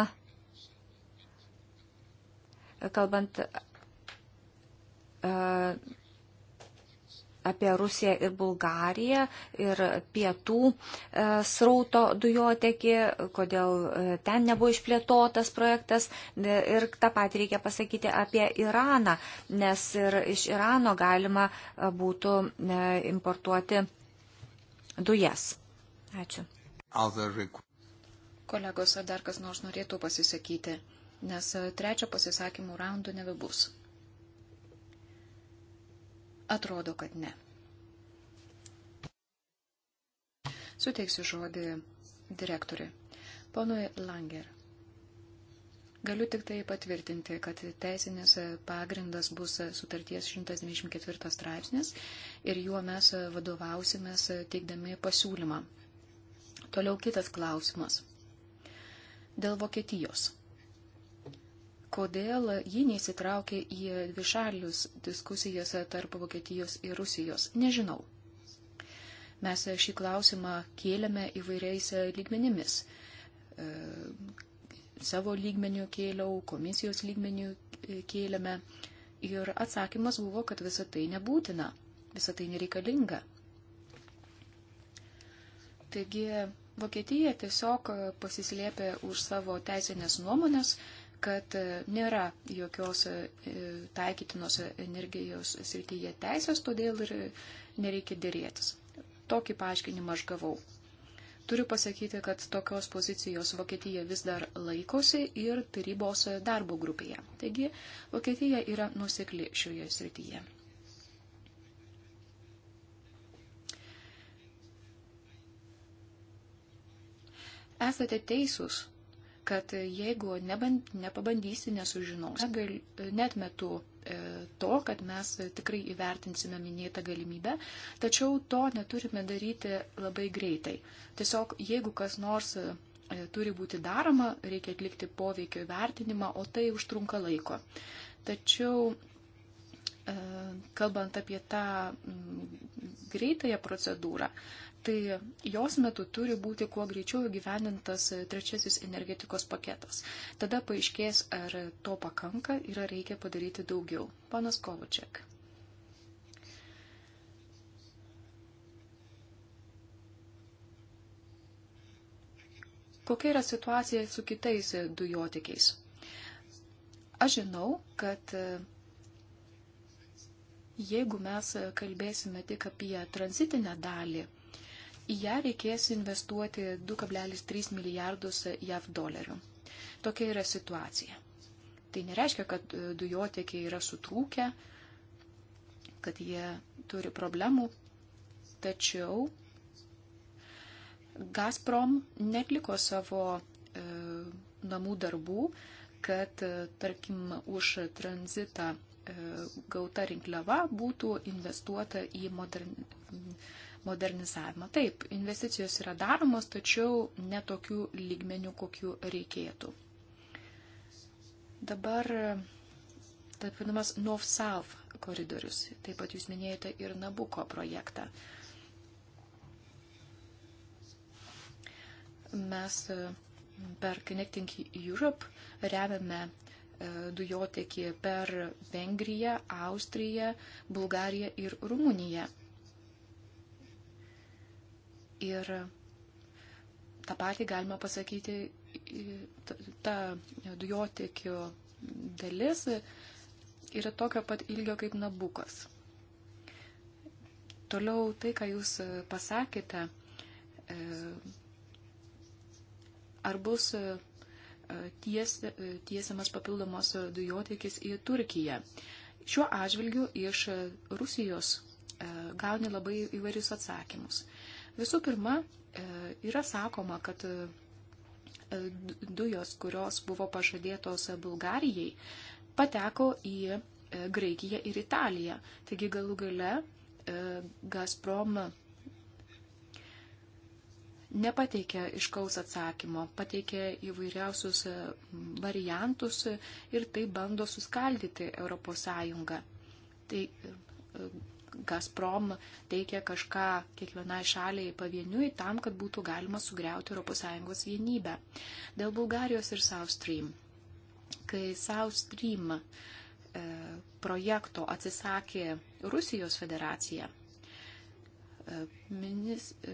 kalbant, apie Rusiją ir Bulgariją ir pietų e, srauto dujotekį, kodėl e, ten nebuvo išplėtotas projektas. Ir tą patį reikia pasakyti apie Iraną, nes ir iš Irano galima e, būtų importuoti dujas. Ačiū. Kolegos, ar dar kas nors norėtų pasisakyti, nes trečio pasisakymų raundų nebebus. Atrodo, kad ne. Suteiksiu žodį direktoriui. Ponui Langer. Galiu tik tai patvirtinti, kad teisinis pagrindas bus sutarties 194 straipsnis ir juo mes vadovausimės teikdami pasiūlymą. Toliau kitas klausimas. Dėl Vokietijos kodėl ji neįsitraukė į dvišalius diskusijas tarp Vokietijos ir Rusijos. Nežinau. Mes šį klausimą kėlėme įvairiais lygmenimis. E, savo lygmenių kėliau, komisijos lygmenių e, kėlėme. Ir atsakymas buvo, kad visa tai nebūtina, visa tai nereikalinga. Taigi Vokietija tiesiog pasislėpė už savo teisinės nuomonės, kad nėra jokios e, taikytinos energijos srityje teisės, todėl ir nereikia dėrėtis. Tokį paaiškinimą aš gavau. Turiu pasakyti, kad tokios pozicijos Vokietija vis dar laikosi ir tarybos darbo grupėje. Taigi, Vokietija yra nusikli šioje srityje. Esate teisūs, kad jeigu neband, nepabandysi, nesužinos. Gal, netmetu e, to, kad mes tikrai įvertinsime minėtą galimybę, tačiau to neturime daryti labai greitai. Tiesiog jeigu kas nors e, turi būti daroma, reikia atlikti poveikio įvertinimą, o tai užtrunka laiko. Tačiau e, kalbant apie tą greitąją procedūrą, tai jos metu turi būti kuo greičiau gyvenintas trečiasis energetikos paketas. Tada paaiškės, ar to pakanka ir ar reikia padaryti daugiau. Panas Kovačiak. Kokia yra situacija su kitais dujotikiais? Aš žinau, kad e, jeigu mes kalbėsime tik apie tranzitinę dalį, Į ją reikės investuoti 2,3 milijardus JAV dolerių. Tokia yra situacija. Tai nereiškia, kad e, dujotiekiai yra sutrūkę, kad jie turi problemų, tačiau Gazprom netliko savo e, namų darbų, kad, e, tarkim, už tranzitą e, gauta rinkliava būtų investuota į modern, modernizavimą. Taip, investicijos yra daromos, tačiau ne tokių lygmenių, kokių reikėtų. Dabar taip vadinamas North South koridorius. Taip pat jūs minėjote ir Nabuko projektą. Mes e, per Connecting Europe remiame e, dujotekį per Vengriją, Austriją, Bulgariją ir Rumuniją. Ir tą patį galima pasakyti, ta dujotekio dalis yra tokio pat ilgio kaip nabukas. Toliau tai, ką jūs pasakėte, e, ar bus e, ties, e, tiesiamas papildomos dujotiekis į Turkiją. Šiuo atžvilgiu iš Rusijos gauni labai įvairius atsakymus. Visų pirma, e, yra sakoma, kad e, dujos, kurios buvo pažadėtos Bulgarijai, pateko į e, Graikiją ir Italiją. Taigi galų gale Gazprom nepateikė iškaus atsakymo, pateikė įvairiausius variantus ir tai bando suskaldyti ES. Tai Gazprom teikia kažką kiekvienai šaliai pavieniui tam, kad būtų galima sugriauti ES vienybę. Dėl Bulgarijos ir South Stream. Kai South Stream e, projekto atsisakė Rusijos federacija, e,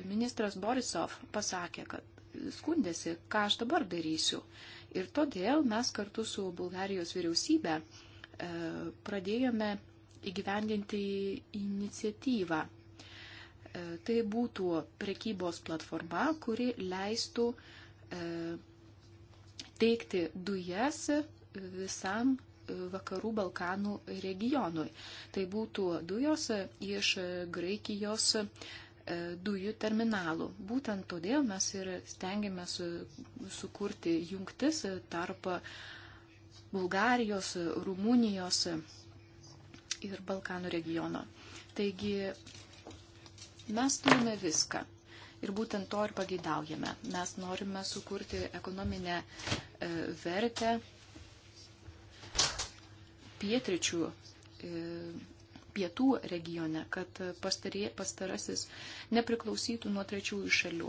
ministras Borisov pasakė, kad skundėsi, ką aš dabar darysiu. Ir todėl mes kartu su Bulgarijos vyriausybė e, pradėjome įgyvendinti iniciatyvą. E, tai būtų prekybos platforma, kuri leistų e, teikti dujas visam e, vakarų Balkanų regionui. Tai būtų dujos iš Graikijos dujų terminalų. Būtent todėl mes ir stengiamės sukurti jungtis tarp Bulgarijos, Rumunijos ir Balkanų regiono. Taigi mes turime viską. Ir būtent to ir pageidaujame. Mes norime sukurti ekonominę e, vertę pietričių e, pietų regione, kad pastarė, pastarasis nepriklausytų nuo trečiųjų šalių.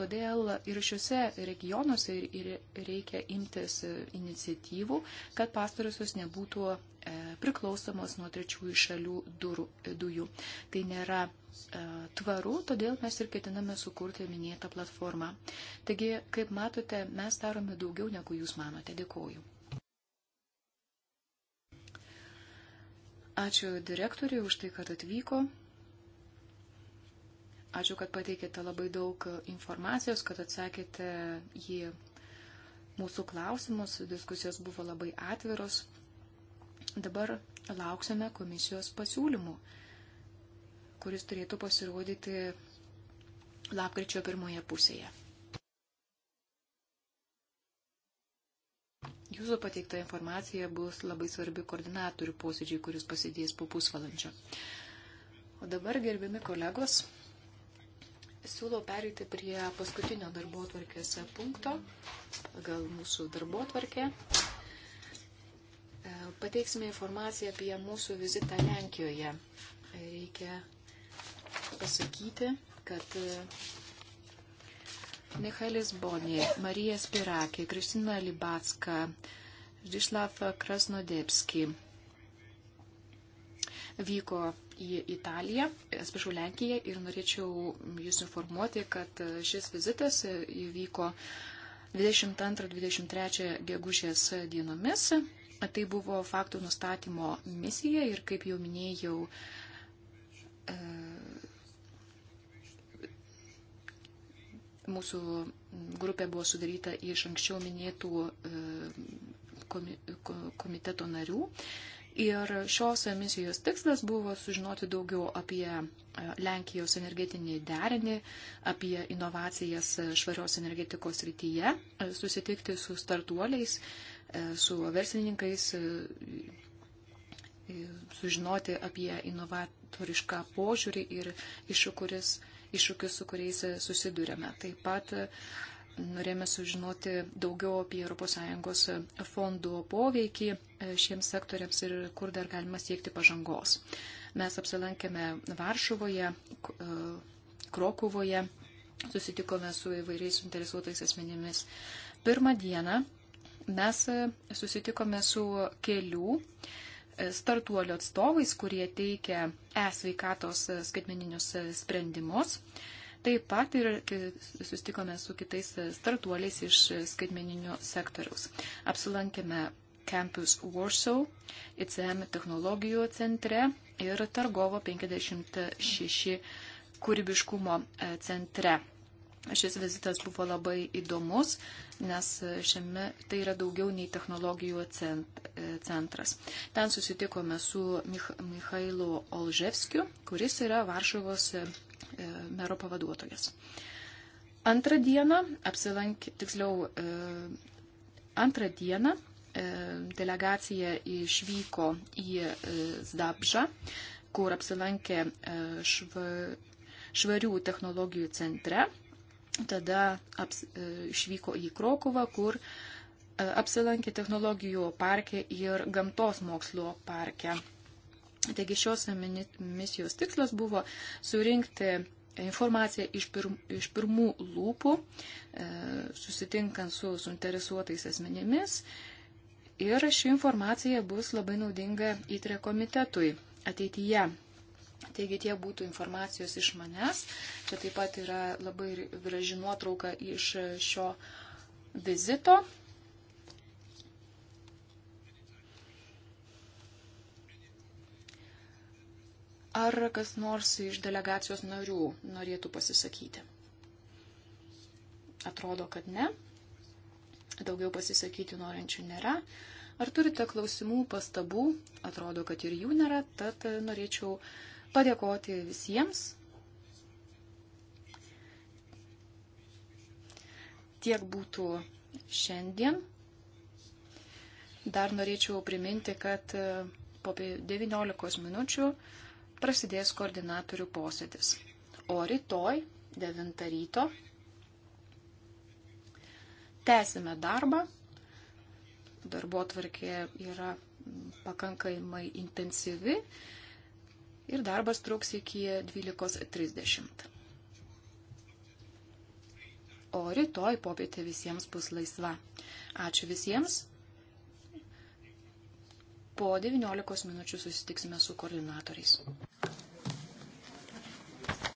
Todėl ir šiuose regionuose ir, ir reikia imtis iniciatyvų, kad pastarusios nebūtų e, priklausomos nuo trečiųjų šalių durų, dujų. Tai nėra e, tvaru, todėl mes ir ketiname sukurti minėtą platformą. Taigi, kaip matote, mes darome daugiau negu jūs manote. Dėkuoju. Ačiū direktoriui už tai, kad atvyko. Ačiū, kad pateikėte labai daug informacijos, kad atsakėte į mūsų klausimus. Diskusijos buvo labai atviros. Dabar lauksime komisijos pasiūlymų, kuris turėtų pasirodyti lapkričio pirmoje pusėje. Jūsų pateikta informacija bus labai svarbi koordinatorių posėdžiai, kuris pasidės po pusvalandžio. O dabar, gerbiami kolegos, siūlau pereiti prie paskutinio darbo atvarkės punkto, pagal mūsų darbo atvarkę. E, pateiksime informaciją apie mūsų vizitą Lenkijoje. E, reikia pasakyti, kad Michaelis Bonė, Marija Spirakė, Kristina Libacka, Žislav Krasnodebski vyko į Italiją, atsiprašau, Lenkiją ir norėčiau jūs informuoti, kad šis vizitas įvyko 22-23 gegužės dienomis. Tai buvo faktų nustatymo misija ir, kaip jau minėjau, Mūsų grupė buvo sudaryta iš anksčiau minėtų e, komiteto narių. Ir šios misijos tikslas buvo sužinoti daugiau apie e, Lenkijos energetinį derinį, apie inovacijas švarios energetikos rytyje, e, susitikti su startuoliais, su verslininkais, sužinoti apie inovatorišką požiūrį ir iššūkuris iššūkius, su kuriais susidurėme. Taip pat e, norėjome sužinoti daugiau apie ES fondų poveikį e, šiems sektoriams ir kur dar galima siekti pažangos. Mes apsilankėme Varšuvoje, e, Krokuvoje, susitikome su įvairiais suinteresuotais asmenimis. Pirmą dieną mes susitikome su kelių startuolių atstovais, kurie teikia e-sveikatos skaitmeninius sprendimus. Taip pat ir e, sustikome su kitais startuoliais iš skaitmeninio sektoriaus. Apsilankėme Campus Warsaw, ICM technologijų centre ir Targovo 56 kūrybiškumo e, centre. Šis vizitas buvo labai įdomus, nes šiame tai yra daugiau nei technologijų centras. Ten susitikome su Mich Michailu Olževskiu, kuris yra Varšuvos e, mero pavaduotojas. Antrą dieną, apsilank, tiksliau, e, antrą dieną e, delegacija išvyko į Zdabžą, kur apsilankė šv, švarių technologijų centre tada aps, e, išvyko į Krokovą, kur e, apsilankė technologijų parke ir gamtos mokslo parke. Taigi šios misijos tikslas buvo surinkti informaciją iš, pirm, iš pirmų lūpų, e, susitinkant su suinteresuotais asmenėmis. Ir ši informacija bus labai naudinga įtre komitetui ateityje Taigi tie būtų informacijos iš manęs. Čia taip pat yra labai graži nuotrauka iš šio vizito. Ar kas nors iš delegacijos narių norėtų pasisakyti? Atrodo, kad ne. Daugiau pasisakyti norinčių nėra. Ar turite klausimų, pastabų? Atrodo, kad ir jų nėra, tad norėčiau uh, padėkoti visiems. Tiek būtų šiandien. Dar norėčiau priminti, kad e, po 19 minučių prasidės koordinatorių posėdis. O rytoj 9 ryto tęsime darbą. Darbo tvarkė yra pakankamai intensyvi ir darbas truks iki 12.30. O rytoj popietė visiems bus laisva. Ačiū visiems. Po 19 minučių susitiksime su koordinatoriais.